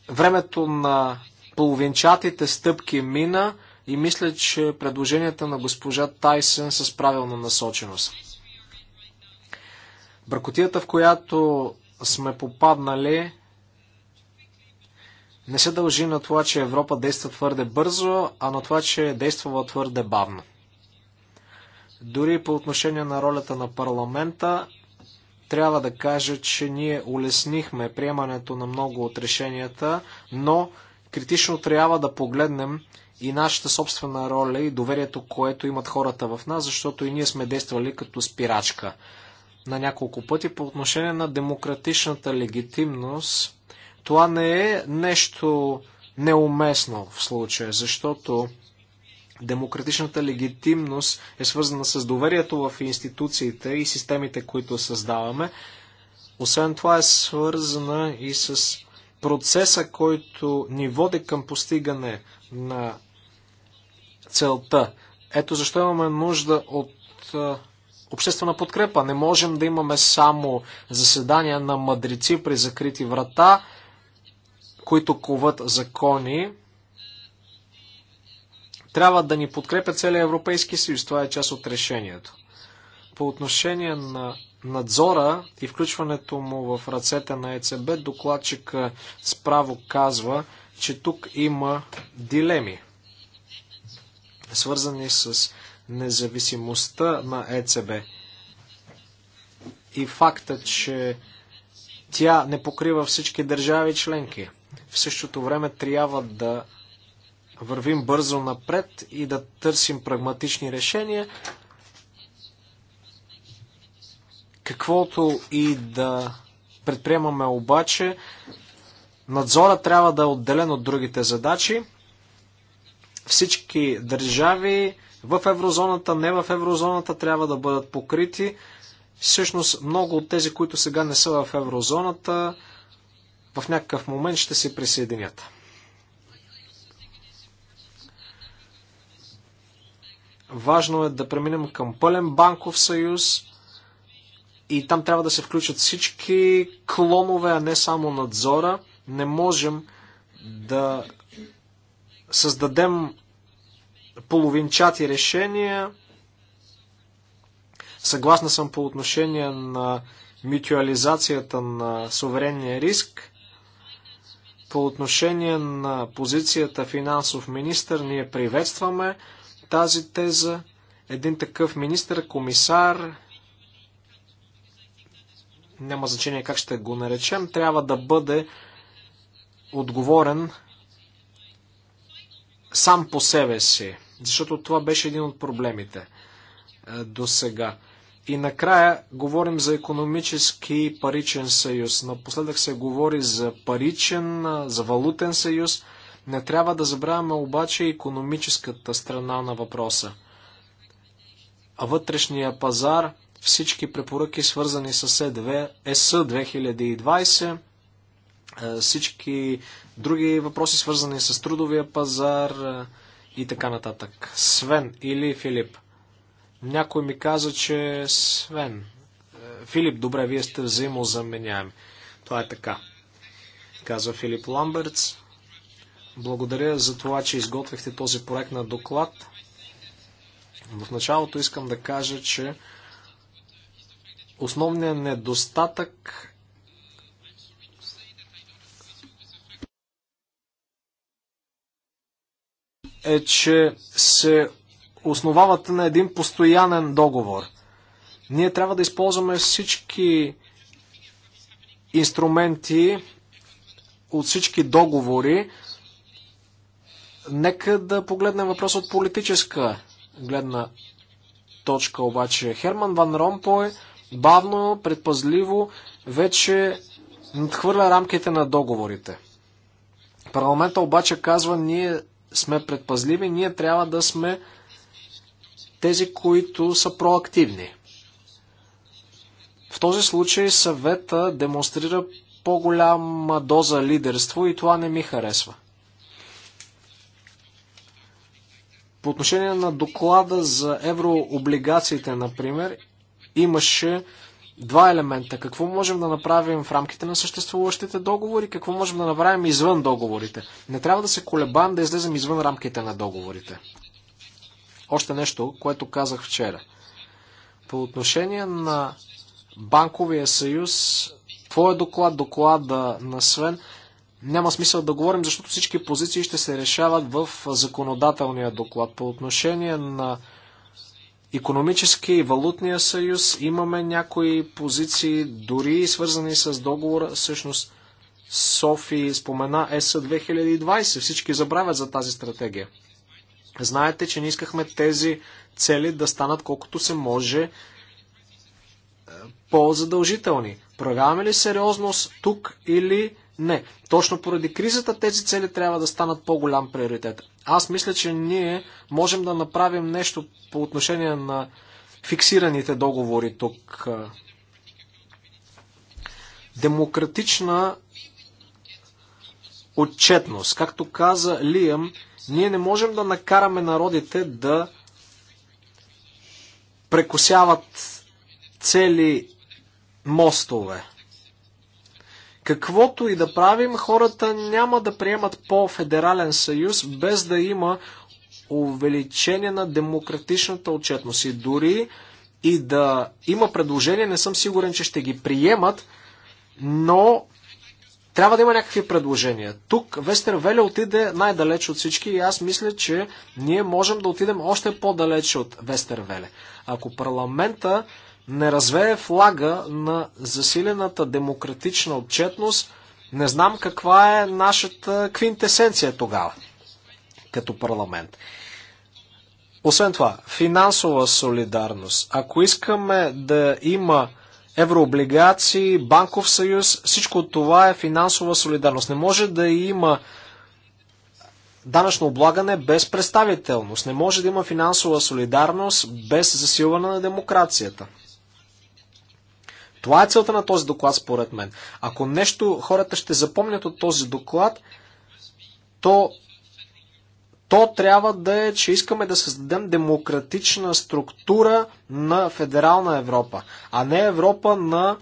Времето на половинчатите стъпки мина и мисля, че предложенията на госпожа Тайсън са с правилна насоченост. Бракотията, в която сме попаднали, не се дължи на това, че Европа действа твърде бързо, а на това, че е действала твърде бавно. Дори по отношение на ролята на парламента, трябва да кажа, че ние улеснихме приемането на много от решенията, но критично трябва да погледнем и нашата собствена роля и доверието, което имат хората в нас, защото и ние сме действали като спирачка на няколко пъти по отношение на демократичната легитимност. Това не е нещо неуместно в случая, защото демократичната легитимност е свързана с доверието в институциите и системите, които създаваме. Освен това е свързана и с процеса, който ни води към постигане на целта. Ето защо имаме нужда от обществена подкрепа. Не можем да имаме само заседания на мъдреци при закрити врата, които коват закони. Трябва да ни подкрепя целият Европейски съюз. Това е част от решението. По отношение на надзора и включването му в ръцете на ЕЦБ, докладчик справо казва, че тук има дилеми свързани с независимостта на ЕЦБ и факта, че тя не покрива всички държави членки. В същото време трябва да вървим бързо напред и да търсим прагматични решения, Каквото и да предприемаме обаче, надзора трябва да е отделен от другите задачи. Всички държави в еврозоната, не в еврозоната трябва да бъдат покрити. Всъщност много от тези, които сега не са в еврозоната, в някакъв момент ще се присъединят. Важно е да преминем към пълен банков съюз и там трябва да се включат всички клонове, а не само надзора. Не можем да създадем половинчати решения. Съгласна съм по отношение на митуализацията на суверенния риск. По отношение на позицията финансов министр, ние приветстваме тази теза. Един такъв министр, комисар, няма значение как ще го наречем, трябва да бъде отговорен сам по себе си, защото това беше един от проблемите е, до сега. И накрая говорим за економически паричен съюз. Напоследък се говори за паричен, е, за валутен съюз. Не трябва да забравяме обаче економическата страна на въпроса. А вътрешния пазар, всички препоръки свързани с ЕС 2020, е, всички други въпроси, свързани с трудовия пазар е, и така нататък. Свен или Филип? Някой ми каза, че Свен. Е, Филип, добре, вие сте взаимозаменяеми. Това е така. Казва Филип Ламбертс. Благодаря за това, че изготвихте този проект на доклад. В началото искам да кажа, че основният недостатък е, че се основавате на един постоянен договор. Ние трябва да използваме всички инструменти от всички договори. Нека да погледнем въпрос от политическа гледна точка обаче. Херман Ван Ромпой бавно, предпазливо вече надхвърля рамките на договорите. Парламента обаче казва, ние сме предпазливи, ние трябва да сме тези, които са проактивни. В този случай съвета демонстрира по-голяма доза лидерство и това не ми харесва. По отношение на доклада за еврооблигациите, например, имаше Два елемента. Какво можем да направим в рамките на съществуващите договори, какво можем да направим извън договорите. Не трябва да се колебаем да излезем извън рамките на договорите. Още нещо, което казах вчера. По отношение на Банковия съюз, твоя доклад, доклада на Свен, няма смисъл да говорим, защото всички позиции ще се решават в законодателния доклад. По отношение на економически и валутния съюз. Имаме някои позиции, дори свързани с договора. Всъщност Софи спомена ЕС 2020. Всички забравят за тази стратегия. Знаете, че не искахме тези цели да станат колкото се може е, по-задължителни. Проявяваме ли сериозност тук или не, точно поради кризата тези цели трябва да станат по-голям приоритет. Аз мисля, че ние можем да направим нещо по отношение на фиксираните договори тук. Демократична отчетност. Както каза Лиам, ние не можем да накараме народите да прекусяват цели мостове. Каквото и да правим, хората няма да приемат по-федерален съюз, без да има увеличение на демократичната отчетност. И дори и да има предложения, не съм сигурен, че ще ги приемат, но трябва да има някакви предложения. Тук Вестер Веле отиде най-далеч от всички и аз мисля, че ние можем да отидем още по-далеч от Вестер Веле. Ако парламента не развее флага на засилената демократична отчетност, не знам каква е нашата квинтесенция тогава като парламент. Освен това, финансова солидарност. Ако искаме да има еврооблигации, банков съюз, всичко това е финансова солидарност. Не може да има данъчно облагане без представителност. Не може да има финансова солидарност без засилване на демокрацията. Това е целта на този доклад, според мен. Ако нещо хората ще запомнят от този доклад, то, то трябва да е, че искаме да създадем демократична структура на федерална Европа, а не Европа на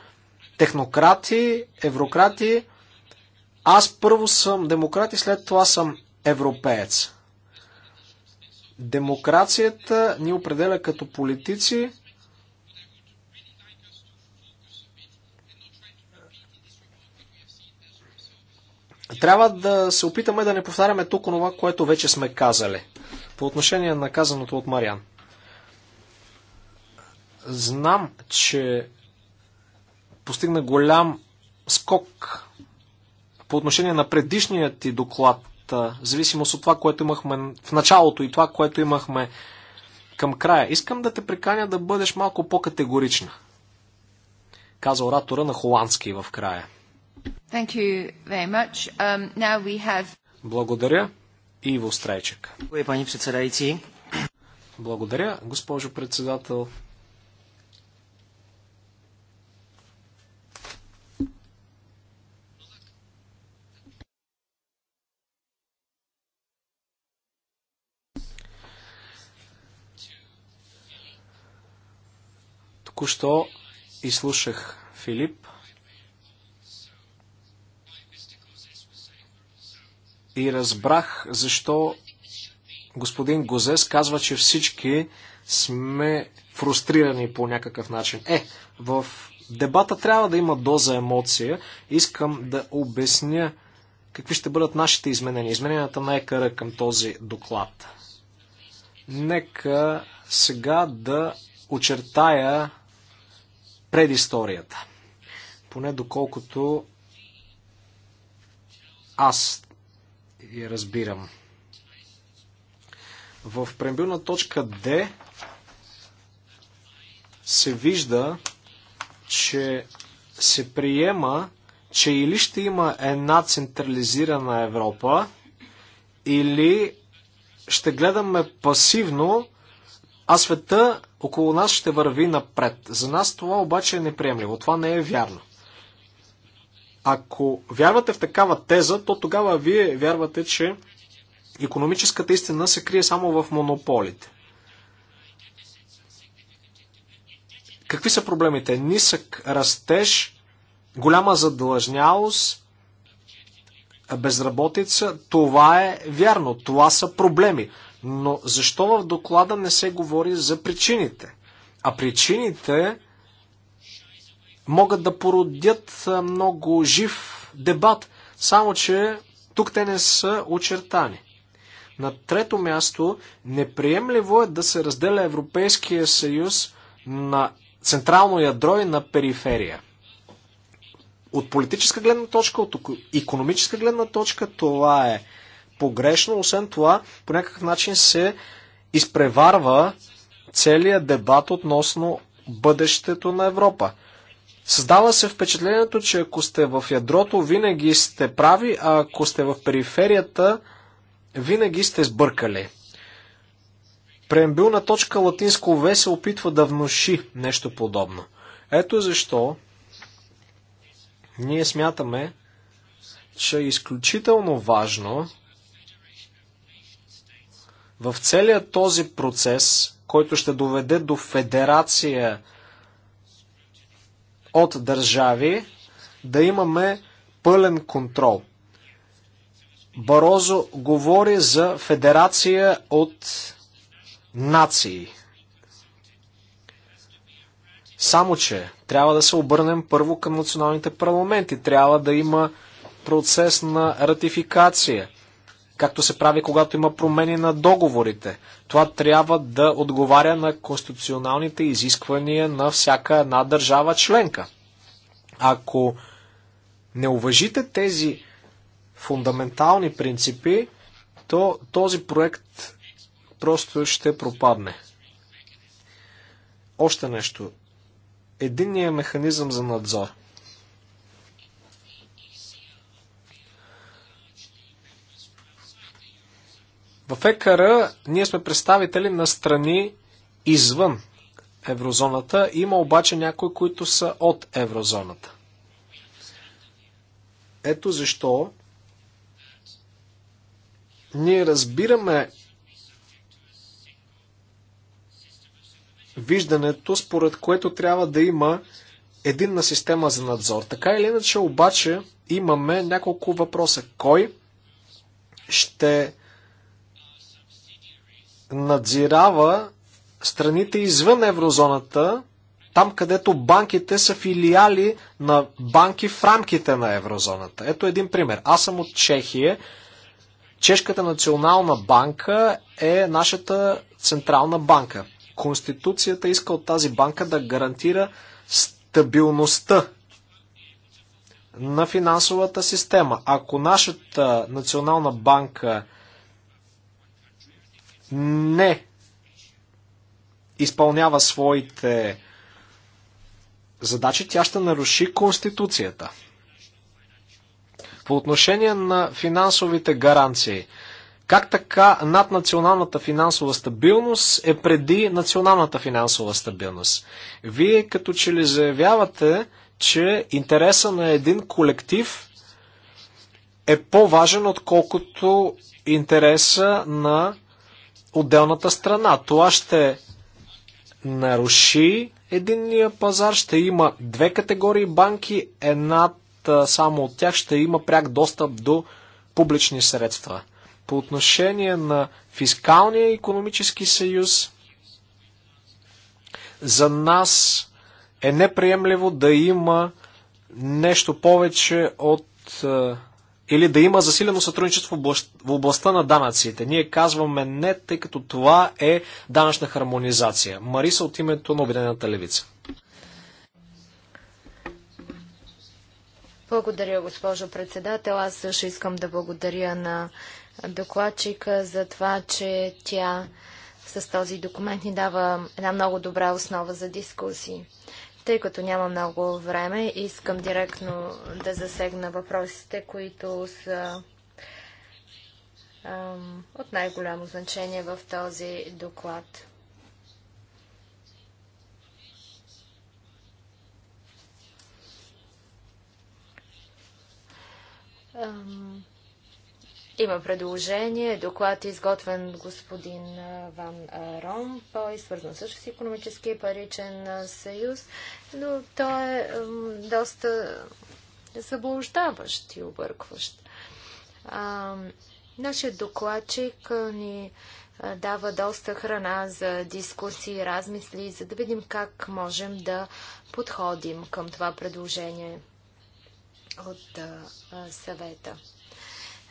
технократи, еврократи. Аз първо съм демократ и след това съм европеец. Демокрацията ни определя като политици, Трябва да се опитаме да не повтаряме тук това, което вече сме казали. По отношение на казаното от Мариан. Знам, че постигна голям скок по отношение на предишният ти доклад, в зависимост от това, което имахме в началото и това, което имахме към края. Искам да те приканя да бъдеш малко по-категорична, каза оратора на холандски в края. Thank you very much. Um, now we have... Благодаря. Иво Страйчек. Благодаря, пани председайци. Благодаря, госпожо председател. Току-що изслушах Филип. и разбрах защо господин Гозес казва, че всички сме фрустрирани по някакъв начин. Е, в дебата трябва да има доза емоция. Искам да обясня какви ще бъдат нашите изменения, измененията на ЕКР към този доклад. Нека сега да очертая предисторията. Поне доколкото аз я разбирам. В преамбилна точка D се вижда, че се приема, че или ще има една централизирана Европа, или ще гледаме пасивно, а света около нас ще върви напред. За нас това обаче е неприемливо. Това не е вярно. Ако вярвате в такава теза, то тогава вие вярвате, че економическата истина се крие само в монополите. Какви са проблемите? Нисък растеж, голяма задлъжнялост, безработица. Това е вярно. Това са проблеми. Но защо в доклада не се говори за причините? А причините могат да породят много жив дебат, само че тук те не са очертани. На трето място, неприемливо е да се разделя Европейския съюз на централно ядро и на периферия. От политическа гледна точка, от економическа гледна точка, това е погрешно. Освен това, по някакъв начин се изпреварва целият дебат относно бъдещето на Европа. Създава се впечатлението, че ако сте в ядрото, винаги сте прави, а ако сте в периферията, винаги сте сбъркали. Преембилна точка латинско В се опитва да внуши нещо подобно. Ето защо ние смятаме, че е изключително важно в целия този процес, който ще доведе до федерация от държави, да имаме пълен контрол. Барозо говори за федерация от нации. Само, че трябва да се обърнем първо към националните парламенти. Трябва да има процес на ратификация както се прави когато има промени на договорите. Това трябва да отговаря на конституционалните изисквания на всяка една държава членка. Ако не уважите тези фундаментални принципи, то този проект просто ще пропадне. Още нещо. Единният механизъм за надзор – В ЕКР ние сме представители на страни извън еврозоната. Има обаче някои, които са от еврозоната. Ето защо ние разбираме виждането, според което трябва да има единна система за надзор. Така или иначе, обаче, имаме няколко въпроса. Кой ще надзирава страните извън еврозоната, там където банките са филиали на банки в рамките на еврозоната. Ето един пример. Аз съм от Чехия. Чешката национална банка е нашата централна банка. Конституцията иска от тази банка да гарантира стабилността на финансовата система. Ако нашата национална банка не изпълнява своите задачи, тя ще наруши Конституцията. По отношение на финансовите гаранции, как така наднационалната финансова стабилност е преди националната финансова стабилност? Вие като че ли заявявате, че интереса на един колектив е по-важен, отколкото интереса на отделната страна. Това ще наруши единния пазар, ще има две категории банки, едната само от тях ще има пряк достъп до публични средства. По отношение на фискалния и економически съюз, за нас е неприемливо да има нещо повече от е, или да има засилено сътрудничество в областта на данъците. Ние казваме не, тъй като това е данъчна хармонизация. Мариса от името на Обединената левица. Благодаря, госпожо председател. Аз също искам да благодаря на докладчика за това, че тя с този документ ни дава една много добра основа за дискусии. Тъй като няма много време, искам директно да засегна въпросите, които са ам, от най-голямо значение в този доклад. Ам, има предложение, доклад изготвен господин Ван Ромпой, свързан също с економически и паричен съюз, но той е доста заблуждаващ и объркващ. Нашият нашия докладчик ни дава доста храна за дискусии, размисли, за да видим как можем да подходим към това предложение от съвета.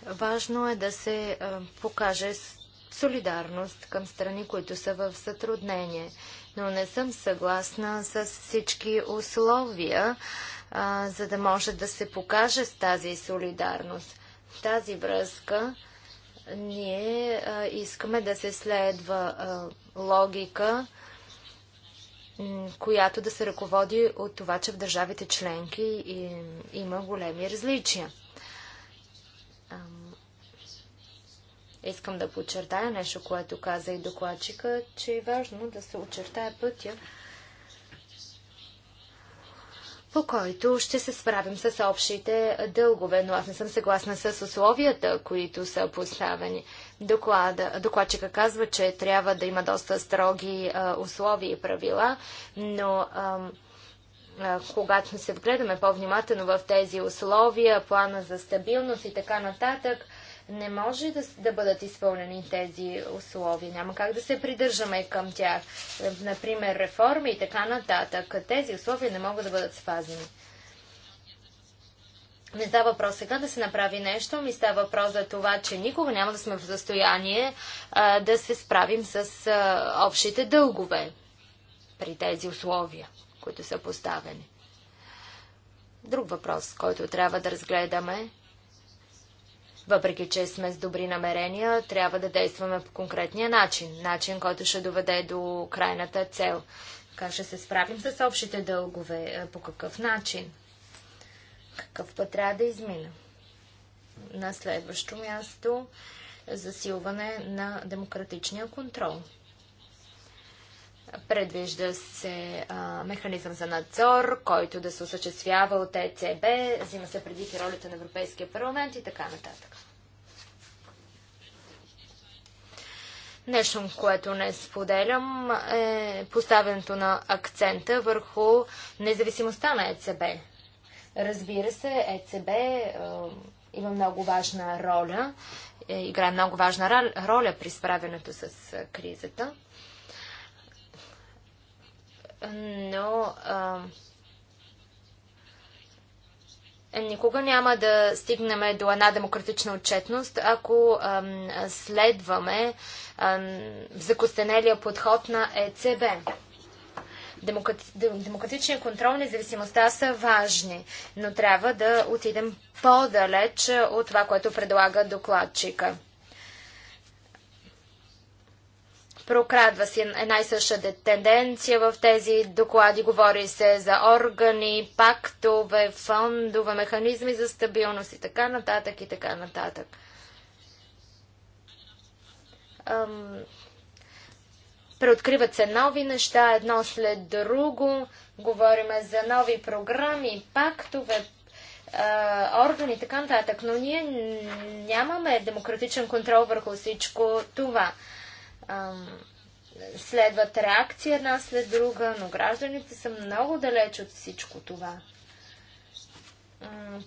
Важно е да се покаже солидарност към страни, които са в сътруднение. Но не съм съгласна с всички условия, за да може да се покаже с тази солидарност. В тази връзка ние искаме да се следва логика, която да се ръководи от това, че в държавите членки има големи различия. Ам... Искам да подчертая нещо, което каза и докладчика, че е важно да се очертая пътя, по който ще се справим с общите дългове, но аз не съм съгласна с условията, които са поставени. Доклада, докладчика казва, че трябва да има доста строги а, условия и правила, но ам, когато се вгледаме по-внимателно в тези условия, плана за стабилност и така нататък, не може да, да бъдат изпълнени тези условия. Няма как да се придържаме към тях. Например, реформи и така нататък. Тези условия не могат да бъдат спазени. Не става въпрос сега да се направи нещо, ми става въпрос за това, че никога няма да сме в състояние а, да се справим с а, общите дългове при тези условия които са поставени. Друг въпрос, който трябва да разгледаме, въпреки че сме с добри намерения, трябва да действаме по конкретния начин. Начин, който ще доведе до крайната цел. Как ще се справим с общите дългове? Е, по какъв начин? Какъв път трябва да измина? На следващо място засилване на демократичния контрол. Предвижда се а, механизъм за надзор, който да се осъществява от ЕЦБ, взима се преди и ролята на Европейския парламент и така нататък. Нещо, което не споделям, е поставянето на акцента върху независимостта на ЕЦБ. Разбира се, ЕЦБ е, има много важна роля, е, играе много важна роля при справянето с кризата но а, никога няма да стигнем до една демократична отчетност, ако а, следваме а, закостенелия подход на ЕЦБ. Демократи... Демократичния контрол, независимостта са важни, но трябва да отидем по-далеч от това, което предлага докладчика. Прокрадва се една и съща тенденция в тези доклади. Говори се за органи, пактове, фондове, механизми за стабилност и така нататък и така нататък. Ам... Преоткриват се нови неща, едно след друго. Говориме за нови програми, пактове, органи и така нататък, но ние нямаме демократичен контрол върху всичко това ам, следват реакции една след друга, но гражданите са много далеч от всичко това.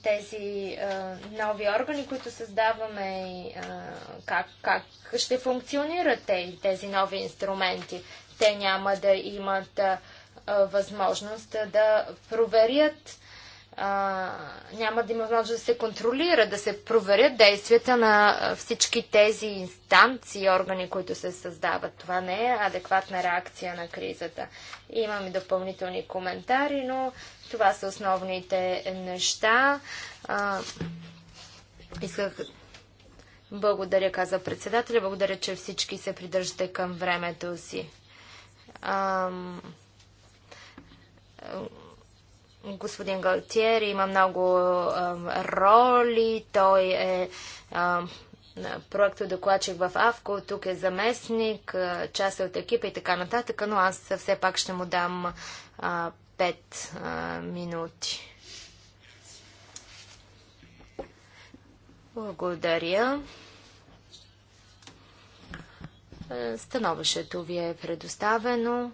Тези а, нови органи, които създаваме, а, как, как ще функционират те, тези нови инструменти? Те няма да имат а, възможност да проверят а, няма да има възможност да се контролира, да се проверят действията на всички тези инстанции и органи, които се създават. Това не е адекватна реакция на кризата. Имам и допълнителни коментари, но това са основните неща. А, исках благодаря, каза председателя. Благодаря, че всички се придържате към времето си. Ам господин Галтиер има много роли. Той е проекто докладчик в Авко, тук е заместник, част е от екипа и така нататък, но аз все пак ще му дам 5 минути. Благодаря. Становището ви е предоставено.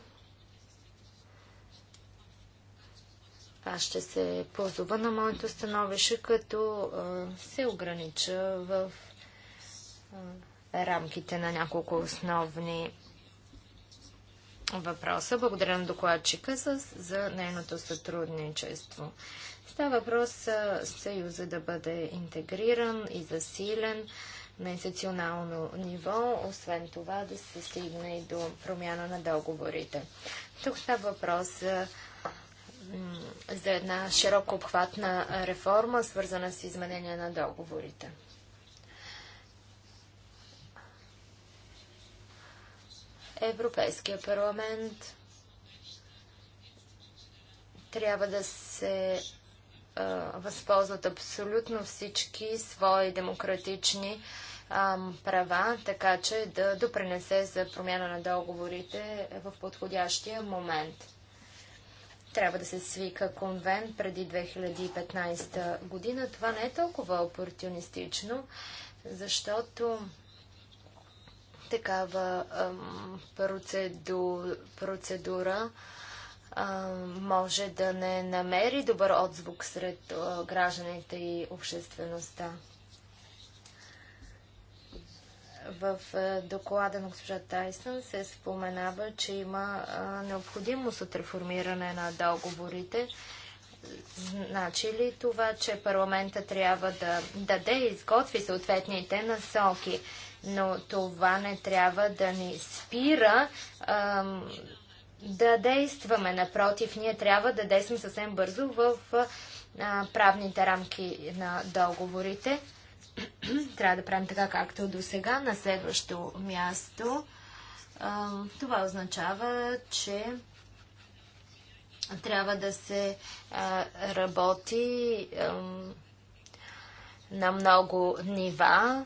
Аз ще се позова на моето становище, като се огранича в рамките на няколко основни въпроса. Благодаря на докладчика за, за нейното сътрудничество. Става въпрос Съюза да бъде интегриран и засилен на институционално ниво, освен това да се стигне и до промяна на договорите. Тук става въпрос за за една широко обхватна реформа, свързана с изменение на договорите. Европейския парламент трябва да се а, възползват абсолютно всички свои демократични а, права, така че да допринесе за промяна на договорите в подходящия момент трябва да се свика конвент преди 2015 година. Това не е толкова опортунистично, защото такава процедура може да не намери добър отзвук сред гражданите и обществеността. В е, доклада на госпожа Тайсън се споменава, че има е, необходимост от реформиране на договорите. Значи ли това, че парламента трябва да даде и изготви съответните насоки? Но това не трябва да ни спира ам, да действаме. Напротив, ние трябва да действаме съвсем бързо в а, правните рамки на договорите. Трябва да правим така, както до сега. На следващо място това означава, че трябва да се работи на много нива.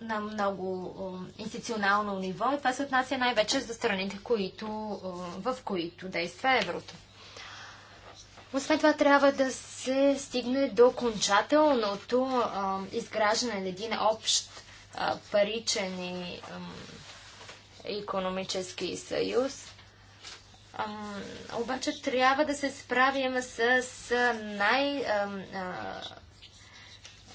на много институционално ниво и това се отнася най-вече за страните, които, в които действа еврото. Освен това трябва да се стигне до окончателното изграждане на един общ а, паричен и а, економически съюз. обаче трябва да се справим с, най-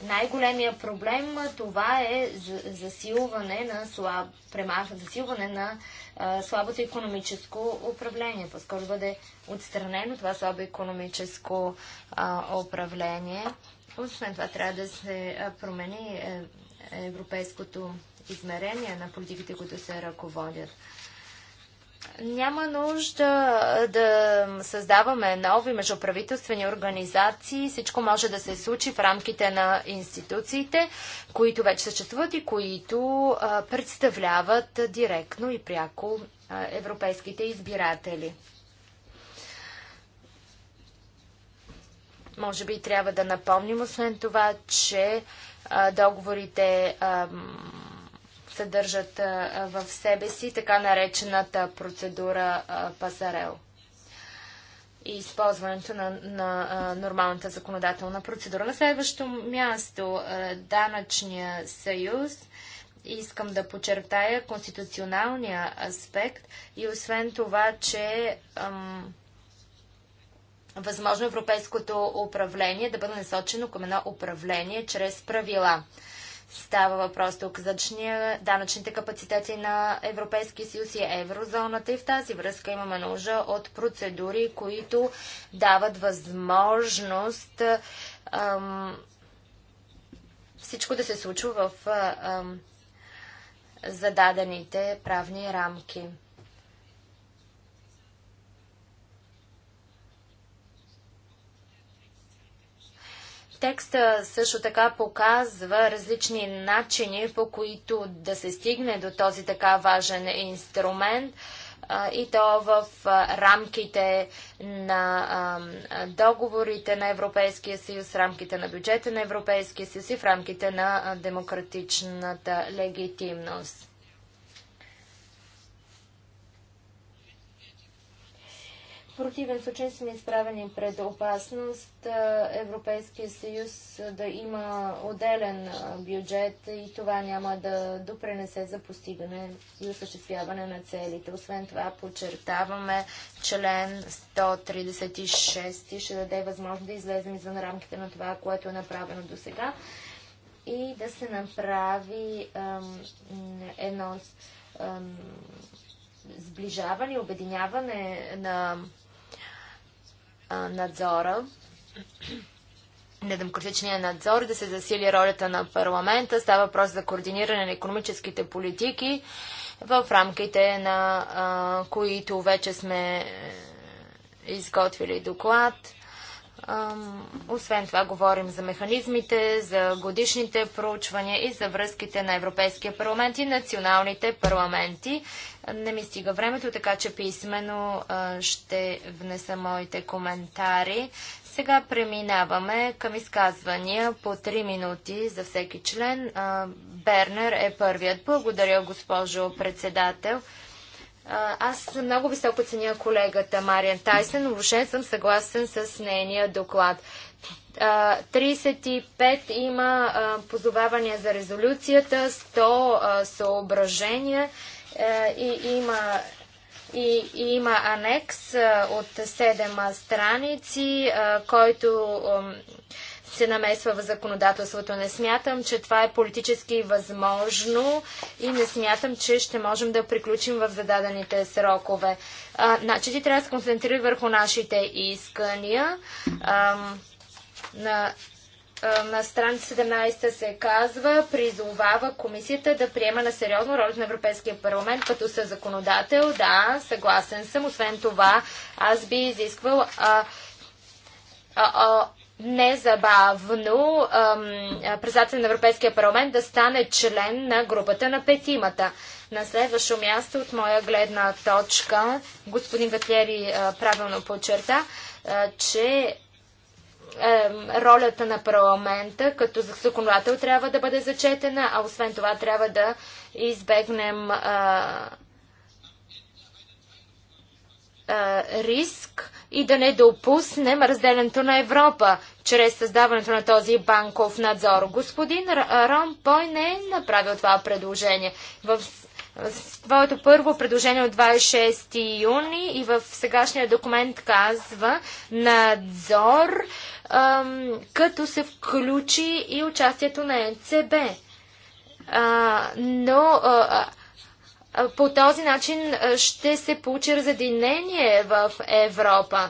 най-големия проблем това е засилване на слаб, премах, засилване на а, слабото економическо управление. По-скоро бъде отстранено това слабо економическо а, управление. Освен това трябва да се промени е, европейското измерение на политиките, които се ръководят. Няма нужда да създаваме нови междуправителствени организации. Всичко може да се случи в рамките на институциите, които вече съществуват и които представляват директно и пряко европейските избиратели. Може би трябва да напомним освен това, че договорите съдържат в себе си така наречената процедура пазарел и използването на, на нормалната законодателна процедура. На следващо място данъчния съюз. Искам да подчертая конституционалния аспект и освен това, че ам, възможно европейското управление да бъде насочено към едно управление чрез правила. Става въпрос тук за данъчните капацитети на Европейския съюз и еврозоната и в тази връзка имаме нужда от процедури, които дават възможност ам, всичко да се случва в ам, зададените правни рамки. Текста също така показва различни начини, по които да се стигне до този така важен инструмент и то в рамките на договорите на Европейския съюз, рамките на бюджета на Европейския съюз и в рамките на демократичната легитимност. В противен случай сме изправени пред опасност Европейския съюз да има отделен бюджет и това няма да допренесе за постигане и осъществяване на целите. Освен това подчертаваме член 136 ще даде възможност да излезем извън рамките на това, което е направено до сега и да се направи ам, едно ам, сближаване, обединяване на надзора, на демократичния надзор, да се засили ролята на парламента. Става въпрос за координиране на економическите политики в рамките на а, които вече сме е, изготвили доклад. Освен това говорим за механизмите, за годишните проучвания и за връзките на Европейския парламент и националните парламенти. Не ми стига времето, така че писменно ще внеса моите коментари. Сега преминаваме към изказвания по 3 минути за всеки член. Бернер е първият. Благодаря, госпожо председател. Аз много високо ценя колегата Мариан Тайсен, въобще съм съгласен с нейния доклад. 35 има позовавания за резолюцията, 100 съображения и има и, и има анекс от 7 страници, който се намесва в законодателството. Не смятам, че това е политически възможно и не смятам, че ще можем да приключим в зададените срокове. А, значи ти трябва да се концентрира върху нашите искания. А, на на страница 17 се казва, призовава комисията да приема на сериозно ролята на Европейския парламент като са законодател. Да, съгласен съм. Освен това, аз би изисквал а, а, а, незабавно председател на Европейския парламент да стане член на групата на петимата. На следващо място от моя гледна точка, господин Ветлери правилно подчерта, а, че ролята на парламента като законодател трябва да бъде зачетена, а освен това трябва да избегнем а, риск и да не допуснем разделенето на Европа чрез създаването на този банков надзор. Господин Ромпой не е направил това предложение. В своето първо предложение от 26 юни и в сегашния документ казва надзор, като се включи и участието на НЦБ. но а, по този начин ще се получи разединение в Европа.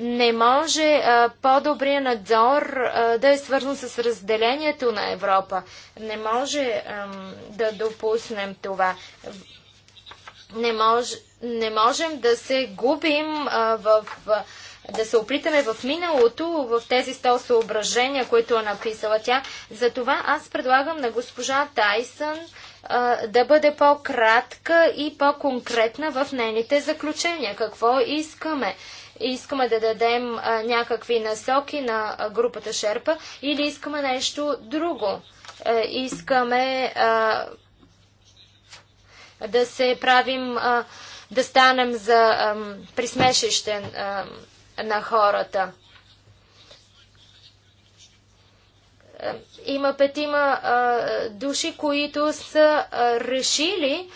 Не може по-добрия надзор да е свързан с разделението на Европа. Не може да допуснем това. Не, мож, не можем да се губим в. да се опитаме в миналото, в тези 100 съображения, които е написала тя. Затова аз предлагам на госпожа Тайсън да бъде по-кратка и по-конкретна в нейните заключения. Какво искаме? Искаме да дадем а, някакви насоки на групата Шерпа или искаме нещо друго? Е, а, искаме да се правим, да станем за присмешище на хората. Е, има петима души, които са решили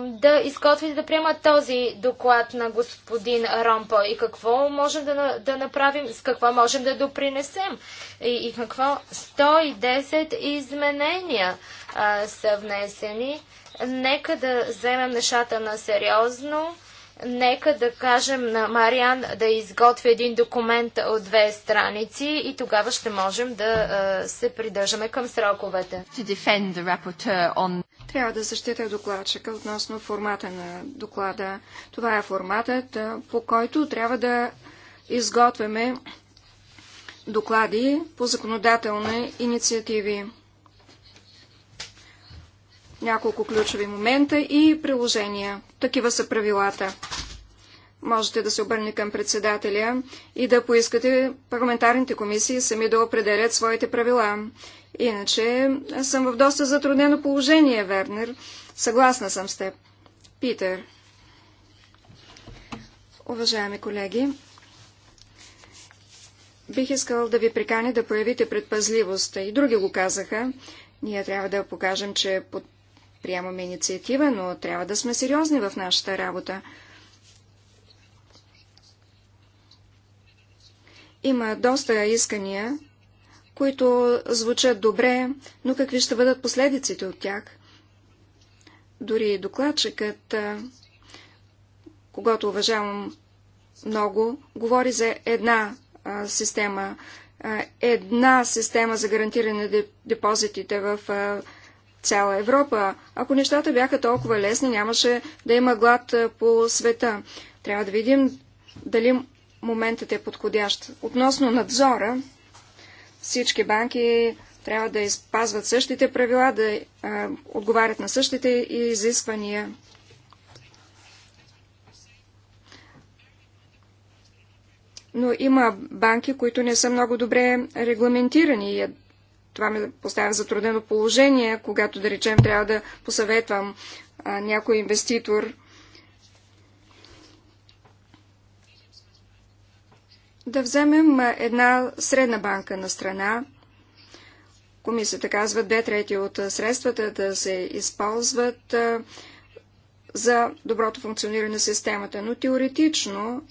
да изготвят да приемат този доклад на господин Ромпо и какво можем да, да направим, с какво можем да допринесем и, и какво 110 изменения а, са внесени. Нека да вземем нещата на сериозно Нека да кажем на Мариан да изготви един документ от две страници и тогава ще можем да се придържаме към сроковете. Трябва да защита докладчика относно формата на доклада. Това е форматът, по който трябва да изготвяме доклади по законодателни инициативи няколко ключови момента и приложения. Такива са правилата. Можете да се обърне към председателя и да поискате парламентарните комисии сами да определят своите правила. Иначе съм в доста затруднено положение, Вернер. Съгласна съм с теб. Питер. Уважаеми колеги, бих искал да ви приканя да проявите предпазливостта И други го казаха. Ние трябва да покажем, че под приемаме инициатива, но трябва да сме сериозни в нашата работа. Има доста искания, които звучат добре, но какви ще бъдат последиците от тях? Дори докладчикът, когато уважавам много, говори за една система, една система за гарантиране на депозитите в а, цяла Европа. Ако нещата бяха толкова лесни, нямаше да има глад е, по света. Трябва да видим дали моментът е подходящ. Относно надзора, всички банки трябва да изпазват същите правила, да а, е, отговарят на същите изисквания. Но има банки, които не са много добре регламентирани и това ме поставя в затруднено положение, когато, да речем, трябва да посъветвам а, някой инвеститор да вземем една средна банка на страна. Комисията казва две трети от средствата да се използват а, за доброто функциониране на системата, но теоретично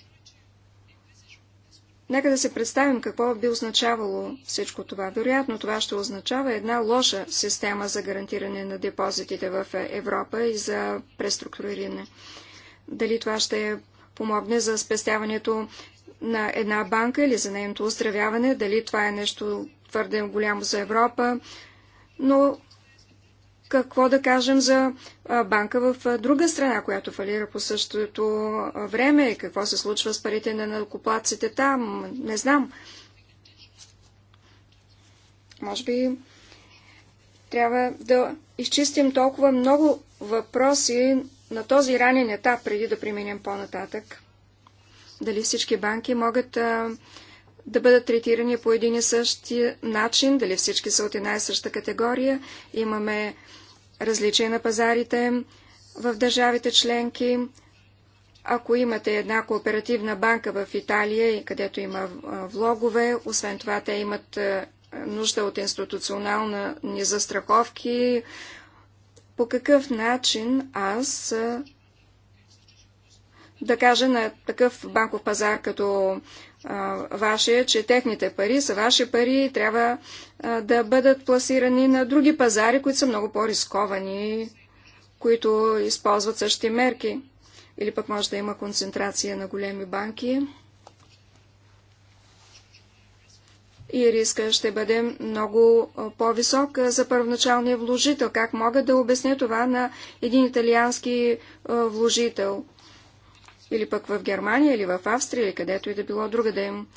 Нека да се представим какво би означавало всичко това. Вероятно това ще означава една лоша система за гарантиране на депозитите в Европа и за преструктуриране. Дали това ще помогне за спестяването на една банка или за нейното оздравяване, дали това е нещо твърде голямо за Европа, но какво да кажем за банка в друга страна, която фалира по същото време? Какво се случва с парите на накоплаците там? Не знам. Може би трябва да изчистим толкова много въпроси на този ранен етап, преди да преминем по-нататък. Дали всички банки могат а, да бъдат третирани по един и същи начин, дали всички са от една и съща категория. Имаме различия на пазарите в държавите членки. Ако имате една кооперативна банка в Италия, където има влогове, освен това те имат нужда от институционална ни застраховки, по какъв начин аз да кажа на такъв банков пазар като ваше, че техните пари са ваши пари и трябва да бъдат пласирани на други пазари, които са много по-рисковани, които използват същите мерки. Или пък може да има концентрация на големи банки. И риска ще бъде много по-висок за първоначалния вложител. Как мога да обясня това на един италиански вложител? или пък в Германия, или в Австрия, или където и да било друга да им.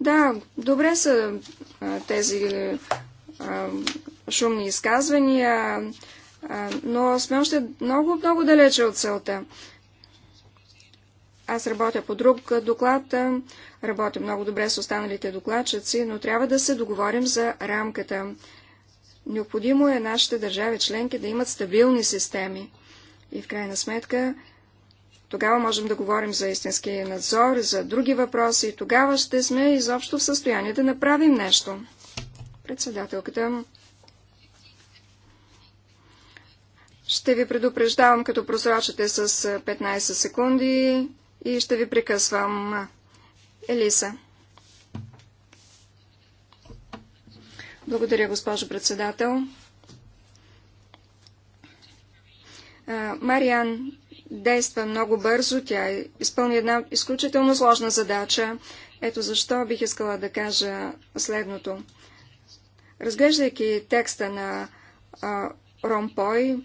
Да, добре са а, тези а, шумни изказвания, а, но сме още много, много далече от целта. Аз работя по друг доклад, работя много добре с останалите докладчици, но трябва да се договорим за рамката. Необходимо е нашите държави членки да имат стабилни системи. И в крайна сметка тогава можем да говорим за истински надзор, за други въпроси. Тогава ще сме изобщо в състояние да направим нещо. Председателката Ще ви предупреждавам, като просрочате с 15 секунди и ще ви прекъсвам. Елиса. Благодаря, госпожо председател. Мариан действа много бързо, тя изпълни една изключително сложна задача. Ето защо бих искала да кажа следното. Разглеждайки текста на а, Ромпой,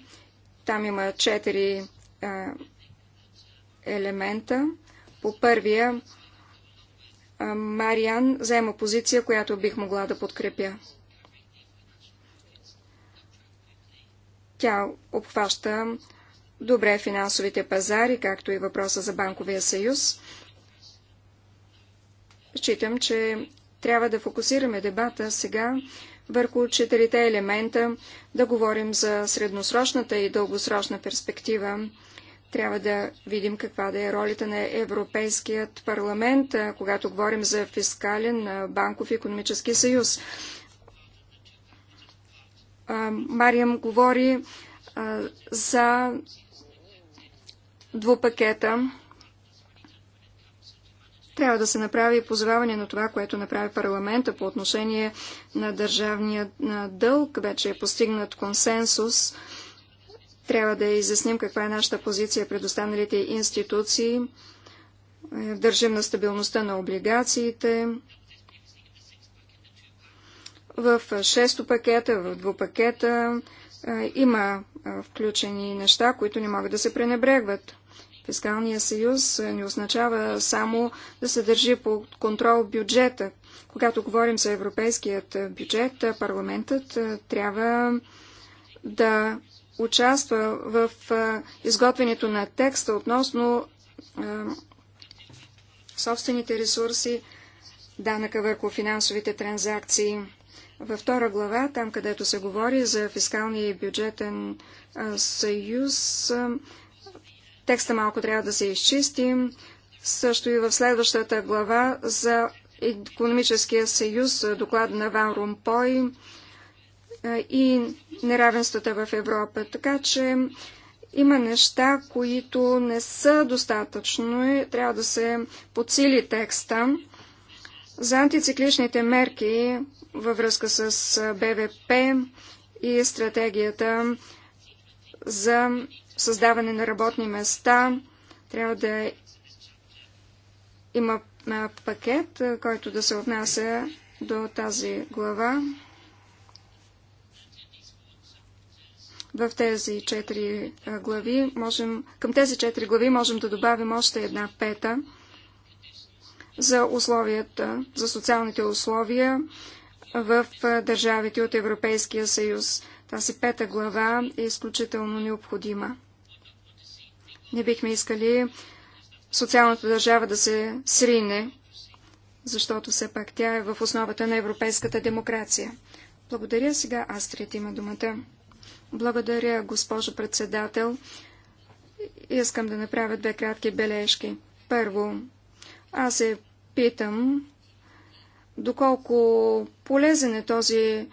там има четири а, елемента. По първия а, Мариан заема позиция, която бих могла да подкрепя. Тя обхваща добре финансовите пазари, както и въпроса за банковия съюз. Считам, че трябва да фокусираме дебата сега върху четирите елемента, да говорим за средносрочната и дългосрочна перспектива. Трябва да видим каква да е ролята на Европейският парламент, когато говорим за фискален банков и економически съюз. Мариям говори за двупакета. Трябва да се направи позоваване на това, което направи парламента по отношение на държавния на дълг. Вече е постигнат консенсус. Трябва да изясним каква е нашата позиция пред останалите институции. Държим на стабилността на облигациите. В шесто пакета, в двупакета има включени неща, които не могат да се пренебрегват. Фискалния съюз не означава само да се държи по контрол бюджета. Когато говорим за европейският бюджет, парламентът трябва да участва в изготвянето на текста относно собствените ресурси, данъка върху финансовите транзакции. Във втора глава, там където се говори за фискалния и бюджетен съюз, Текста малко трябва да се изчистим, Също и в следващата глава за економическия съюз, доклад на Ван Румпой е, и неравенствата в Европа. Така че има неща, които не са достатъчно и трябва да се подсили текста. За антицикличните мерки във връзка с е, БВП и стратегията за създаване на работни места. Трябва да има пакет, който да се отнася до тази глава. В тези четири глави можем, към тези четири глави можем да добавим още една пета за условията, за социалните условия в държавите от Европейския съюз. Тази пета глава е изключително необходима. Не бихме искали социалната държава да се срине, защото все пак тя е в основата на европейската демокрация. Благодаря. Сега Астрид има думата. Благодаря, госпожо председател. Искам да направя две кратки бележки. Първо, аз се питам, доколко полезен е този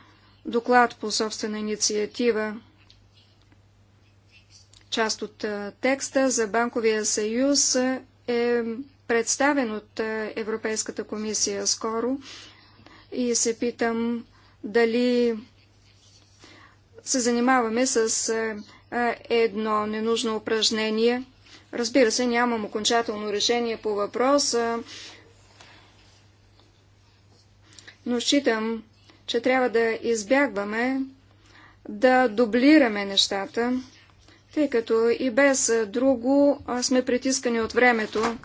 доклад по собствена инициатива, част от текста за Банковия съюз е представен от Европейската комисия скоро и се питам дали се занимаваме с едно ненужно упражнение. Разбира се, нямам окончателно решение по въпроса, но считам, че трябва да избягваме да дублираме нещата, тъй като и без друго сме притискани от времето,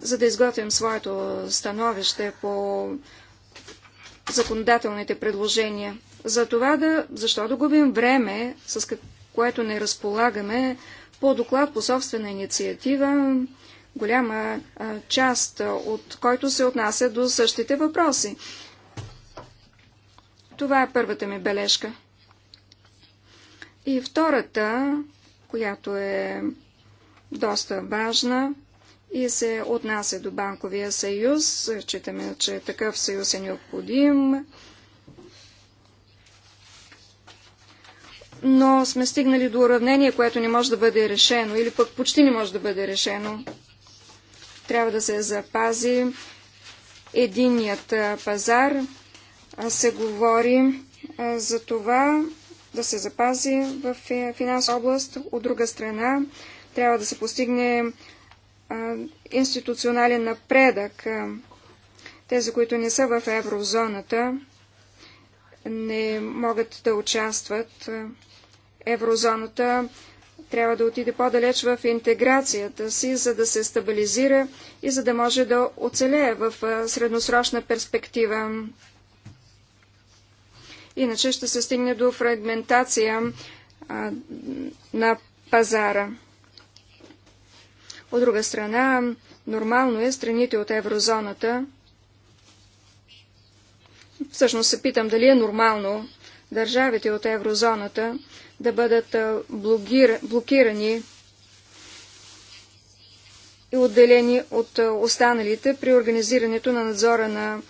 за да изготвим своето становище по законодателните предложения. За това да, защо да губим време, с което не разполагаме, по доклад по собствена инициатива, голяма част от който се отнася до същите въпроси. Това е първата ми бележка. И втората, която е доста важна и се отнася до банковия съюз. Читаме, че такъв съюз е необходим. Но сме стигнали до уравнение, което не може да бъде решено или пък почти не може да бъде решено. Трябва да се запази единият пазар, се говори за това да се запази в е, финансова област. От друга страна, трябва да се постигне институционален напредък. Тези, които не са в еврозоната, не могат да участват. Еврозоната трябва да отиде по-далеч в интеграцията си, за да се стабилизира и за да може да оцелее в средносрочна перспектива. Иначе ще се стигне до фрагментация а, на пазара. От друга страна, нормално е страните от еврозоната. Всъщност се питам дали е нормално държавите от еврозоната да бъдат блокира, блокирани и отделени от останалите при организирането на надзора на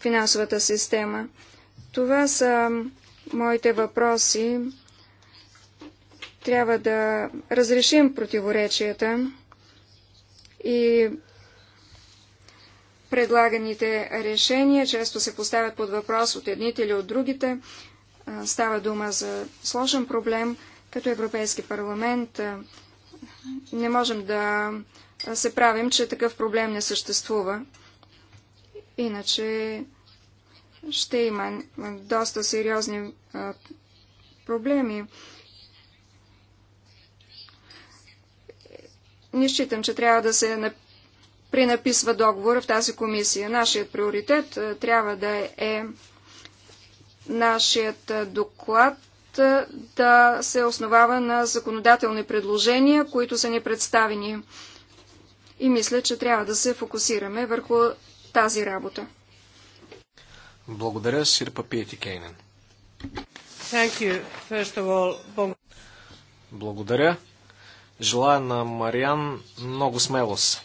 финансовата система. Това са моите въпроси. Трябва да разрешим противоречията и предлаганите решения често се поставят под въпрос от едните или от другите. Става дума за сложен проблем. Като Европейски парламент не можем да се правим, че такъв проблем не съществува. Иначе ще има доста сериозни проблеми. Не считам, че трябва да се пренаписва договора в тази комисия. Нашият приоритет трябва да е нашият доклад да се основава на законодателни предложения, които са ни представени. И мисля, че трябва да се фокусираме върху тази работа. Благодаря, Сирпа Пиети Кейнен. Благодаря. Желая на Мариан много смелост,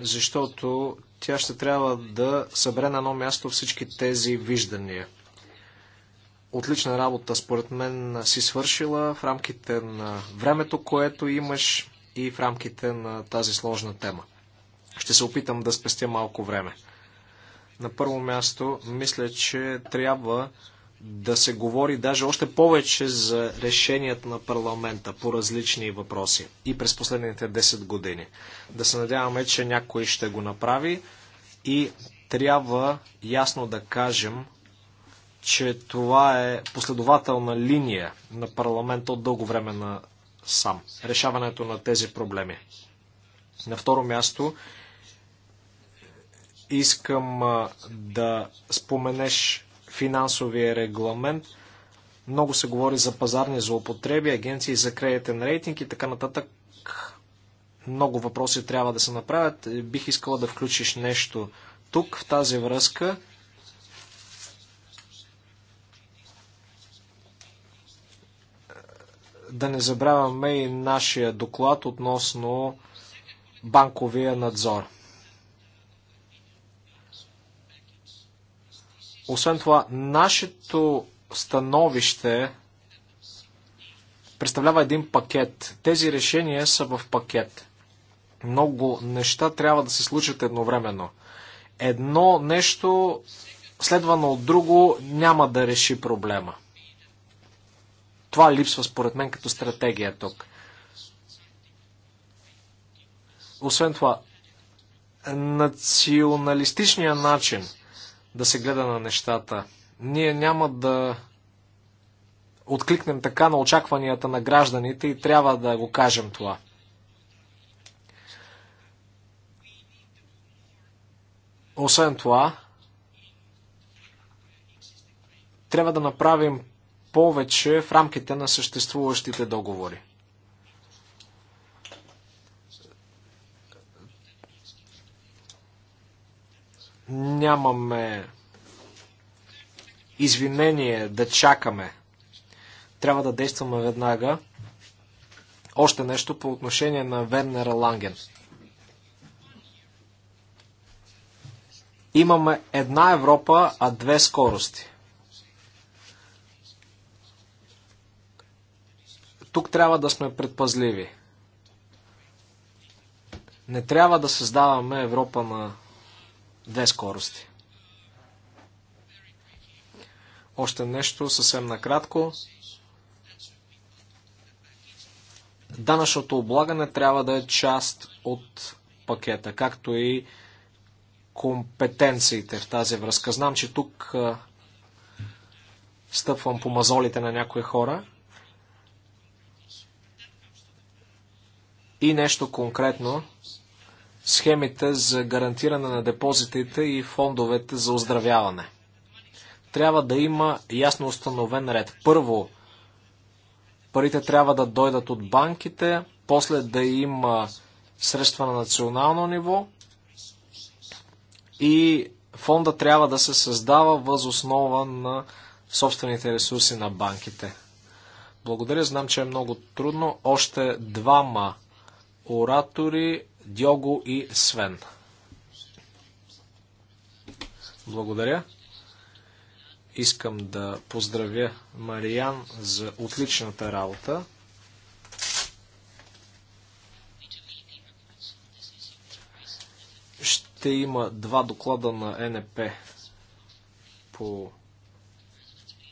защото тя ще трябва да събере на едно място всички тези виждания. Отлична работа, според мен, си свършила в рамките на времето, което имаш и в рамките на тази сложна тема. Ще се опитам да спестя малко време. На първо място, мисля, че трябва да се говори даже още повече за решенията на парламента по различни въпроси и през последните 10 години. Да се надяваме, че някой ще го направи и трябва ясно да кажем, че това е последователна линия на парламента от дълго време на сам. Решаването на тези проблеми. На второ място, искам да споменеш финансовия регламент. Много се говори за пазарни злоупотреби, агенции за кредитен рейтинг и така нататък. Много въпроси трябва да се направят. Бих искала да включиш нещо тук в тази връзка. Да не забравяме и нашия доклад относно банковия надзор. Освен това, нашето становище представлява един пакет. Тези решения са в пакет. Много неща трябва да се случат едновременно. Едно нещо, следвано от друго, няма да реши проблема. Това липсва според мен като стратегия тук. Освен това, националистичният начин – да се гледа на нещата. Ние няма да откликнем така на очакванията на гражданите и трябва да го кажем това. Освен това, трябва да направим повече в рамките на съществуващите договори. Нямаме извинение да чакаме. Трябва да действаме веднага. Още нещо по отношение на Вернера Ланген. Имаме една Европа, а две скорости. Тук трябва да сме предпазливи. Не трябва да създаваме Европа на две скорости. Още нещо съвсем накратко. Данъчното облагане трябва да е част от пакета, както и компетенциите в тази връзка. Знам, че тук стъпвам по мазолите на някои хора. И нещо конкретно схемите за гарантиране на депозитите и фондовете за оздравяване. Трябва да има ясно установен ред. Първо, парите трябва да дойдат от банките, после да има средства на национално ниво и фонда трябва да се създава въз основа на собствените ресурси на банките. Благодаря, знам, че е много трудно. Още двама оратори Дього и Свен. Благодаря. Искам да поздравя Мариан за отличната работа. Ще има два доклада на НП по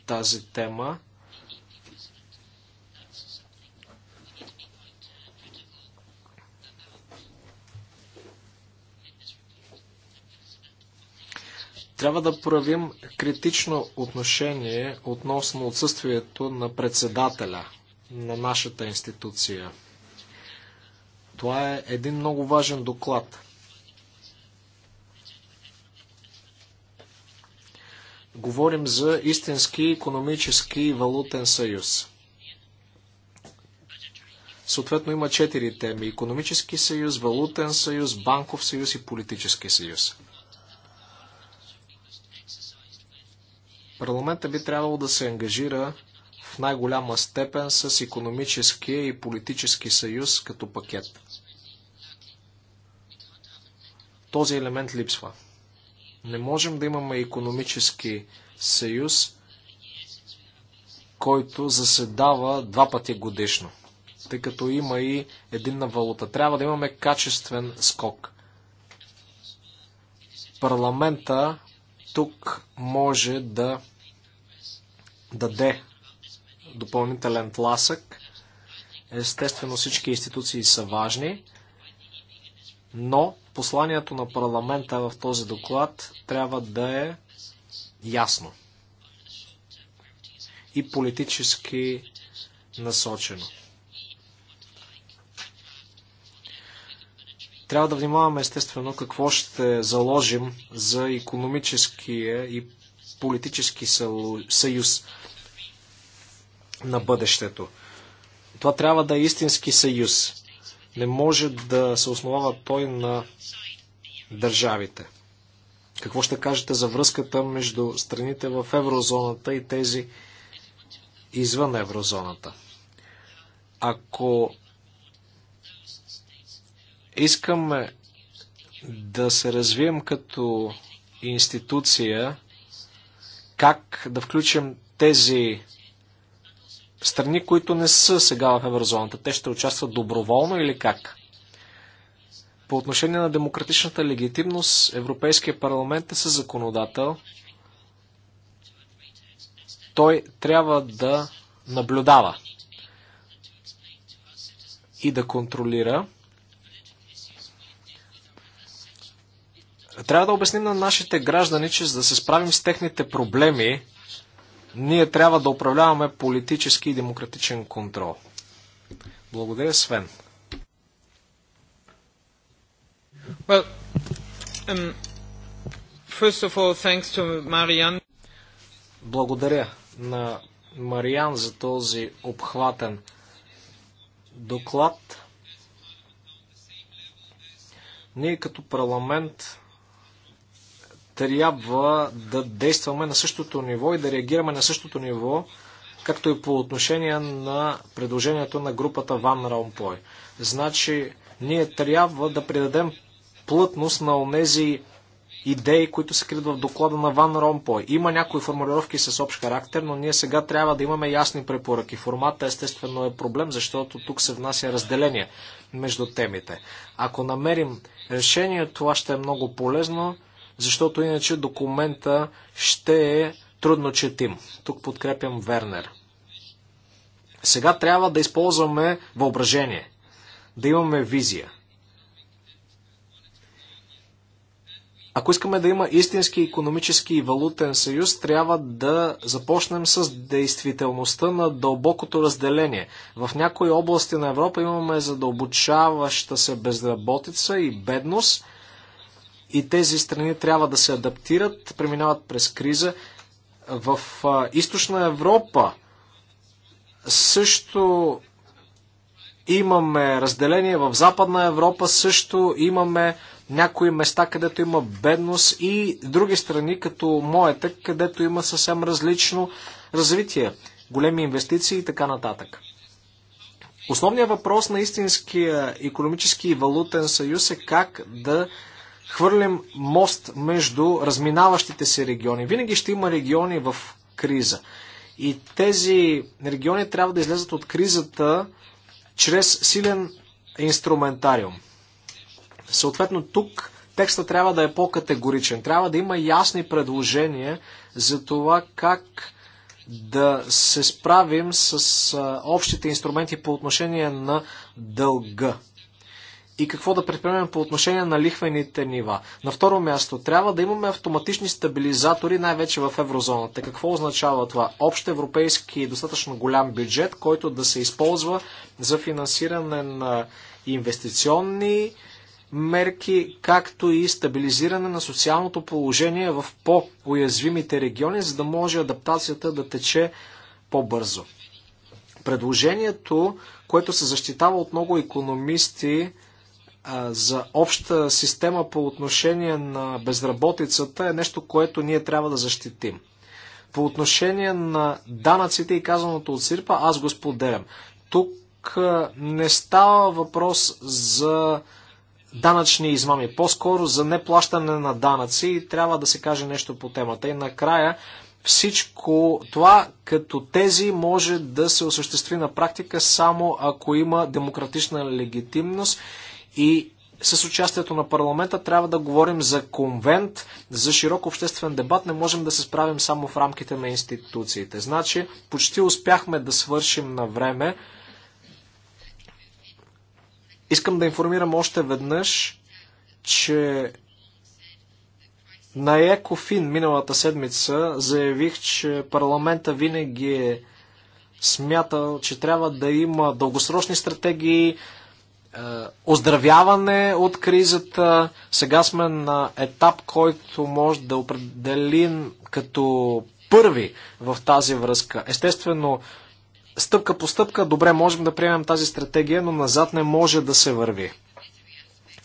тази тема. Трябва да проявим критично отношение относно отсъствието на председателя на нашата институция. Това е един много важен доклад. Говорим за истински економически и валутен съюз. Съответно има четири теми. Економически съюз, валутен съюз, банков съюз и политически съюз. Парламента би трябвало да се ангажира в най-голяма степен с економическия и политически съюз като пакет. Този елемент липсва. Не можем да имаме економически съюз, който заседава два пъти годишно, тъй като има и единна валута. Трябва да имаме качествен скок. Парламента тук може да даде допълнителен тласък. Естествено всички институции са важни, но посланието на парламента в този доклад трябва да е ясно и политически насочено. Трябва да внимаваме естествено какво ще заложим за економическия и политически съюз на бъдещето. Това трябва да е истински съюз. Не може да се основава той на държавите. Какво ще кажете за връзката между страните в еврозоната и тези извън еврозоната? Ако искаме да се развием като институция, как да включим тези страни, които не са сега в еврозоната. Те ще участват доброволно или как? По отношение на демократичната легитимност, Европейския парламент е със законодател. Той трябва да наблюдава и да контролира. Трябва да обясним на нашите граждани, че за да се справим с техните проблеми, ние трябва да управляваме политически и демократичен контрол. Благодаря, Свен. Well, um, first of all, thanks to Marianne. Благодаря на Мариан за този обхватен доклад. Ние като парламент трябва да действаме на същото ниво и да реагираме на същото ниво, както и по отношение на предложението на групата Ван Раумпой. Значи, ние трябва да придадем плътност на онези идеи, които се крият в доклада на Ван Ромпой. Има някои формулировки с общ характер, но ние сега трябва да имаме ясни препоръки. Формата естествено е проблем, защото тук се внася разделение между темите. Ако намерим решение, това ще е много полезно защото иначе документа ще е трудно четим. Тук подкрепям Вернер. Сега трябва да използваме въображение, да имаме визия. Ако искаме да има истински економически и валутен съюз, трябва да започнем с действителността на дълбокото разделение. В някои области на Европа имаме задълбочаваща се безработица и бедност – и тези страни трябва да се адаптират, преминават през криза. В източна Европа също имаме разделение, в западна Европа също имаме някои места, където има бедност и други страни, като моята, където има съвсем различно развитие, големи инвестиции и така нататък. Основният въпрос на истинския економически и валутен съюз е как да хвърлим мост между разминаващите се региони. Винаги ще има региони в криза. И тези региони трябва да излезат от кризата чрез силен инструментариум. Съответно, тук текста трябва да е по-категоричен. Трябва да има ясни предложения за това как да се справим с общите инструменти по отношение на дълга и какво да предприемем по отношение на лихвените нива. На второ място, трябва да имаме автоматични стабилизатори, най-вече в еврозоната. Какво означава това? Общ европейски достатъчно голям бюджет, който да се използва за финансиране на инвестиционни мерки, както и стабилизиране на социалното положение в по-уязвимите региони, за да може адаптацията да тече по-бързо. Предложението, което се защитава от много економисти, за обща система по отношение на безработицата е нещо, което ние трябва да защитим. По отношение на данъците и казаното от Сирпа, аз го споделям. Тук не става въпрос за данъчни измами, по-скоро за неплащане на данъци и трябва да се каже нещо по темата. И накрая всичко това като тези може да се осъществи на практика само ако има демократична легитимност и с участието на парламента трябва да говорим за конвент, за широк обществен дебат. Не можем да се справим само в рамките на институциите. Значи, почти успяхме да свършим на време. Искам да информирам още веднъж, че на Екофин миналата седмица заявих, че парламента винаги е смятал, че трябва да има дългосрочни стратегии, е, оздравяване от кризата. Сега сме на етап, който може да определим като първи в тази връзка. Естествено, стъпка по стъпка, добре, можем да приемем тази стратегия, но назад не може да се върви.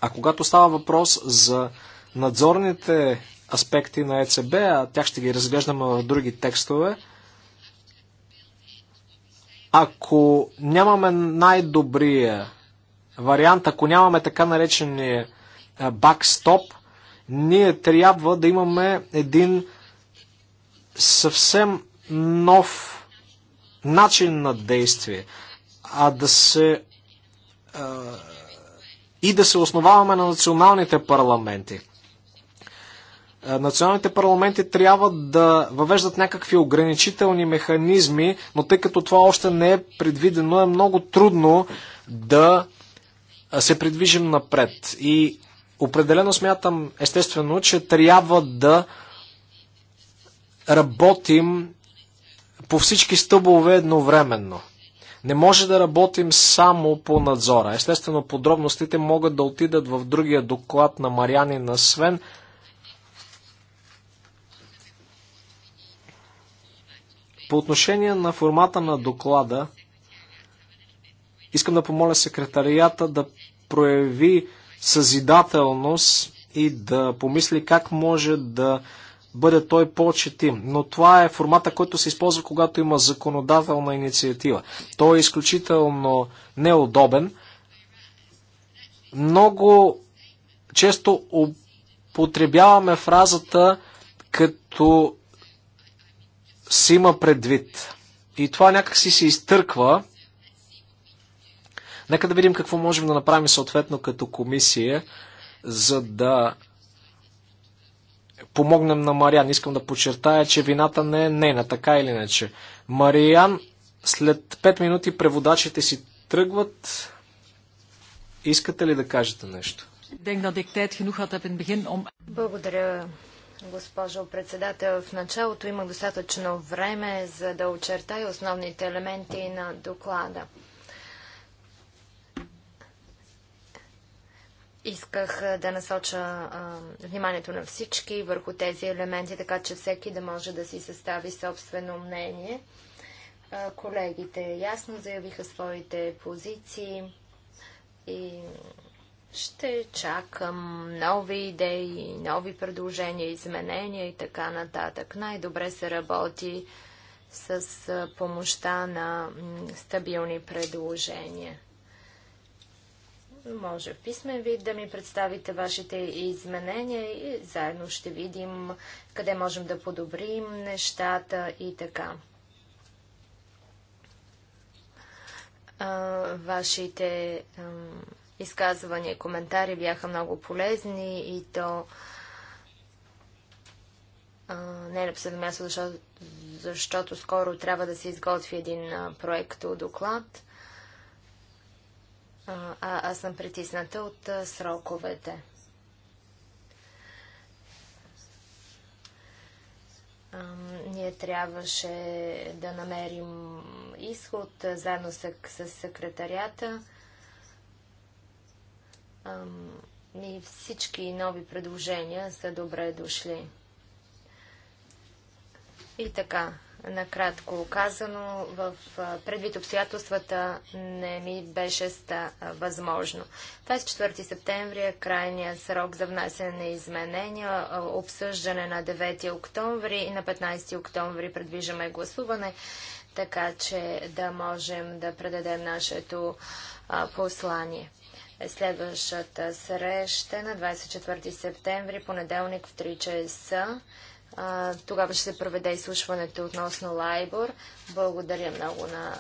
А когато става въпрос за надзорните аспекти на ЕЦБ, а тях ще ги разглеждаме в други текстове, ако нямаме най-добрия вариант, ако нямаме така наречения бакстоп, е, ние трябва да имаме един съвсем нов начин на действие, а да се е, и да се основаваме на националните парламенти. Е, националните парламенти трябва да въвеждат някакви ограничителни механизми, но тъй като това още не е предвидено, е много трудно да се придвижим напред. И определено смятам, естествено, че трябва да работим по всички стъбове едновременно. Не може да работим само по надзора. Естествено, подробностите могат да отидат в другия доклад на Мариани на Свен. По отношение на формата на доклада, искам да помоля секретарията да прояви съзидателност и да помисли как може да бъде той по-четим. Но това е формата, който се използва, когато има законодателна инициатива. Той е изключително неудобен. Много често употребяваме фразата като си има предвид. И това някакси се изтърква Нека да видим какво можем да направим съответно като комисия, за да помогнем на Мариан. Искам да подчертая, че вината не е нейна, така или иначе. Мариан, след 5 минути преводачите си тръгват. Искате ли да кажете нещо? Благодаря, госпожо председател. В началото имах достатъчно време, за да очертая основните елементи на доклада. Исках да насоча вниманието на всички върху тези елементи, така че всеки да може да си състави собствено мнение. колегите ясно заявиха своите позиции и ще чакам нови идеи, нови предложения, изменения и така нататък. Най-добре се работи с помощта на стабилни предложения може в писмен вид да ми представите вашите изменения и заедно ще видим къде можем да подобрим нещата и така. вашите изказвания и коментари бяха много полезни и то не е на последно място, защото, защото скоро трябва да се изготви един проект доклад а, аз съм притисната от а, сроковете. А, ние трябваше да намерим изход заедно с, с секретарията. А, и всички нови предложения са добре дошли. И така, Накратко казано, в предвид обстоятелствата не ми беше ста възможно. 24 септември е крайния срок за внасяне на изменения, обсъждане на 9 октомври и на 15 октомври предвиждаме гласуване, така че да можем да предадем нашето послание. Е, следващата среща е на 24 септември, понеделник в 3 часа тогава ще се проведе изслушването относно Лайбор. Благодаря много на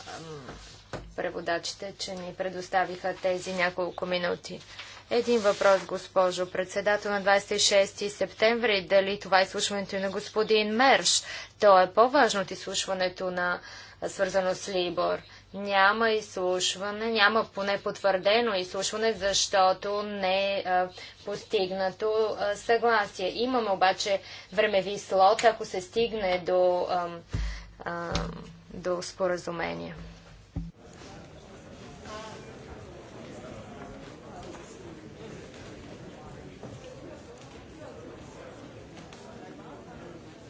преводачите, че ни предоставиха тези няколко минути. Един въпрос, госпожо председател, на 26 септември. Дали това е изслушването на господин Мерш? То е по-важно от изслушването на свързано с Либор. Няма изслушване, няма поне потвърдено изслушване, защото не е, е постигнато е, съгласие. Имаме обаче времеви слот, ако се стигне до, до споразумение.